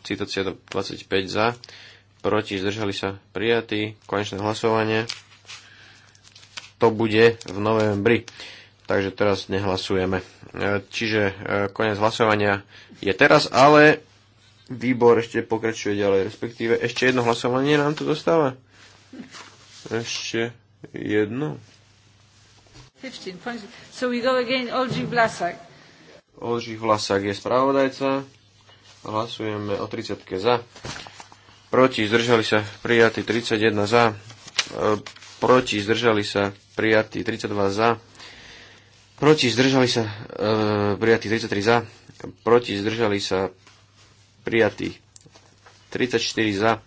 citácia do 25 za, proti zdržali sa prijatí, konečné hlasovanie. To bude v novembri, takže teraz nehlasujeme. E, čiže e, koniec hlasovania je teraz, ale výbor ešte pokračuje ďalej, respektíve ešte jedno hlasovanie nám tu dostáva. Ešte jedno. 15. So we go again, Olži Vlasak. Olži Vlasak je spravodajca. Hlasujeme o 30 za. Proti zdržali sa prijatí 31 za. E, proti zdržali sa prijatí 32 za. Proti zdržali sa e, prijatí 33 za. Proti zdržali sa prijatí 34 za.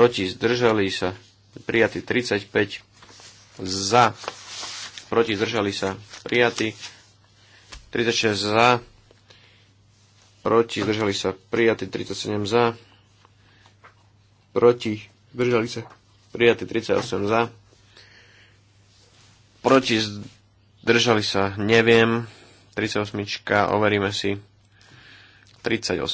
Proti zdržali sa prijatí 35 za. Proti zdržali sa prijatí 36 za proti, zdržali sa prijatí 37 za, proti, zdržali sa Prijatý 38 za, proti, zdržali sa, neviem, 38, overíme si 38.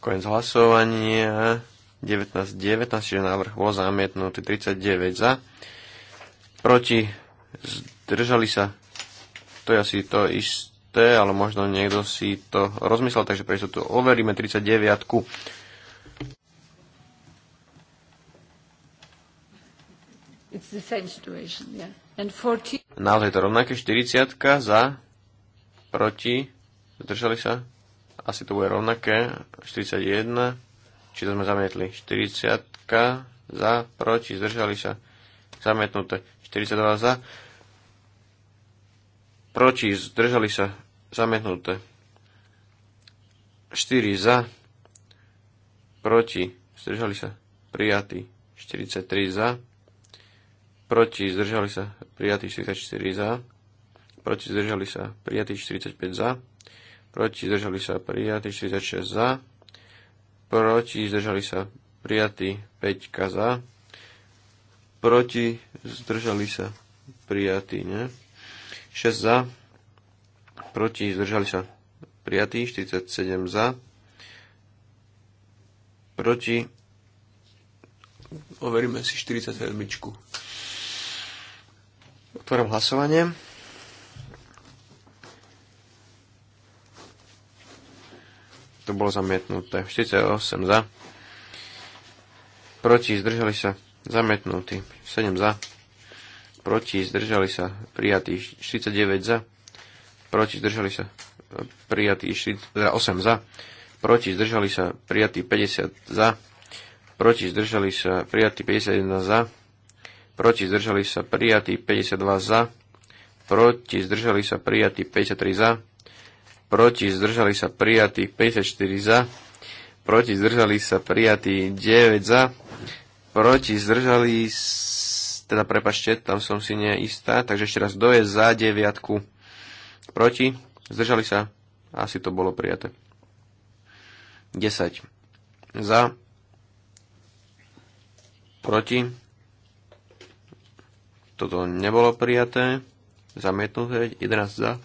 Koniec hlasovania. 19, 19, čiže návrh bol zamietnutý. 39 za, proti, zdržali sa. To je asi to isté, ale možno niekto si to rozmyslel, takže prečo tu overíme 39. -ku. It's the same situation, yeah. And 40... Naozaj to rovnaké, 40 za, proti, zdržali sa, asi to bude rovnaké, 41, či to sme zamietli, 40 za, proti, zdržali sa, zamietnuté, 42 za. Proti, zdržali sa, zamietnuté. 4 za. Proti, zdržali sa, prijatí. 43 za. Proti, zdržali sa, prijatí 44 za. Proti, zdržali sa, prijatí 45 za. Proti, zdržali sa, prijatí 46 za. Proti, zdržali sa, prijatí 5 za proti, zdržali sa prijatí, ne? 6 za, proti, zdržali sa prijatí, 47 za, proti, overíme si 47. Otváram hlasovanie. To bolo zamietnuté. 48 za. Proti, zdržali sa Zametnutý. 7 za. Proti. Zdržali sa. prijatí 49 za. Proti. Zdržali sa. prijatí 8 teda za. Proti. Zdržali sa. prijatí 50 za. Proti. Zdržali sa. prijatí 51 za. Proti. Zdržali sa. prijatí 52 za. Proti. Zdržali sa. prijatí 53 za. Proti. Zdržali sa. prijatí 54 za. Proti. Zdržali sa. prijatí 9 za proti, zdržali, teda prepašte, tam som si neistá, takže ešte raz, kto je za deviatku, proti, zdržali sa, asi to bolo prijaté. 10 za, proti, toto nebolo prijaté, zamietnuté, 11 za,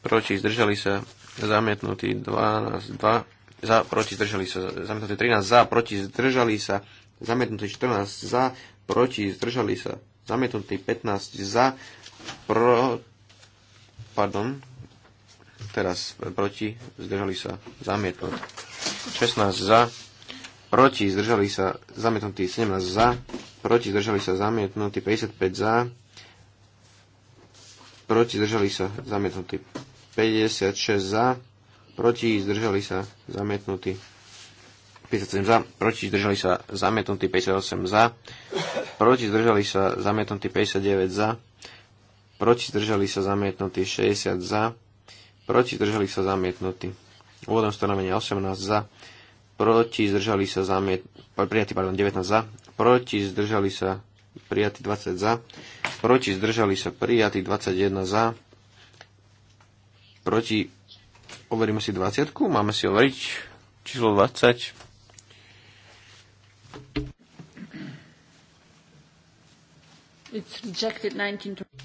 proti, zdržali sa, zamietnutí 12, 2, za, proti, zdržali sa, zamietnutí 13, za, proti, zdržali sa, zamietnutý 14 za, proti, zdržali sa, zamietnutý 15 za, pro, pardon, teraz proti, zdržali sa, zamietnutý 16 za, proti, zdržali sa, zamietnutý 17 za, proti, zdržali sa, zamietnutý 55 za, proti, zdržali sa, zamietnutý 56 za, proti, zdržali sa, zamietnutý 57 za, proti zdržali sa zamietnutí 58 za, proti zdržali sa zamietnutí 59 za, proti zdržali sa zamietnutí 60 za, proti zdržali sa zamietnutí. Úvodom stanovenia 18 za, proti zdržali sa zamiet... prijatí pardon, 19 za, proti zdržali sa prijatí 20 za, proti zdržali sa prijatí 21 za, proti overíme si 20, máme si overiť číslo 20.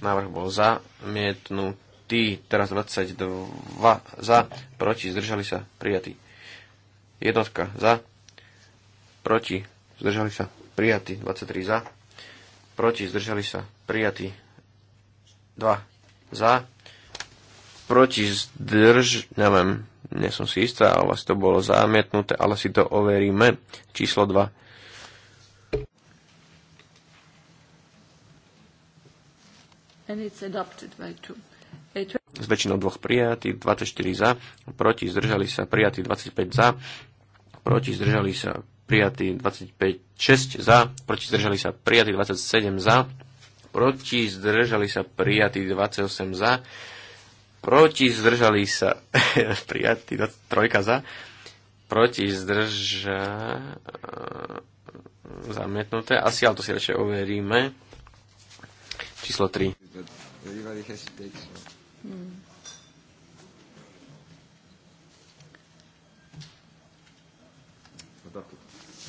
Návrh bol zamietnutý. Teraz 22 za, proti, zdržali sa, prijatý. Jednotka za, proti, zdržali sa, prijatý. 23 za, proti, zdržali sa, prijatý. 2 za, proti, zdrž... Neviem, nie som si istá, ale asi vlastne to bolo zamietnuté, ale si to overíme. Číslo 2. S väčšinou dvoch prijatých, 24 za, proti zdržali sa prijatí 25 za, proti zdržali sa prijatí 25, 6 za, proti zdržali sa prijatí 27 za, proti zdržali sa prijatí 28 za, proti zdržali sa prijatí 3 za, proti zdrža zamietnuté, asi, ale to si radšej overíme. Číslo 3 but everybody has to take so. Mm. Adopted.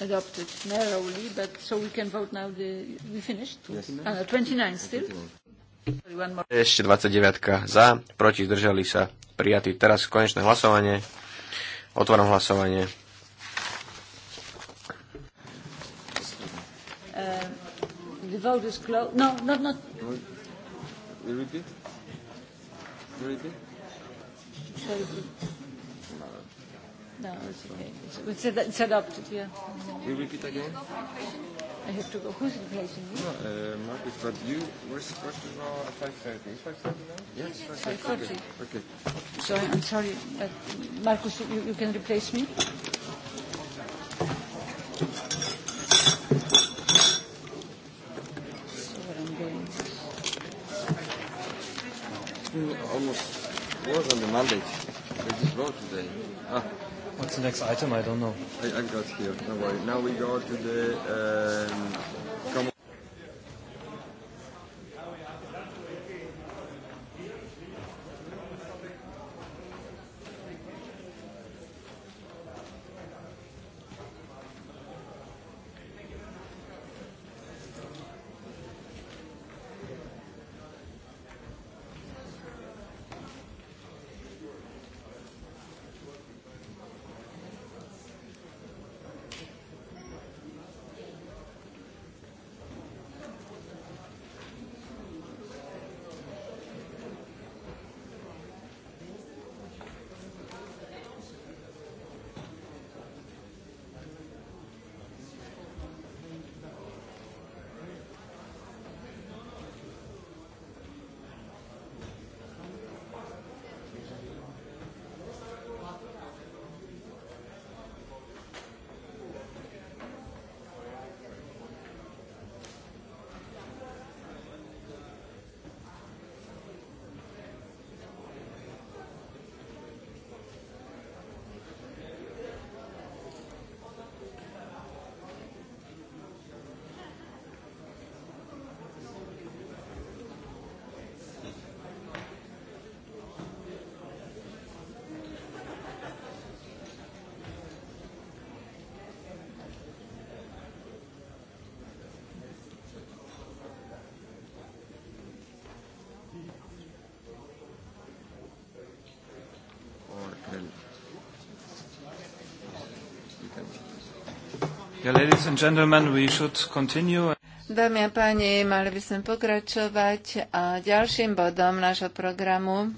Adopted narrowly, but so we can vote now. The, we finished? Yes. Uh, 29 still. Ešte 29 za, proti zdržali sa prijatí. Teraz konečné hlasovanie. Otváram hlasovanie. Uh, the vote is closed. No, not, not. No. Rudy? Rudy? Sorry, No, it's okay. It's, it's adopted, yeah. You repeat again? I have to go. Who's replacing me? No, uh, Marcus, but you were supposed to go 5.30. 5.30 now? Yes, 5.30. Okay. okay. So I'm sorry, but Marcus, you, you can replace me? almost was on the mandate. They just vote today. Ah. What's the next item? I don't know. I, I've got here. No worry. Now we go to the um, Dámy a páni, mali by sme pokračovať a ďalším bodom nášho programu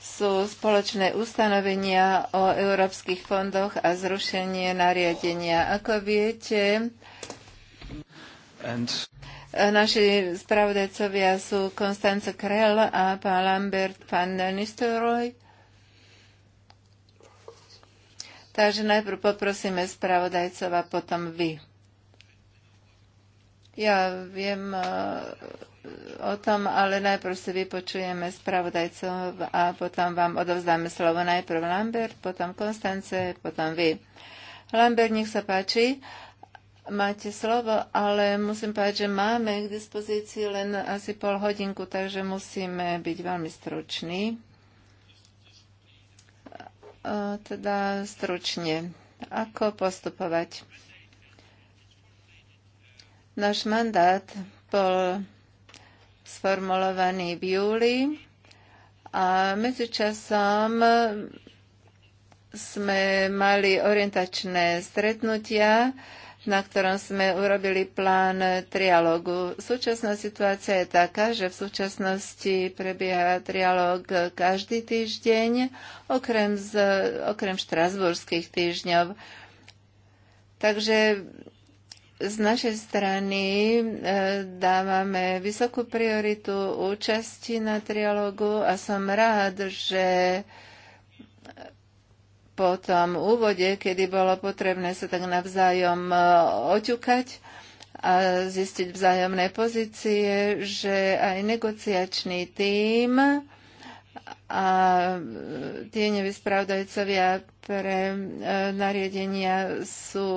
sú spoločné ustanovenia o európskych fondoch a zrušenie nariadenia. Ako viete, And... naši spravodajcovia sú Konstanca Krell a pán Lambert van Nistelrooy Takže najprv poprosíme spravodajcov a potom vy. Ja viem e, o tom, ale najprv si vypočujeme spravodajcov a potom vám odovzdáme slovo najprv Lambert, potom Konstance, potom vy. Lambert, nech sa páči. Máte slovo, ale musím povedať, že máme k dispozícii len asi pol hodinku, takže musíme byť veľmi struční. E, teda stručne. Ako postupovať? Náš mandát bol sformulovaný v júli a medzičasom sme mali orientačné stretnutia, na ktorom sme urobili plán trialógu. Súčasná situácia je taká, že v súčasnosti prebieha trialóg každý týždeň, okrem, z, okrem štrasburských týždňov. Takže z našej strany e, dávame vysokú prioritu účasti na trialógu a som rád, že po tom úvode, kedy bolo potrebné sa tak navzájom e, oťukať a zistiť vzájomné pozície, že aj negociačný tím a tie nevyspravdajcovia pre e, nariadenia sú,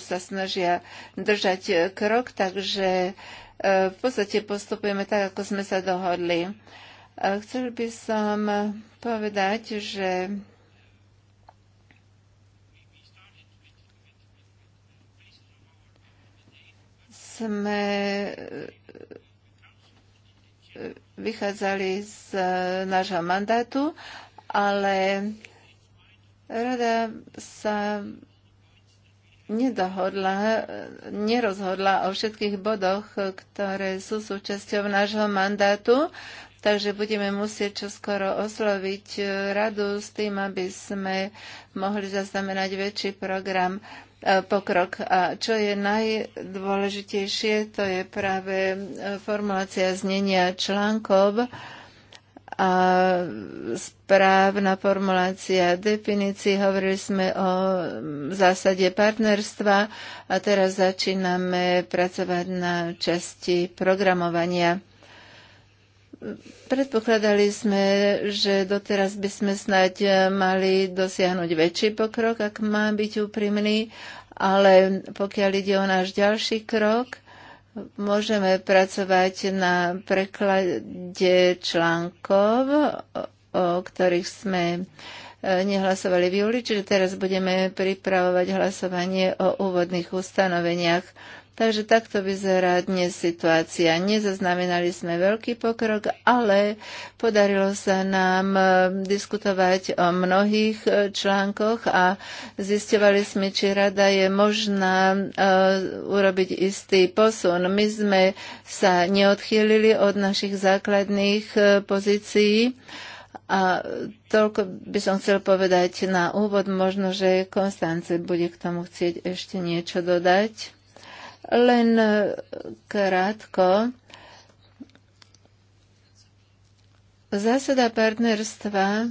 sa snažia držať krok, takže e, v podstate postupujeme tak, ako sme sa dohodli. Chcel by som povedať, že sme e, vychádzali z e, nášho mandátu, ale rada sa nedohodla, nerozhodla o všetkých bodoch, ktoré sú súčasťou nášho mandátu, takže budeme musieť čoskoro osloviť e, radu s tým, aby sme mohli zaznamenať väčší program E, pokrok. A čo je najdôležitejšie, to je práve e, formulácia znenia článkov a správna formulácia definícií. Hovorili sme o zásade partnerstva a teraz začíname pracovať na časti programovania. Predpokladali sme, že doteraz by sme snáď eh, mali dosiahnuť väčší pokrok, ak má byť úprimný, ale pokiaľ ide o náš ďalší krok, môžeme pracovať na preklade článkov, o ktorých sme eh, nehlasovali v júli, čiže teraz budeme pripravovať hlasovanie o úvodných ustanoveniach. Takže takto vyzerá dnes situácia. Nezaznamenali sme veľký pokrok, ale podarilo sa nám e, diskutovať o mnohých e, článkoch a zistovali sme, či rada je možná e, urobiť istý posun. My sme sa neodchýlili od našich základných pozícií. A toľko by som chcel povedať na úvod, možno, že Konstance bude k tomu chcieť ešte niečo dodať. Len e, krátko. Zásada partnerstva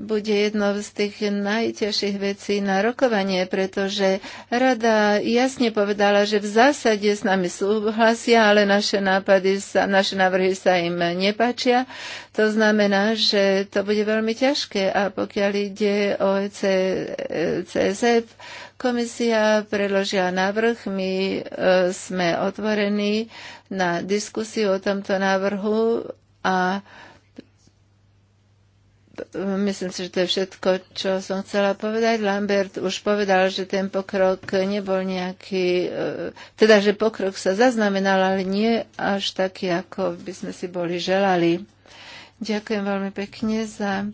bude jednou z tých najťažších vecí na rokovanie, pretože rada jasne povedala, že v zásade s nami súhlasia, ale naše, nápady sa, naše návrhy sa im nepáčia. To znamená, že to bude veľmi ťažké a pokiaľ ide o e CSF, e Komisia predložila návrh, my e, sme otvorení na diskusiu o tomto návrhu a myslím si, že to je všetko, čo som chcela povedať. Lambert už povedal, že ten pokrok nebol nejaký, e, teda, že pokrok sa zaznamenal, ale nie až taký, ako by sme si boli želali. Ďakujem veľmi pekne za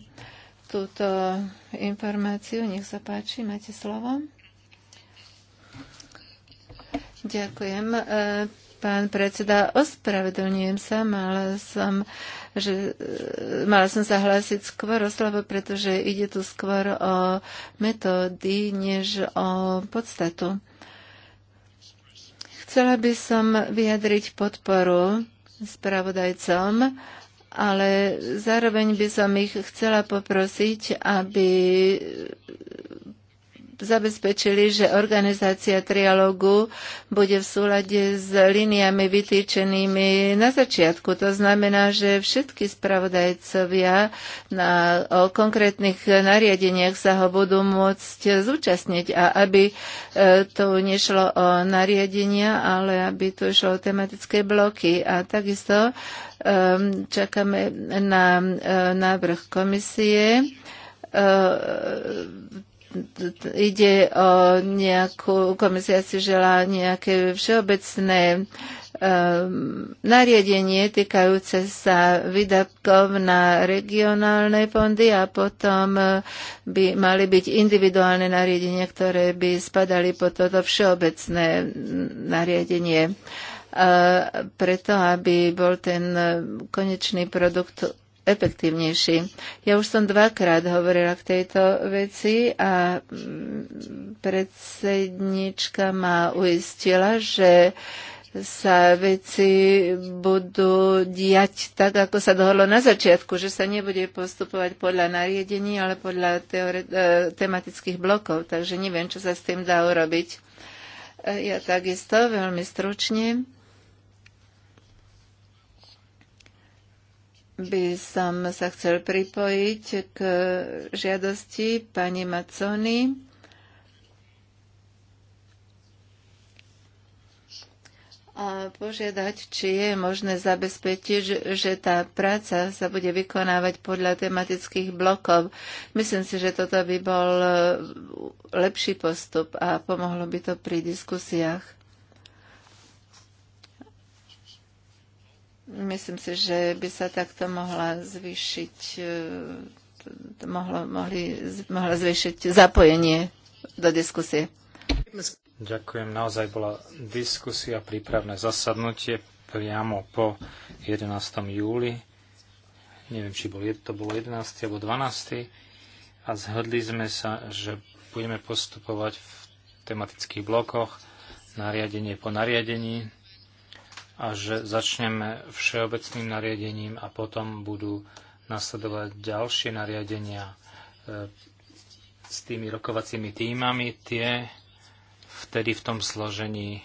túto informáciu. Nech sa páči, máte slovo. Ďakujem. E, pán predseda, ospravedlňujem sa, mala som, že, e, mala som sa hlásiť skôr o slovo, pretože ide tu skôr o metódy, než o podstatu. Chcela by som vyjadriť podporu spravodajcom, ale zároveň by som ich chcela poprosiť, aby zabezpečili, že organizácia trialógu bude v súlade s líniami vytýčenými na začiatku. To znamená, že všetky spravodajcovia na, o konkrétnych nariadeniach sa ho budú môcť zúčastniť a aby e, to nešlo o nariadenia, ale aby to išlo o tematické bloky. A takisto čakáme na e, návrh komisie e, ide o nejakú, komisia si želá nejaké všeobecné ehm, nariadenie týkajúce sa výdavkov na regionálne fondy a potom eh, by mali byť individuálne nariadenia, ktoré by spadali pod toto všeobecné mm, nariadenie. Eh, preto, aby bol ten eh, konečný produkt efektívnejší. Ja už som dvakrát hovorila k tejto veci a predsednička ma uistila, že sa veci budú diať tak, ako sa dohodlo na začiatku, že sa nebude postupovať podľa nariadení, ale podľa teore- e, tematických blokov. Takže neviem, čo sa s tým dá urobiť. E, ja takisto veľmi stručne by som sa chcel pripojiť k žiadosti pani Macony. a požiadať, či je možné zabezpečiť, že tá práca sa bude vykonávať podľa tematických blokov. Myslím si, že toto by bol lepší postup a pomohlo by to pri diskusiách. Myslím si, že by sa takto mohla zvýšiť, e, mohlo, mohli, mohla zvýšiť zapojenie do diskusie. Ďakujem, naozaj bola diskusia, prípravné zasadnutie priamo po 11. júli. Neviem, či bol, to bolo 11. alebo 12. A zhodli sme sa, že budeme postupovať v tematických blokoch, nariadenie po nariadení a že začneme všeobecným nariadením a potom budú nasledovať ďalšie nariadenia e, s tými rokovacími týmami. Tie vtedy v tom složení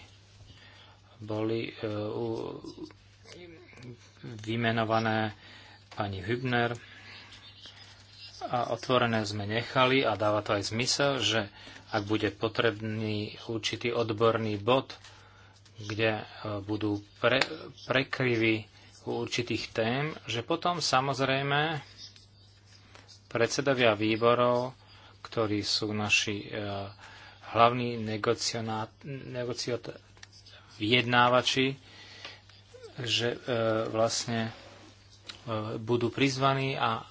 boli e, vymenované pani Hübner a otvorené sme nechali a dáva to aj zmysel, že ak bude potrebný určitý odborný bod, kde e, budú pre, prekryvy u určitých tém, že potom samozrejme predsedovia výborov, ktorí sú naši e, hlavní negociot, vyjednávači, že e, vlastne e, budú prizvaní a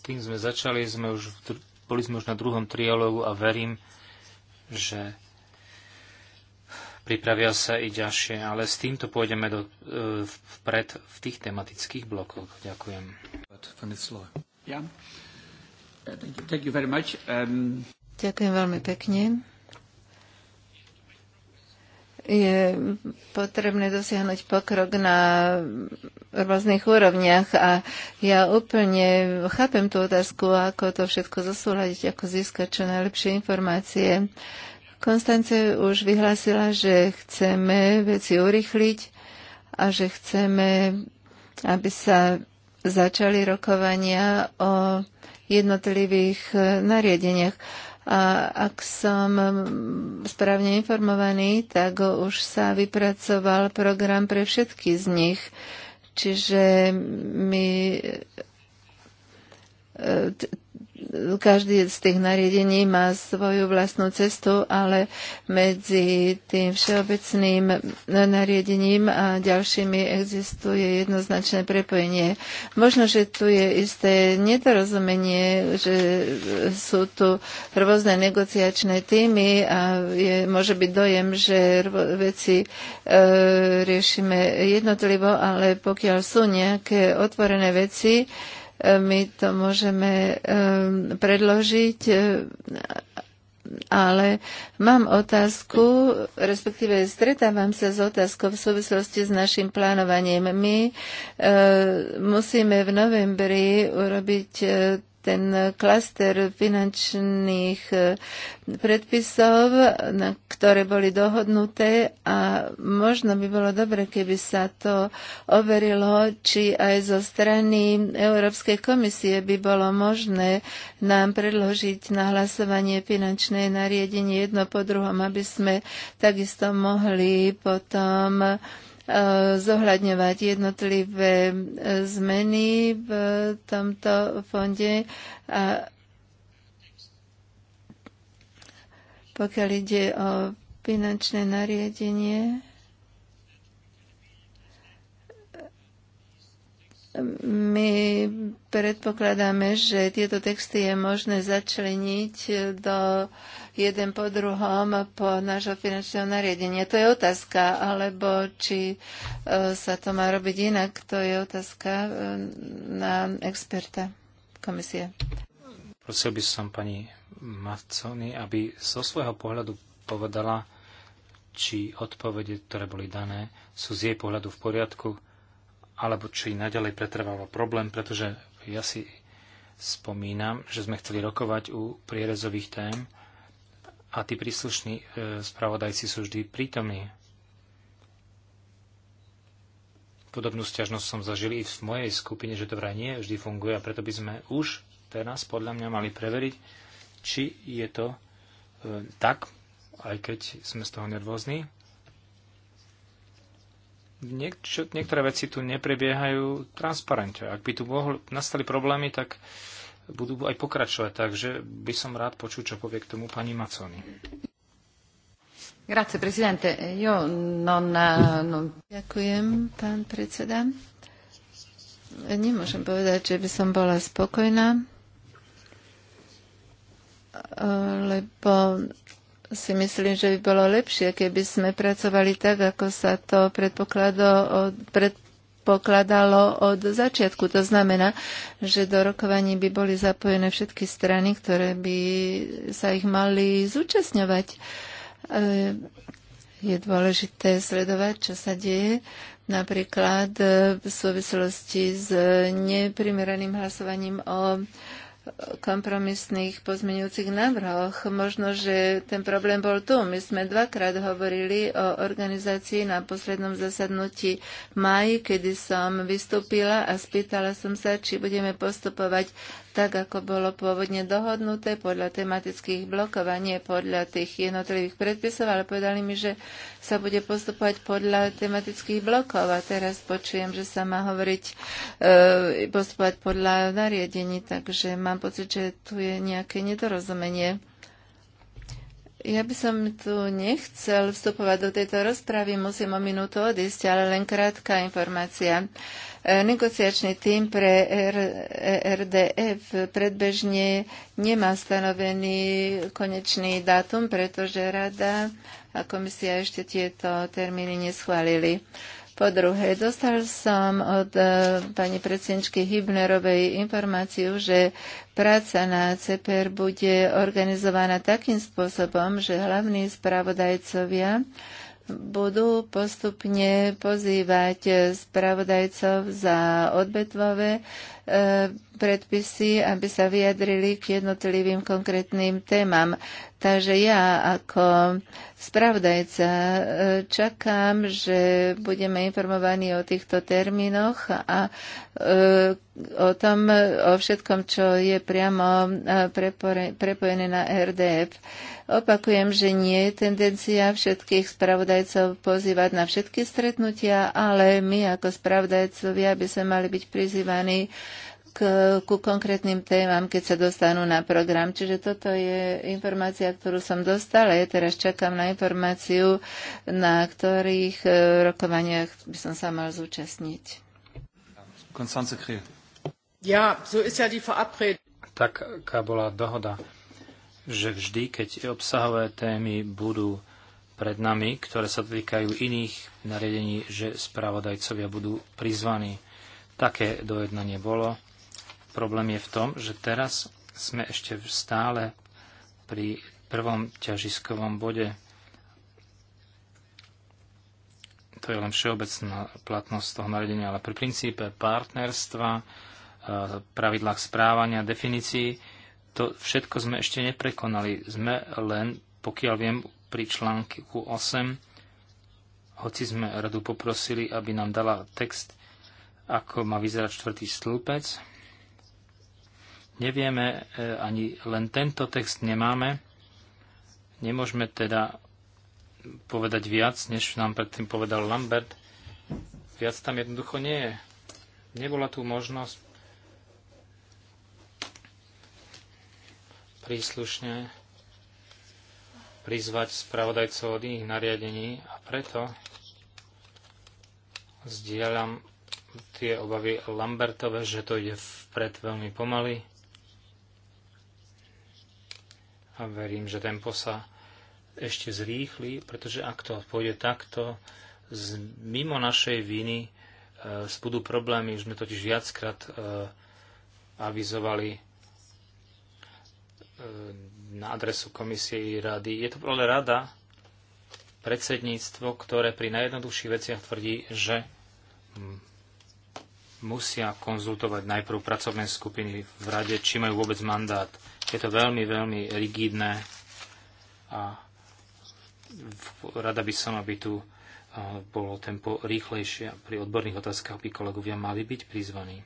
tým sme začali, sme už, boli sme už na druhom trialógu a verím, že pripravia sa i ďalšie, ale s týmto pôjdeme do, e, vpred v tých tematických blokoch. Ďakujem. Um, Ďakujem veľmi pekne je potrebné dosiahnuť pokrok na rôznych úrovniach a ja úplne chápem tú otázku, ako to všetko zosúľadiť, ako získať čo najlepšie informácie. Uh, Konstance už vyhlásila, že chceme veci urychliť a že chceme, aby sa začali rokovania o jednotlivých e, nariadeniach. A ak som správne informovaný, tak už sa vypracoval program pre všetky z nich. Čiže my e, každý z tých nariadení má svoju vlastnú cestu, ale medzi tým všeobecným nariadením a ďalšími existuje jednoznačné prepojenie. Možno, že tu je isté nedorozumenie, že sú tu rôzne negociačné týmy a je, môže byť dojem, že veci e, riešime jednotlivo, ale pokiaľ sú nejaké otvorené veci, E, my to môžeme e, predložiť, e, ale mám otázku, respektíve stretávam sa s otázkou v súvislosti s našim plánovaním. My musíme v novembri urobiť ten klaster finančných e, predpisov, na ktoré boli dohodnuté a možno by bolo dobre, keby sa to overilo, či aj zo strany Európskej komisie by bolo možné nám predložiť na hlasovanie finančné nariadenie jedno po druhom, aby sme takisto mohli potom zohľadňovať jednotlivé e, zmeny v tomto fonde a pokiaľ ide o finančné nariadenie, My predpokladáme, že tieto texty je možné začleniť do jeden po druhom po nášho finančného nariadenia. To je otázka, alebo či e, sa to má robiť inak, to je otázka e, na experta komisie. Prosil by som pani Macony, aby zo svojho pohľadu povedala, či odpovede, ktoré boli dané, sú z jej pohľadu v poriadku alebo či naďalej pretrváva problém, pretože ja si spomínam, že sme chceli rokovať u prierezových tém a tí príslušní e, spravodajci sú vždy prítomní. Podobnú stiažnosť som zažil i v mojej skupine, že to vraj nie vždy funguje a preto by sme už teraz podľa mňa mali preveriť, či je to e, tak, aj keď sme z toho nervózni, niečo, niektoré veci tu neprebiehajú transparentne. Ak by tu mohli, nastali problémy, tak budú aj pokračovať. Takže by som rád počul, čo povie k tomu pani Maconi. Grazie, presidente. Io non, eh, non... Ďakujem, pán predseda. Nemôžem povedať, že by som bola spokojná, lebo si myslím, že by bolo lepšie, keby sme pracovali tak, ako sa to predpokladalo od začiatku. To znamená, že do rokovaní by boli zapojené všetky strany, ktoré by sa ich mali zúčastňovať. E, je dôležité sledovať, čo sa deje napríklad e, v súvislosti s neprimeraným hlasovaním o kompromisných pozmeňujúcich návrhoch. Možno, že ten problém bol tu. My sme dvakrát hovorili o organizácii na poslednom zasadnutí maji, kedy som vystúpila a spýtala som sa, či budeme postupovať tak ako bolo pôvodne dohodnuté podľa tematických blokov a nie podľa tých jednotlivých predpisov, ale povedali mi, že sa bude postupovať podľa tematických blokov a teraz počujem, že sa má hovoriť e, postupovať podľa nariadení, takže mám pocit, že tu je nejaké nedorozumenie. Ja by som tu nechcel vstupovať do tejto rozpravy, musím o minútu odísť, ale len krátka informácia. E, E, negociačný tým pre RDF e, predbežne nemá stanovený konečný dátum, pretože rada a komisia ešte tieto termíny neschválili. Po druhé, dostal som od e, pani predsedničky Hibnerovej informáciu, že práca na CPR bude organizovaná takým spôsobom, že hlavní spravodajcovia budú postupne pozývať spravodajcov za odbetvové E, predpisy, aby sa vyjadrili k jednotlivým konkrétnym témam. Takže ja ako spravodajca e, čakám, že budeme informovaní o týchto termínoch a e, o tom, o všetkom, čo je priamo prepojené na RDF. Opakujem, že nie je tendencia všetkých spravodajcov pozývať na všetky stretnutia, ale my ako spravodajcovia by sme mali byť prizývaní k, ku konkrétnym témam, keď sa dostanú na program. Čiže toto je informácia, ktorú som dostala. Ja teraz čakám na informáciu, na ktorých e, rokovaniach by som sa mal zúčastniť. Konstance Kriel. Ja, so ist ja die Verabredung. Taká bola dohoda, že vždy, keď obsahové témy budú pred nami, ktoré sa týkajú iných nariadení, že spravodajcovia budú prizvaní. Také dojednanie bolo Problém je v tom, že teraz sme ešte stále pri prvom ťažiskovom bode. To je len všeobecná platnosť toho nariadenia, ale pri princípe partnerstva, e, pravidlách správania, definícií, to všetko sme ešte neprekonali. Sme len, pokiaľ viem, pri článku 8, hoci sme radu poprosili, aby nám dala text, ako má vyzerať čtvrtý stĺpec, Nevieme, e, ani len tento text nemáme. Nemôžeme teda povedať viac, než nám predtým povedal Lambert. Viac tam jednoducho nie je. Nebola tu možnosť príslušne prizvať spravodajcov od iných nariadení a preto zdieľam tie obavy Lambertove, že to ide vpred veľmi pomaly a verím, že tempo sa ešte zrýchli, pretože ak to pôjde takto, z, mimo našej viny e, budú problémy, už sme totiž viackrát e, avizovali e, na adresu komisie i rady. Je to ale rada, predsedníctvo, ktoré pri najjednoduchších veciach tvrdí, že musia konzultovať najprv pracovné skupiny v rade, či majú vôbec mandát. Je to veľmi, veľmi rigidné a rada by som, aby tu bolo tempo rýchlejšie a pri odborných otázkach by kolegovia mali byť prizvaní.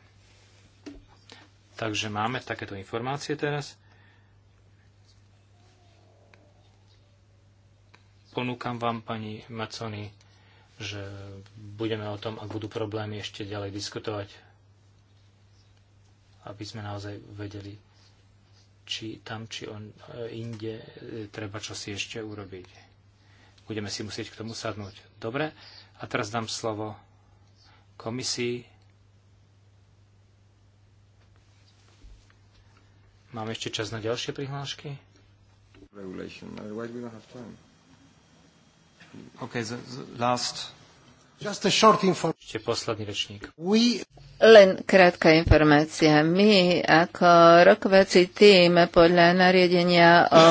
Takže máme takéto informácie teraz. Ponúkam vám, pani Maconi, že budeme o tom, ak budú problémy, ešte ďalej diskutovať, aby sme naozaj vedeli, či tam, či on, e, inde e, treba čo si ešte urobiť. Budeme si musieť k tomu sadnúť. Dobre, a teraz dám slovo komisii. Máme ešte čas na ďalšie prihlášky? Regulation. Otherwise no, we don't have time. Okay, the, the last. Just a short Ešte posledný rečník. We... Len krátka informácia. My ako rokovací tým podľa nariadenia o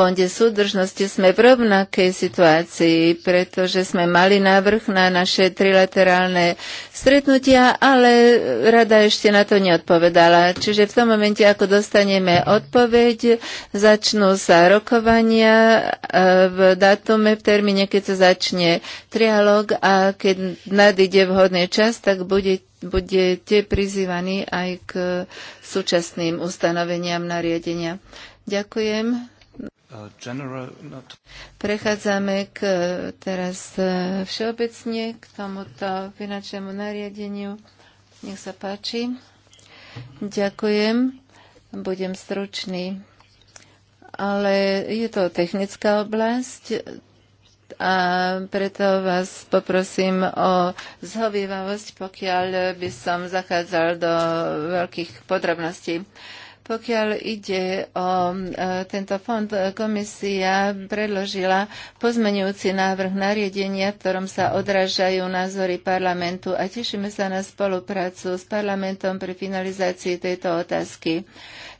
Fonde súdržnosti sme v rovnakej situácii, pretože sme mali návrh na naše trilaterálne stretnutia, ale rada ešte na to neodpovedala. Čiže v tom momente, ako dostaneme odpoveď, začnú sa rokovania e, v datume, v termíne, keď sa začne trialog a keď nadíde vhodný čas, tak bude budete prizývaní aj k súčasným ustanoveniam nariadenia. Ďakujem. Prechádzame k, teraz e, všeobecne k tomuto finančnému nariadeniu. Nech sa páči. Ďakujem. Budem stručný. Ale je to technická oblasť a preto vás poprosím o zhovývavosť, pokiaľ by som zachádzal do veľkých podrobností. Pokiaľ ide o e, tento fond, komisia predložila pozmenujúci návrh nariadenia, v ktorom sa odrážajú názory parlamentu a tešíme sa na spoluprácu s parlamentom pri finalizácii tejto otázky.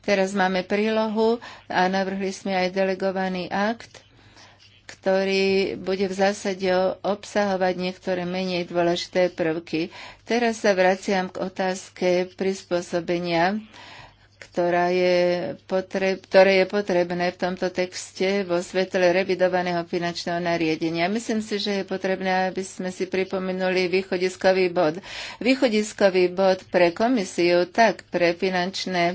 Teraz máme prílohu a navrhli sme aj delegovaný akt ktorý bude v zásade obsahovať niektoré menej dôležité prvky. Teraz sa vraciam k otázke prispôsobenia ktorá je potreb, ktoré je potrebné v tomto texte vo svetle revidovaného finančného nariadenia. Myslím si, že je potrebné, aby sme si pripomenuli východiskový bod. Východiskový bod pre komisiu, tak pre finančné e,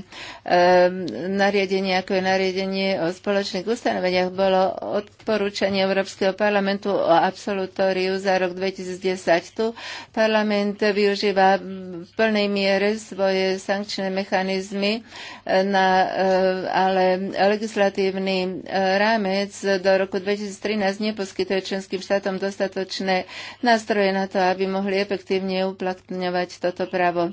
nariadenie, ako je nariadenie o spoločných ustanoveniach, bolo odporúčanie Európskeho parlamentu o absolutóriu za rok 2010. Tu parlament využíva v plnej miere svoje sankčné mechanizmy na, e, ale legislatívny e, rámec do roku 2013 neposkytuje členským štátom dostatočné nástroje na to, aby mohli efektívne uplatňovať toto právo.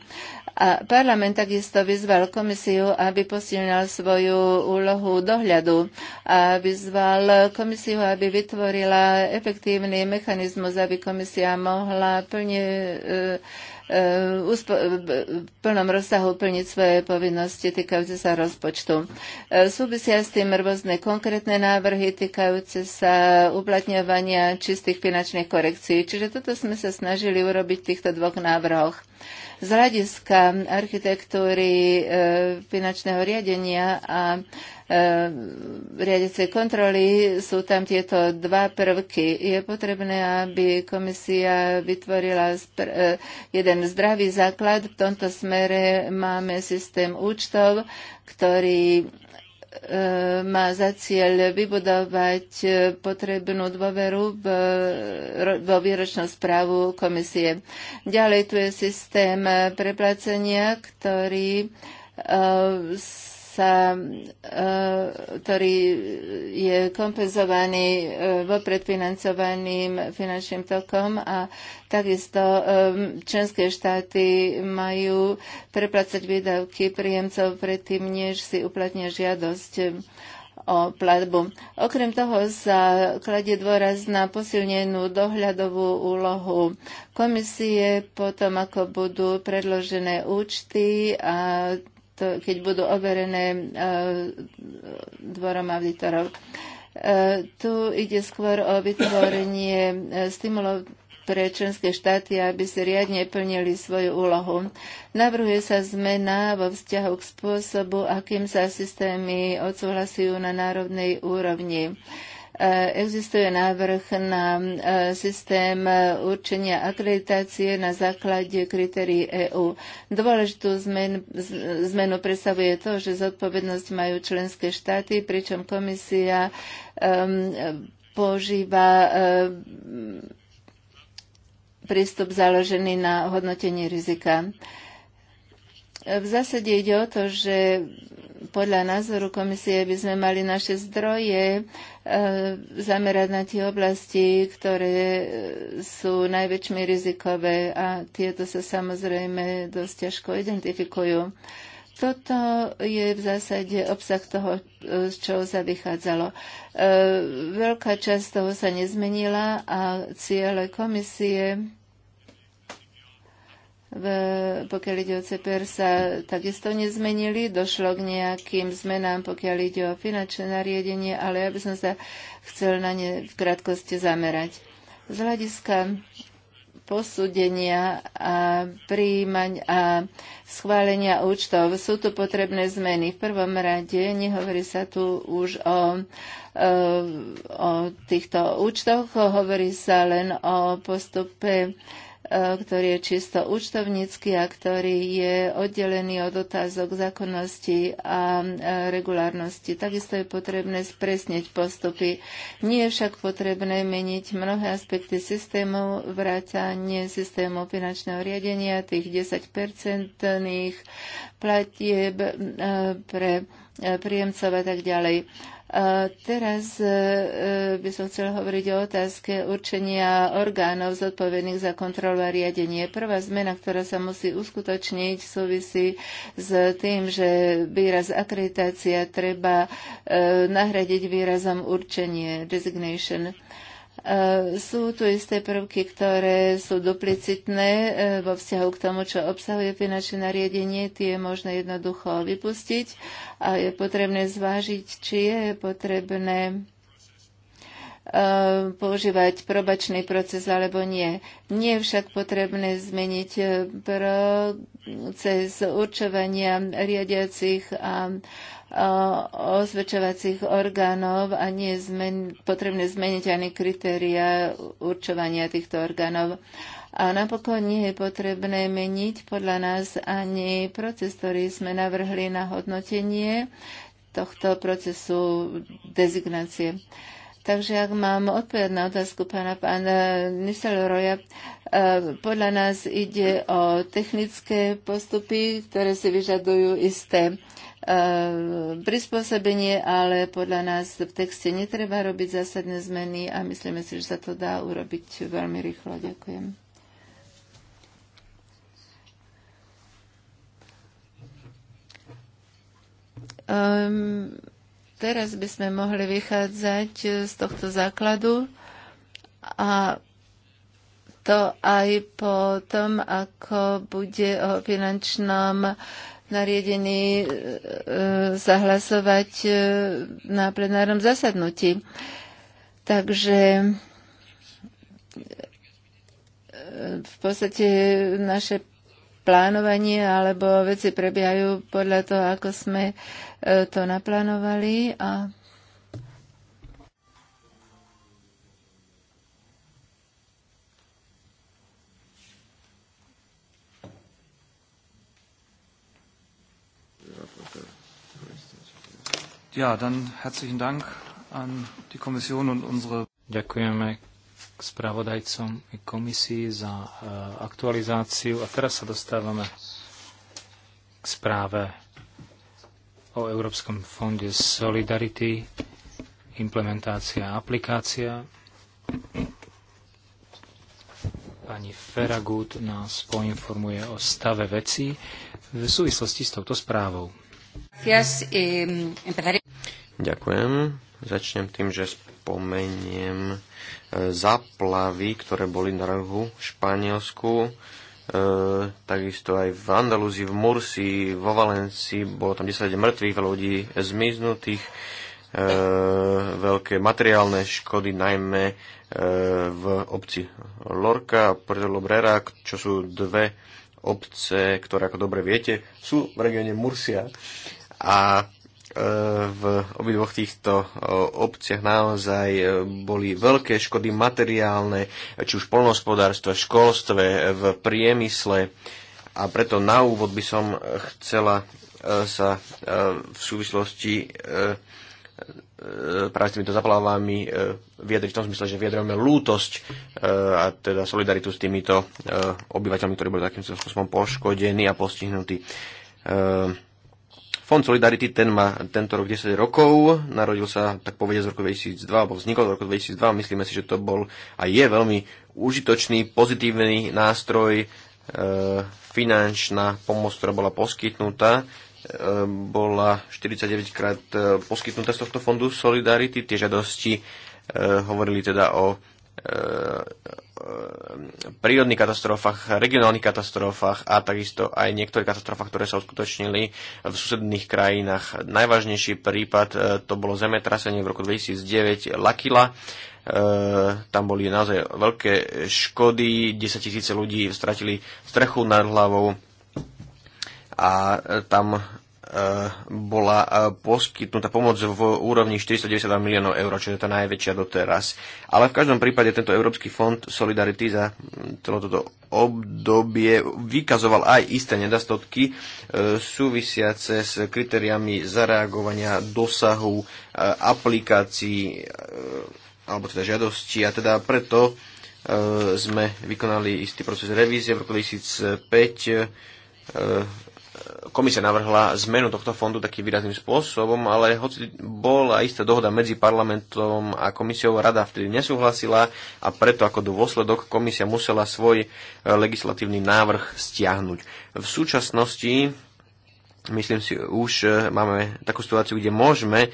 A parlament takisto vyzval komisiu, aby posilnila svoju úlohu dohľadu a vyzval komisiu, aby vytvorila efektívny mechanizmus, aby komisia mohla plne e, v eh, eh, plnom rozsahu plniť svoje povinnosti týkajúce sa rozpočtu. Eh, súvisia s tým rôzne konkrétne návrhy týkajúce sa uplatňovania čistých finančných korekcií. Čiže toto sme sa snažili urobiť v týchto dvoch návrhoch. Z hľadiska architektúry e, finančného riadenia a e, riadecej kontroly sú tam tieto dva prvky. Je potrebné, aby komisia vytvorila e, jeden zdravý základ. V tomto smere máme systém účtov, ktorý E, má za cieľ vybudovať e, potrebnú dôveru vo výročnú správu komisie. Ďalej tu je systém preplacenia, ktorý e, sa, e, ktorý je kompenzovaný e, vopred financovaným finančným tokom a takisto e, členské štáty majú preplácať výdavky príjemcov predtým, než si uplatnia žiadosť o platbu. Okrem toho sa kladie dôraz na posilnenú dohľadovú úlohu komisie, potom ako budú predložené účty a to, keď budú overené e, dvorom auditorov. E, tu ide skôr o vytvorenie e, stimulov pre členské štáty, aby si riadne plnili svoju úlohu. Navrhuje sa zmena vo vzťahu k spôsobu, akým sa systémy odsúhlasujú na národnej úrovni. E, existuje návrh na e, systém určenia akreditácie na základe kritérií EÚ. Dôležitú zmen, zmenu predstavuje to, že zodpovednosť majú členské štáty, pričom komisia um, používa um, prístup založený na hodnotení rizika. V zásade ide o to, že podľa názoru komisie by sme mali naše zdroje uh, E, zamerať na tie oblasti, ktoré e, sú najväčšmi rizikové a tieto sa samozrejme dosť ťažko identifikujú. Toto je v zásade obsah toho, e, z čoho sa vychádzalo. Veľká časť toho sa nezmenila a ciele komisie v, pokiaľ ide o CPR, sa takisto nezmenili. Došlo k nejakým zmenám, pokiaľ ide o finančné nariadenie, ale ja by som sa chcel na ne v krátkosti zamerať. Z hľadiska posúdenia a príjmaň a schválenia účtov. Sú tu potrebné zmeny. V prvom rade nehovorí sa tu už o, o týchto účtoch, hovorí sa len o postupe E, ktorý je čisto účtovnícky a ktorý je oddelený od otázok zákonnosti a e, regulárnosti. Takisto je potrebné spresniť postupy. Nie je však potrebné meniť mnohé aspekty systému, vrátanie systému finančného riadenia, tých 10-percentných platieb e, pre príjemcov a tak ďalej. Teraz e, e, by som chcel hovoriť o otázke určenia orgánov zodpovedných za kontrolu a riadenie. Prvá zmena, ktorá sa musí uskutočniť, súvisí s tým, že výraz akreditácia treba e, nahradiť výrazom určenie, designation. E, sú tu isté prvky, ktoré sú duplicitné e, vo vzťahu k tomu, čo obsahuje finančné nariadenie. Tie je možné jednoducho vypustiť a je potrebné zvážiť, či je potrebné e, používať probačný proces alebo nie. Nie je však potrebné zmeniť proces určovania riadiacich a Eh, osvedčovacích orgánov a nie je zmen- potrebné zmeniť ani kritéria určovania týchto orgánov. A napokon nie je potrebné meniť podľa nás ani proces, ktorý sme navrhli na hodnotenie tohto procesu dezignácie. Uh, Takže ak mám odpovedať na otázku pána pána Nisaloroja, eh, podľa nás ide o technické postupy, ktoré si vyžadujú isté eh, prispôsobenie, ale podľa nás v texte netreba robiť zásadné zmeny a myslíme si, že sa to dá urobiť veľmi rýchlo. Ďakujem. Um, Teraz by sme mohli vychádzať e, z tohto základu a to aj po tom, ako bude o finančnom nariadení e, e, zahlasovať na plenárnom zasadnutí. Takže v podstate naše plánovanie alebo veci prebiehajú podľa toho, ako sme e, to naplánovali a Ja, dann herzlichen Dank an die Kommission und unsere Ďakujeme spravodajcom i komisii za e, aktualizáciu. A teraz sa dostávame k správe o Európskom fonde Solidarity, implementácia a aplikácia. Pani Feragut nás poinformuje o stave veci v súvislosti s touto správou. Ďakujem. Začnem tým, že spomeniem e, zaplavy, ktoré boli na rohu v Španielsku. E, takisto aj v Andalúzii, v Mursii, vo Valencii, bolo tam 10 mŕtvych, veľa ľudí zmiznutých, e, veľké materiálne škody, najmä e, v obci Lorca a Puerto Lobrera, čo sú dve obce, ktoré, ako dobre viete, sú v regióne Mursia. A v obidvoch týchto obciach naozaj e, boli veľké škody materiálne, či už v polnospodárstve, v školstve, v priemysle. A preto na úvod by som chcela e, sa e, v súvislosti práve s týmito zaplavami vyjadriť v tom zmysle, že vyjadrujeme lútosť a teda solidaritu s týmito obyvateľmi, ktorí boli takýmto spôsobom poškodení a postihnutí. Fond Solidarity, ten má tento rok 10 rokov, narodil sa, tak povedia, z roku 2002, alebo vznikol z roku 2002, myslíme si, že to bol a je veľmi užitočný, pozitívny nástroj, e, finančná pomoc, ktorá bola poskytnutá, e, bola 49 krát e, poskytnutá z tohto fondu Solidarity, tie žiadosti e, hovorili teda o e, Eh, prírodných katastrofách, regionálnych katastrofách a takisto aj niektorých katastrofách, ktoré sa uskutočnili v susedných krajinách. Najvážnejší prípad eh, to bolo zemetrasenie v roku 2009 Lakila. Eh, tam boli naozaj veľké škody, 10 tisíce ľudí stratili strechu nad hlavou a tam Eh, bola eh, poskytnutá pomoc v úrovni 492 miliónov eur, čo je tá najväčšia doteraz. Ale v každom prípade tento Európsky fond Solidarity za celé toto obdobie vykazoval aj isté nedostatky eh, súvisiace s kritériami zareagovania dosahu aplikácií alebo teda žiadosti a teda preto sme vykonali istý proces revízie v roku 2005 komisia navrhla zmenu tohto fondu takým výrazným spôsobom, ale hoci bola istá dohoda medzi parlamentom a komisiou, rada vtedy nesúhlasila a preto ako dôsledok komisia musela svoj e, legislatívny návrh stiahnuť. V súčasnosti myslím si, už e, máme takú situáciu, kde môžeme e,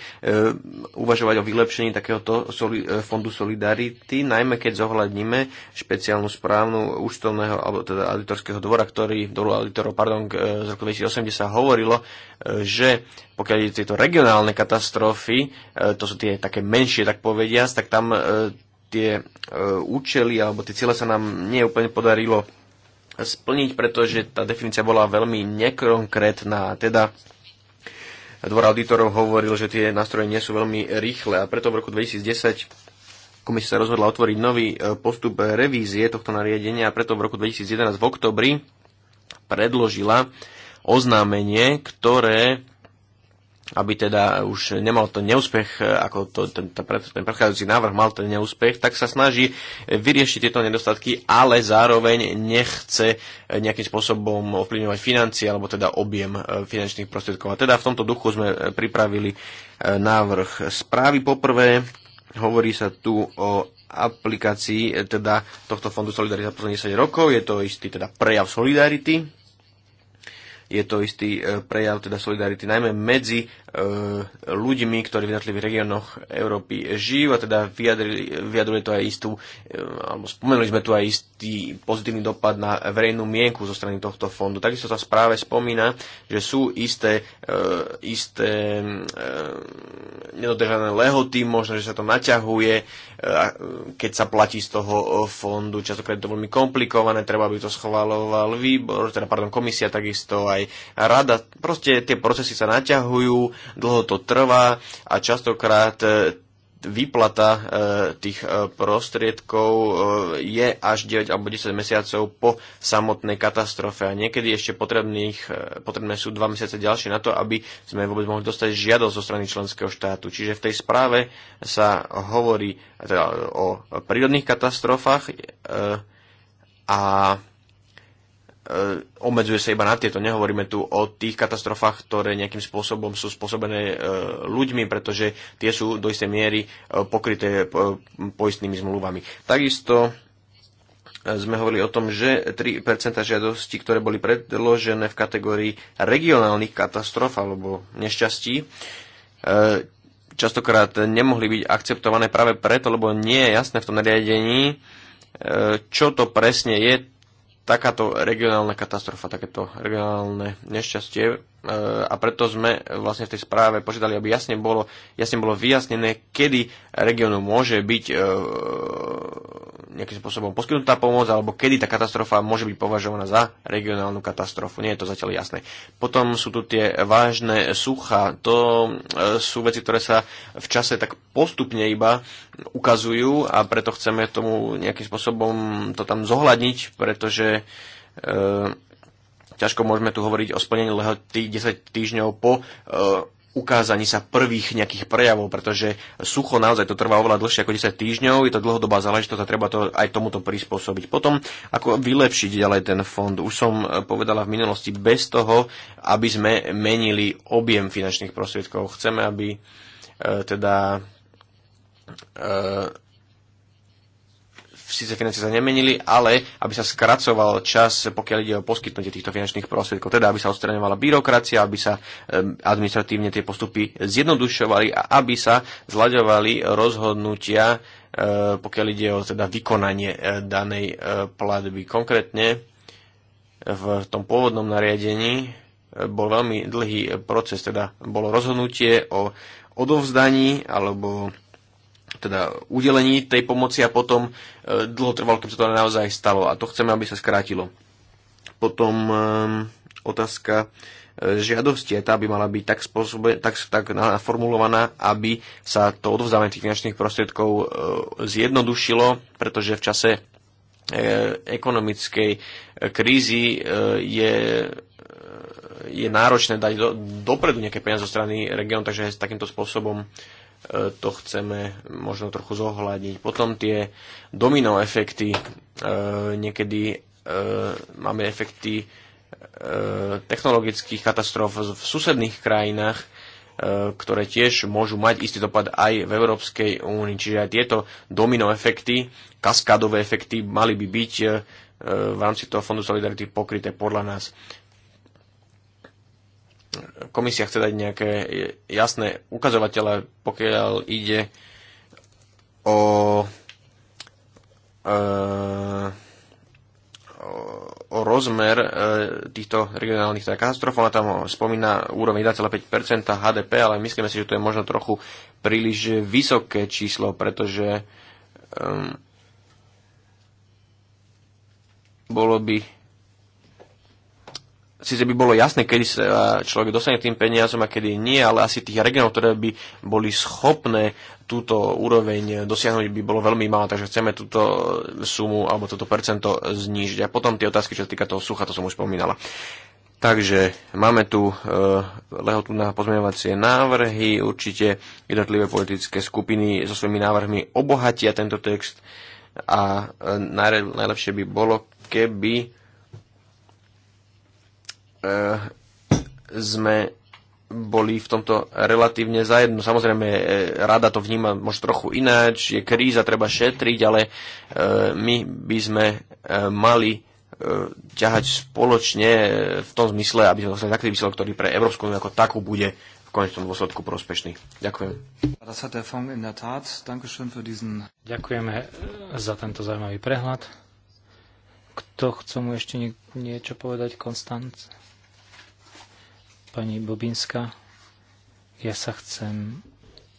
uvažovať o vylepšení takéhoto e, fondu Solidarity, najmä keď zohľadníme špeciálnu správnu účtovného alebo teda auditorského dvora, ktorý, dvoru auditorov, pardon, z roku 2080 hovorilo, že pokiaľ ide tieto regionálne katastrofy, to sú tie také menšie, tak povediac, tak tam tie účely alebo tie ciele sa nám neúplne podarilo splniť, pretože tá definícia bola veľmi nekonkrétna. Teda dvor auditorov hovoril, že tie nástroje nie sú veľmi rýchle a preto v roku 2010 komisia sa rozhodla otvoriť nový e, postup revízie tohto nariadenia a preto v roku 2011 v oktobri predložila oznámenie, ktoré aby teda už nemal ten neúspech, e, ako to, ten, ten predchádzajúci návrh mal ten neúspech, tak sa snaží e, vyriešiť tieto nedostatky, ale zároveň nechce e, nejakým spôsobom ovplyvňovať financie alebo teda objem finančných prostriedkov. A teda v tomto duchu sme pripravili návrh správy. Poprvé hovorí sa tu o aplikácii teda tohto fondu za posledných 10 rokov. Je to istý teda prejav solidarity, je to istý e, prejav teda solidarity najmä medzi e, ľuďmi, ktorí v jednotlivých regiónoch Európy žijú a teda vyjadruje to aj istú, e, alebo spomenuli sme tu aj istý pozitívny dopad na verejnú mienku zo strany tohto fondu. Takisto sa správe spomína, že sú isté, isté nedodržané lehoty, možno, že sa to naťahuje, E, keď sa platí z toho e, fondu, častokrát je to veľmi komplikované, treba by to schvaloval výbor, teda pardon, komisia takisto aj rada. Proste tie procesy sa naťahujú, dlho to trvá a častokrát e, výplata e, tých e, prostriedkov e, je až 9 alebo 10 mesiacov po samotnej katastrofe a niekedy ešte potrebných, potrebné sú 2 mesiace ďalšie na to, aby sme vôbec mohli dostať žiadosť zo strany členského štátu. Čiže v tej správe sa hovorí teda o prírodných katastrofách a E, obmedzuje sa iba na tieto. Nehovoríme tu o tých katastrofách, ktoré nejakým spôsobom sú spôsobené e, ľuďmi, pretože tie sú do istej miery e, pokryté poistnými zmluvami. Takisto sme hovorili o tom, že 3% žiadostí, ktoré boli predložené v kategórii regionálnych katastrof alebo nešťastí, častokrát nemohli byť akceptované práve preto, lebo nie je jasné v tom nariadení, čo to presne je, takáto regionálna katastrofa, takéto regionálne nešťastie e, a preto sme vlastne v tej správe požiadali, aby jasne bolo, jasne bolo vyjasnené, kedy regionu môže byť e, nejakým spôsobom poskytnutá pomoc, alebo kedy tá katastrofa môže byť považovaná za regionálnu katastrofu. Nie je to zatiaľ jasné. Potom sú tu tie vážne sucha. To e, sú veci, ktoré sa v čase tak postupne iba ukazujú a preto chceme tomu nejakým spôsobom to tam zohľadniť, pretože e, ťažko môžeme tu hovoriť o splnení lehoty 10 týždňov po e, ukázaní sa prvých nejakých prejavov, pretože sucho naozaj to trvá oveľa dlhšie ako 10 týždňov, je to dlhodobá záležitosť a treba to aj tomuto prispôsobiť. Potom, ako vylepšiť ďalej ten fond, už som e, povedala v minulosti, bez toho, aby sme menili objem finančných prostriedkov. Chceme, aby e, teda e, síce financie sa nemenili, ale aby sa skracoval čas, pokiaľ ide o poskytnutie týchto finančných prostriedkov. Teda, aby sa odstraňovala byrokracia, aby sa administratívne tie postupy zjednodušovali a aby sa zľaďovali rozhodnutia, e, pokiaľ ide o teda vykonanie e, danej e, platby. Konkrétne v tom pôvodnom nariadení bol veľmi dlhý proces, teda bolo rozhodnutie o odovzdaní alebo teda udelení tej pomoci a potom e, dlho trvalo, kým sa to naozaj stalo. A to chceme, aby sa skrátilo. Potom otázka e, žiadosti, tá by mala byť tak, spôsobe, tak, tak naformulovaná, aby sa to odovzdávanie tých finančných prostriedkov e, zjednodušilo, pretože v čase ekonomickej krízy je je náročné dať do, dopredu nejaké peniaze zo strany regiónu, takže s takýmto spôsobom to chceme možno trochu zohľadiť. Potom tie domino efekty, e, niekedy e, máme efekty e, technologických katastrof v susedných krajinách, ktoré tiež môžu mať istý dopad aj v Európskej únii. Čiže aj tieto domino efekty, kaskádové efekty mali by byť v rámci toho Fondu Solidarity pokryté podľa nás komisia chce dať nejaké jasné ukazovatele, pokiaľ ide o, o, e, o rozmer e, týchto regionálnych katastrof. Ona tam spomína úroveň 1,5 HDP, ale myslíme si, že to je možno trochu príliš vysoké číslo, pretože um, bolo by síce by bolo jasné, kedy sa človek dostane k tým peniazom a kedy nie, ale asi tých regionov, ktoré by boli schopné túto úroveň dosiahnuť, by bolo veľmi málo, takže chceme túto sumu alebo toto percento znížiť. A potom tie otázky, čo sa týka toho sucha, to som už spomínala. Takže máme tu e, lehotu na pozmeňovacie návrhy, určite jednotlivé politické skupiny so svojimi návrhmi obohatia tento text a e, najlepšie by bolo, keby Eh, sme boli v tomto relatívne zajedno. Samozrejme, eh, rada to vníma možno trochu ináč, je kríza, treba šetriť, ale eh, my by sme mali ťahať spoločne v tom zmysle, aby sme dostali taký výsledok, ktorý pre Európsku úniu ako takú bude v konečnom dôsledku prospešný. Ďakujem. Ďakujeme za tento zaujímavý prehľad. Kto chce mu ešte niečo povedať, Konstant? pani Bobinska. Ja sa chcem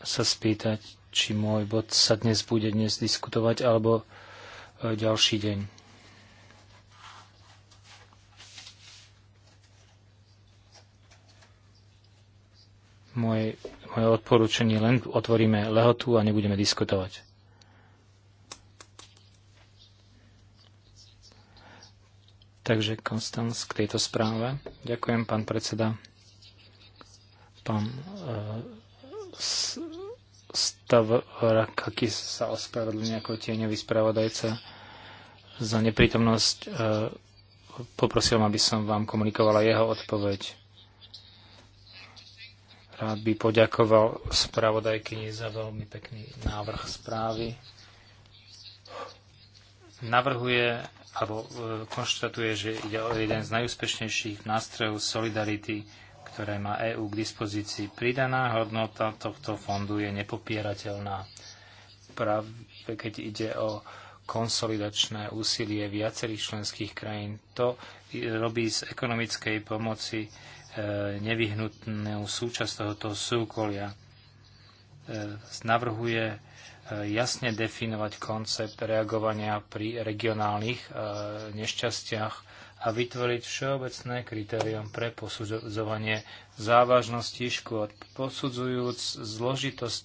sa spýtať, či môj bod sa dnes bude dnes diskutovať, alebo e, ďalší deň. Moje, moje odporúčanie len otvoríme lehotu a nebudeme diskutovať. Takže Konstanc k tejto správe. Ďakujem, pán predseda. Pán eh, Stavrakakis sa ospravedlňuje ako tieňový spravodajca za neprítomnosť. Eh, Poprosím, aby som vám komunikovala jeho odpoveď. Rád by poďakoval spravodajkyni za veľmi pekný návrh správy. Navrhuje alebo eh, konštatuje, že ide o jeden z najúspešnejších nástrojov solidarity ktoré má EÚ k dispozícii. Pridaná hodnota tohto fondu je nepopierateľná. Práve keď ide o konsolidačné úsilie viacerých členských krajín, to robí z ekonomickej pomoci e, nevyhnutnú súčasť tohoto súkolia. E, navrhuje e, jasne definovať koncept reagovania pri regionálnych nešťastiach a vytvoriť všeobecné kritérium pre posudzovanie závažnosti škôd. Posudzujúc zložitosť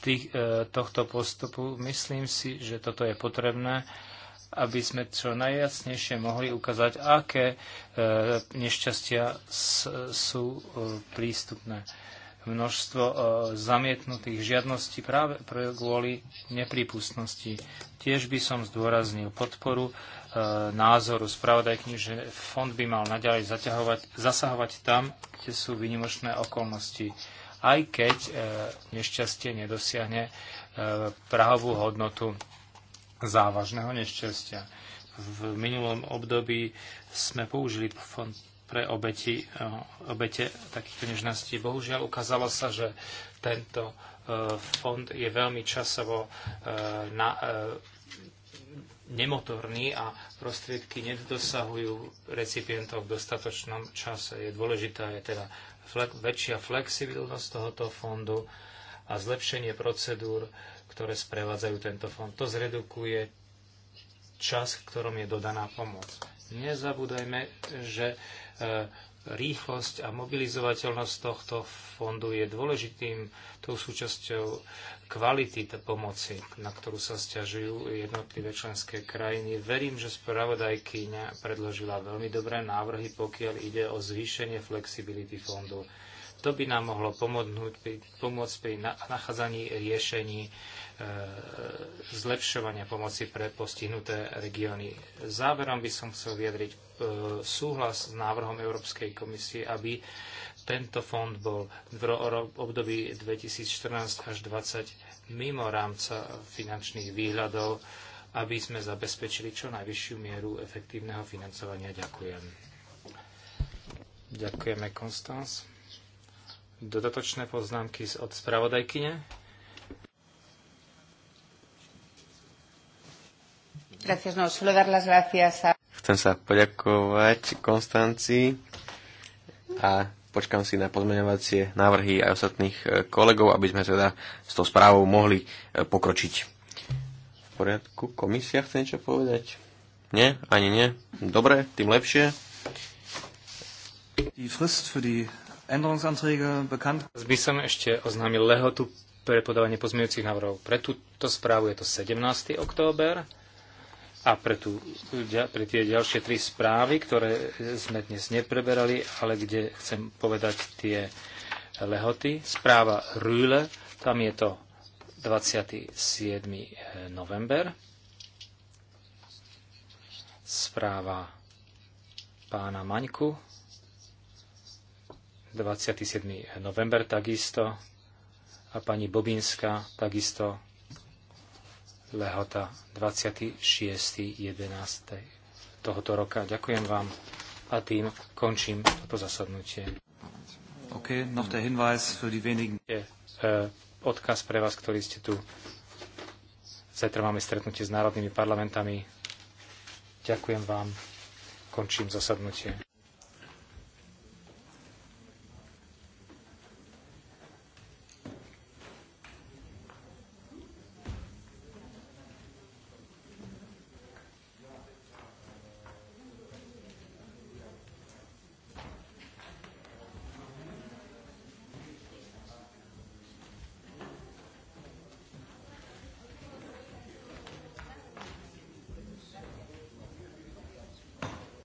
tých, e, tohto postupu, myslím si, že toto je potrebné, aby sme čo najjasnejšie mohli ukázať, aké e, nešťastia s, sú e, prístupné. Množstvo e, zamietnutých žiadností práve pre, kvôli nepripustnosti. Tiež by som zdôraznil podporu E, názoru spravodajkni, že fond by mal naďalej zasahovať tam, kde sú výnimočné okolnosti, aj keď e, nešťastie nedosiahne e, prahovú hodnotu závažného nešťastia. V minulom období sme použili fond pre obeti, obete takýchto nežností. Bohužiaľ ukázalo sa, že tento fond je veľmi časovo na, nemotorní a prostriedky nedosahujú recipientov v dostatočnom čase. Je dôležitá je teda flek, väčšia flexibilnosť tohoto fondu a zlepšenie procedúr, ktoré sprevádzajú tento fond. To zredukuje čas, v ktorom je dodaná pomoc. Nezabúdajme, že e, rýchlosť a mobilizovateľnosť tohto fondu je dôležitým tou súčasťou kvality pomoci, na ktorú sa stiažujú jednotlivé členské krajiny. Verím, že spravodajkyňa predložila veľmi dobré návrhy, pokiaľ ide o zvýšenie flexibility fondu. To by nám mohlo pomôcť pri, pomôcť pri nachádzaní riešení e, zlepšovania pomoci pre postihnuté regióny. Záverom by som chcel vyjadriť e, súhlas s návrhom Európskej komisie, aby tento fond bol v období 2014 až 2020 mimo rámca finančných výhľadov, aby sme zabezpečili čo najvyššiu mieru efektívneho financovania. Ďakujem. Ďakujeme, Konstans. Dodatočné poznámky od spravodajkyne. No, Chcem sa poďakovať Konstancii a počkám si na pozmeňovacie návrhy aj ostatných e, kolegov, aby sme teda s tou správou mohli e, pokročiť. V poriadku, komisia chce niečo povedať? Nie? Ani nie? Dobre, tým lepšie. Die Frist für die Änderungsanträge By som ešte oznámil lehotu pre podávanie pozmeňujúcich návrhov. Pre túto správu je to 17. október a pre, tú, pre tie ďalšie tri správy, ktoré sme dnes nepreberali, ale kde chcem povedať tie lehoty. Správa Rühle, tam je to 27. november. Správa pána Maňku, 27. november takisto a pani Bobinská takisto lehota 26.11. tohoto roka. Ďakujem vám a tým končím toto zasadnutie. noch der Hinweis für die wenigen. Je, eh, odkaz pre vás, ktorí ste tu. Zajtra máme stretnutie s národnými parlamentami. Ďakujem vám. Končím zasadnutie.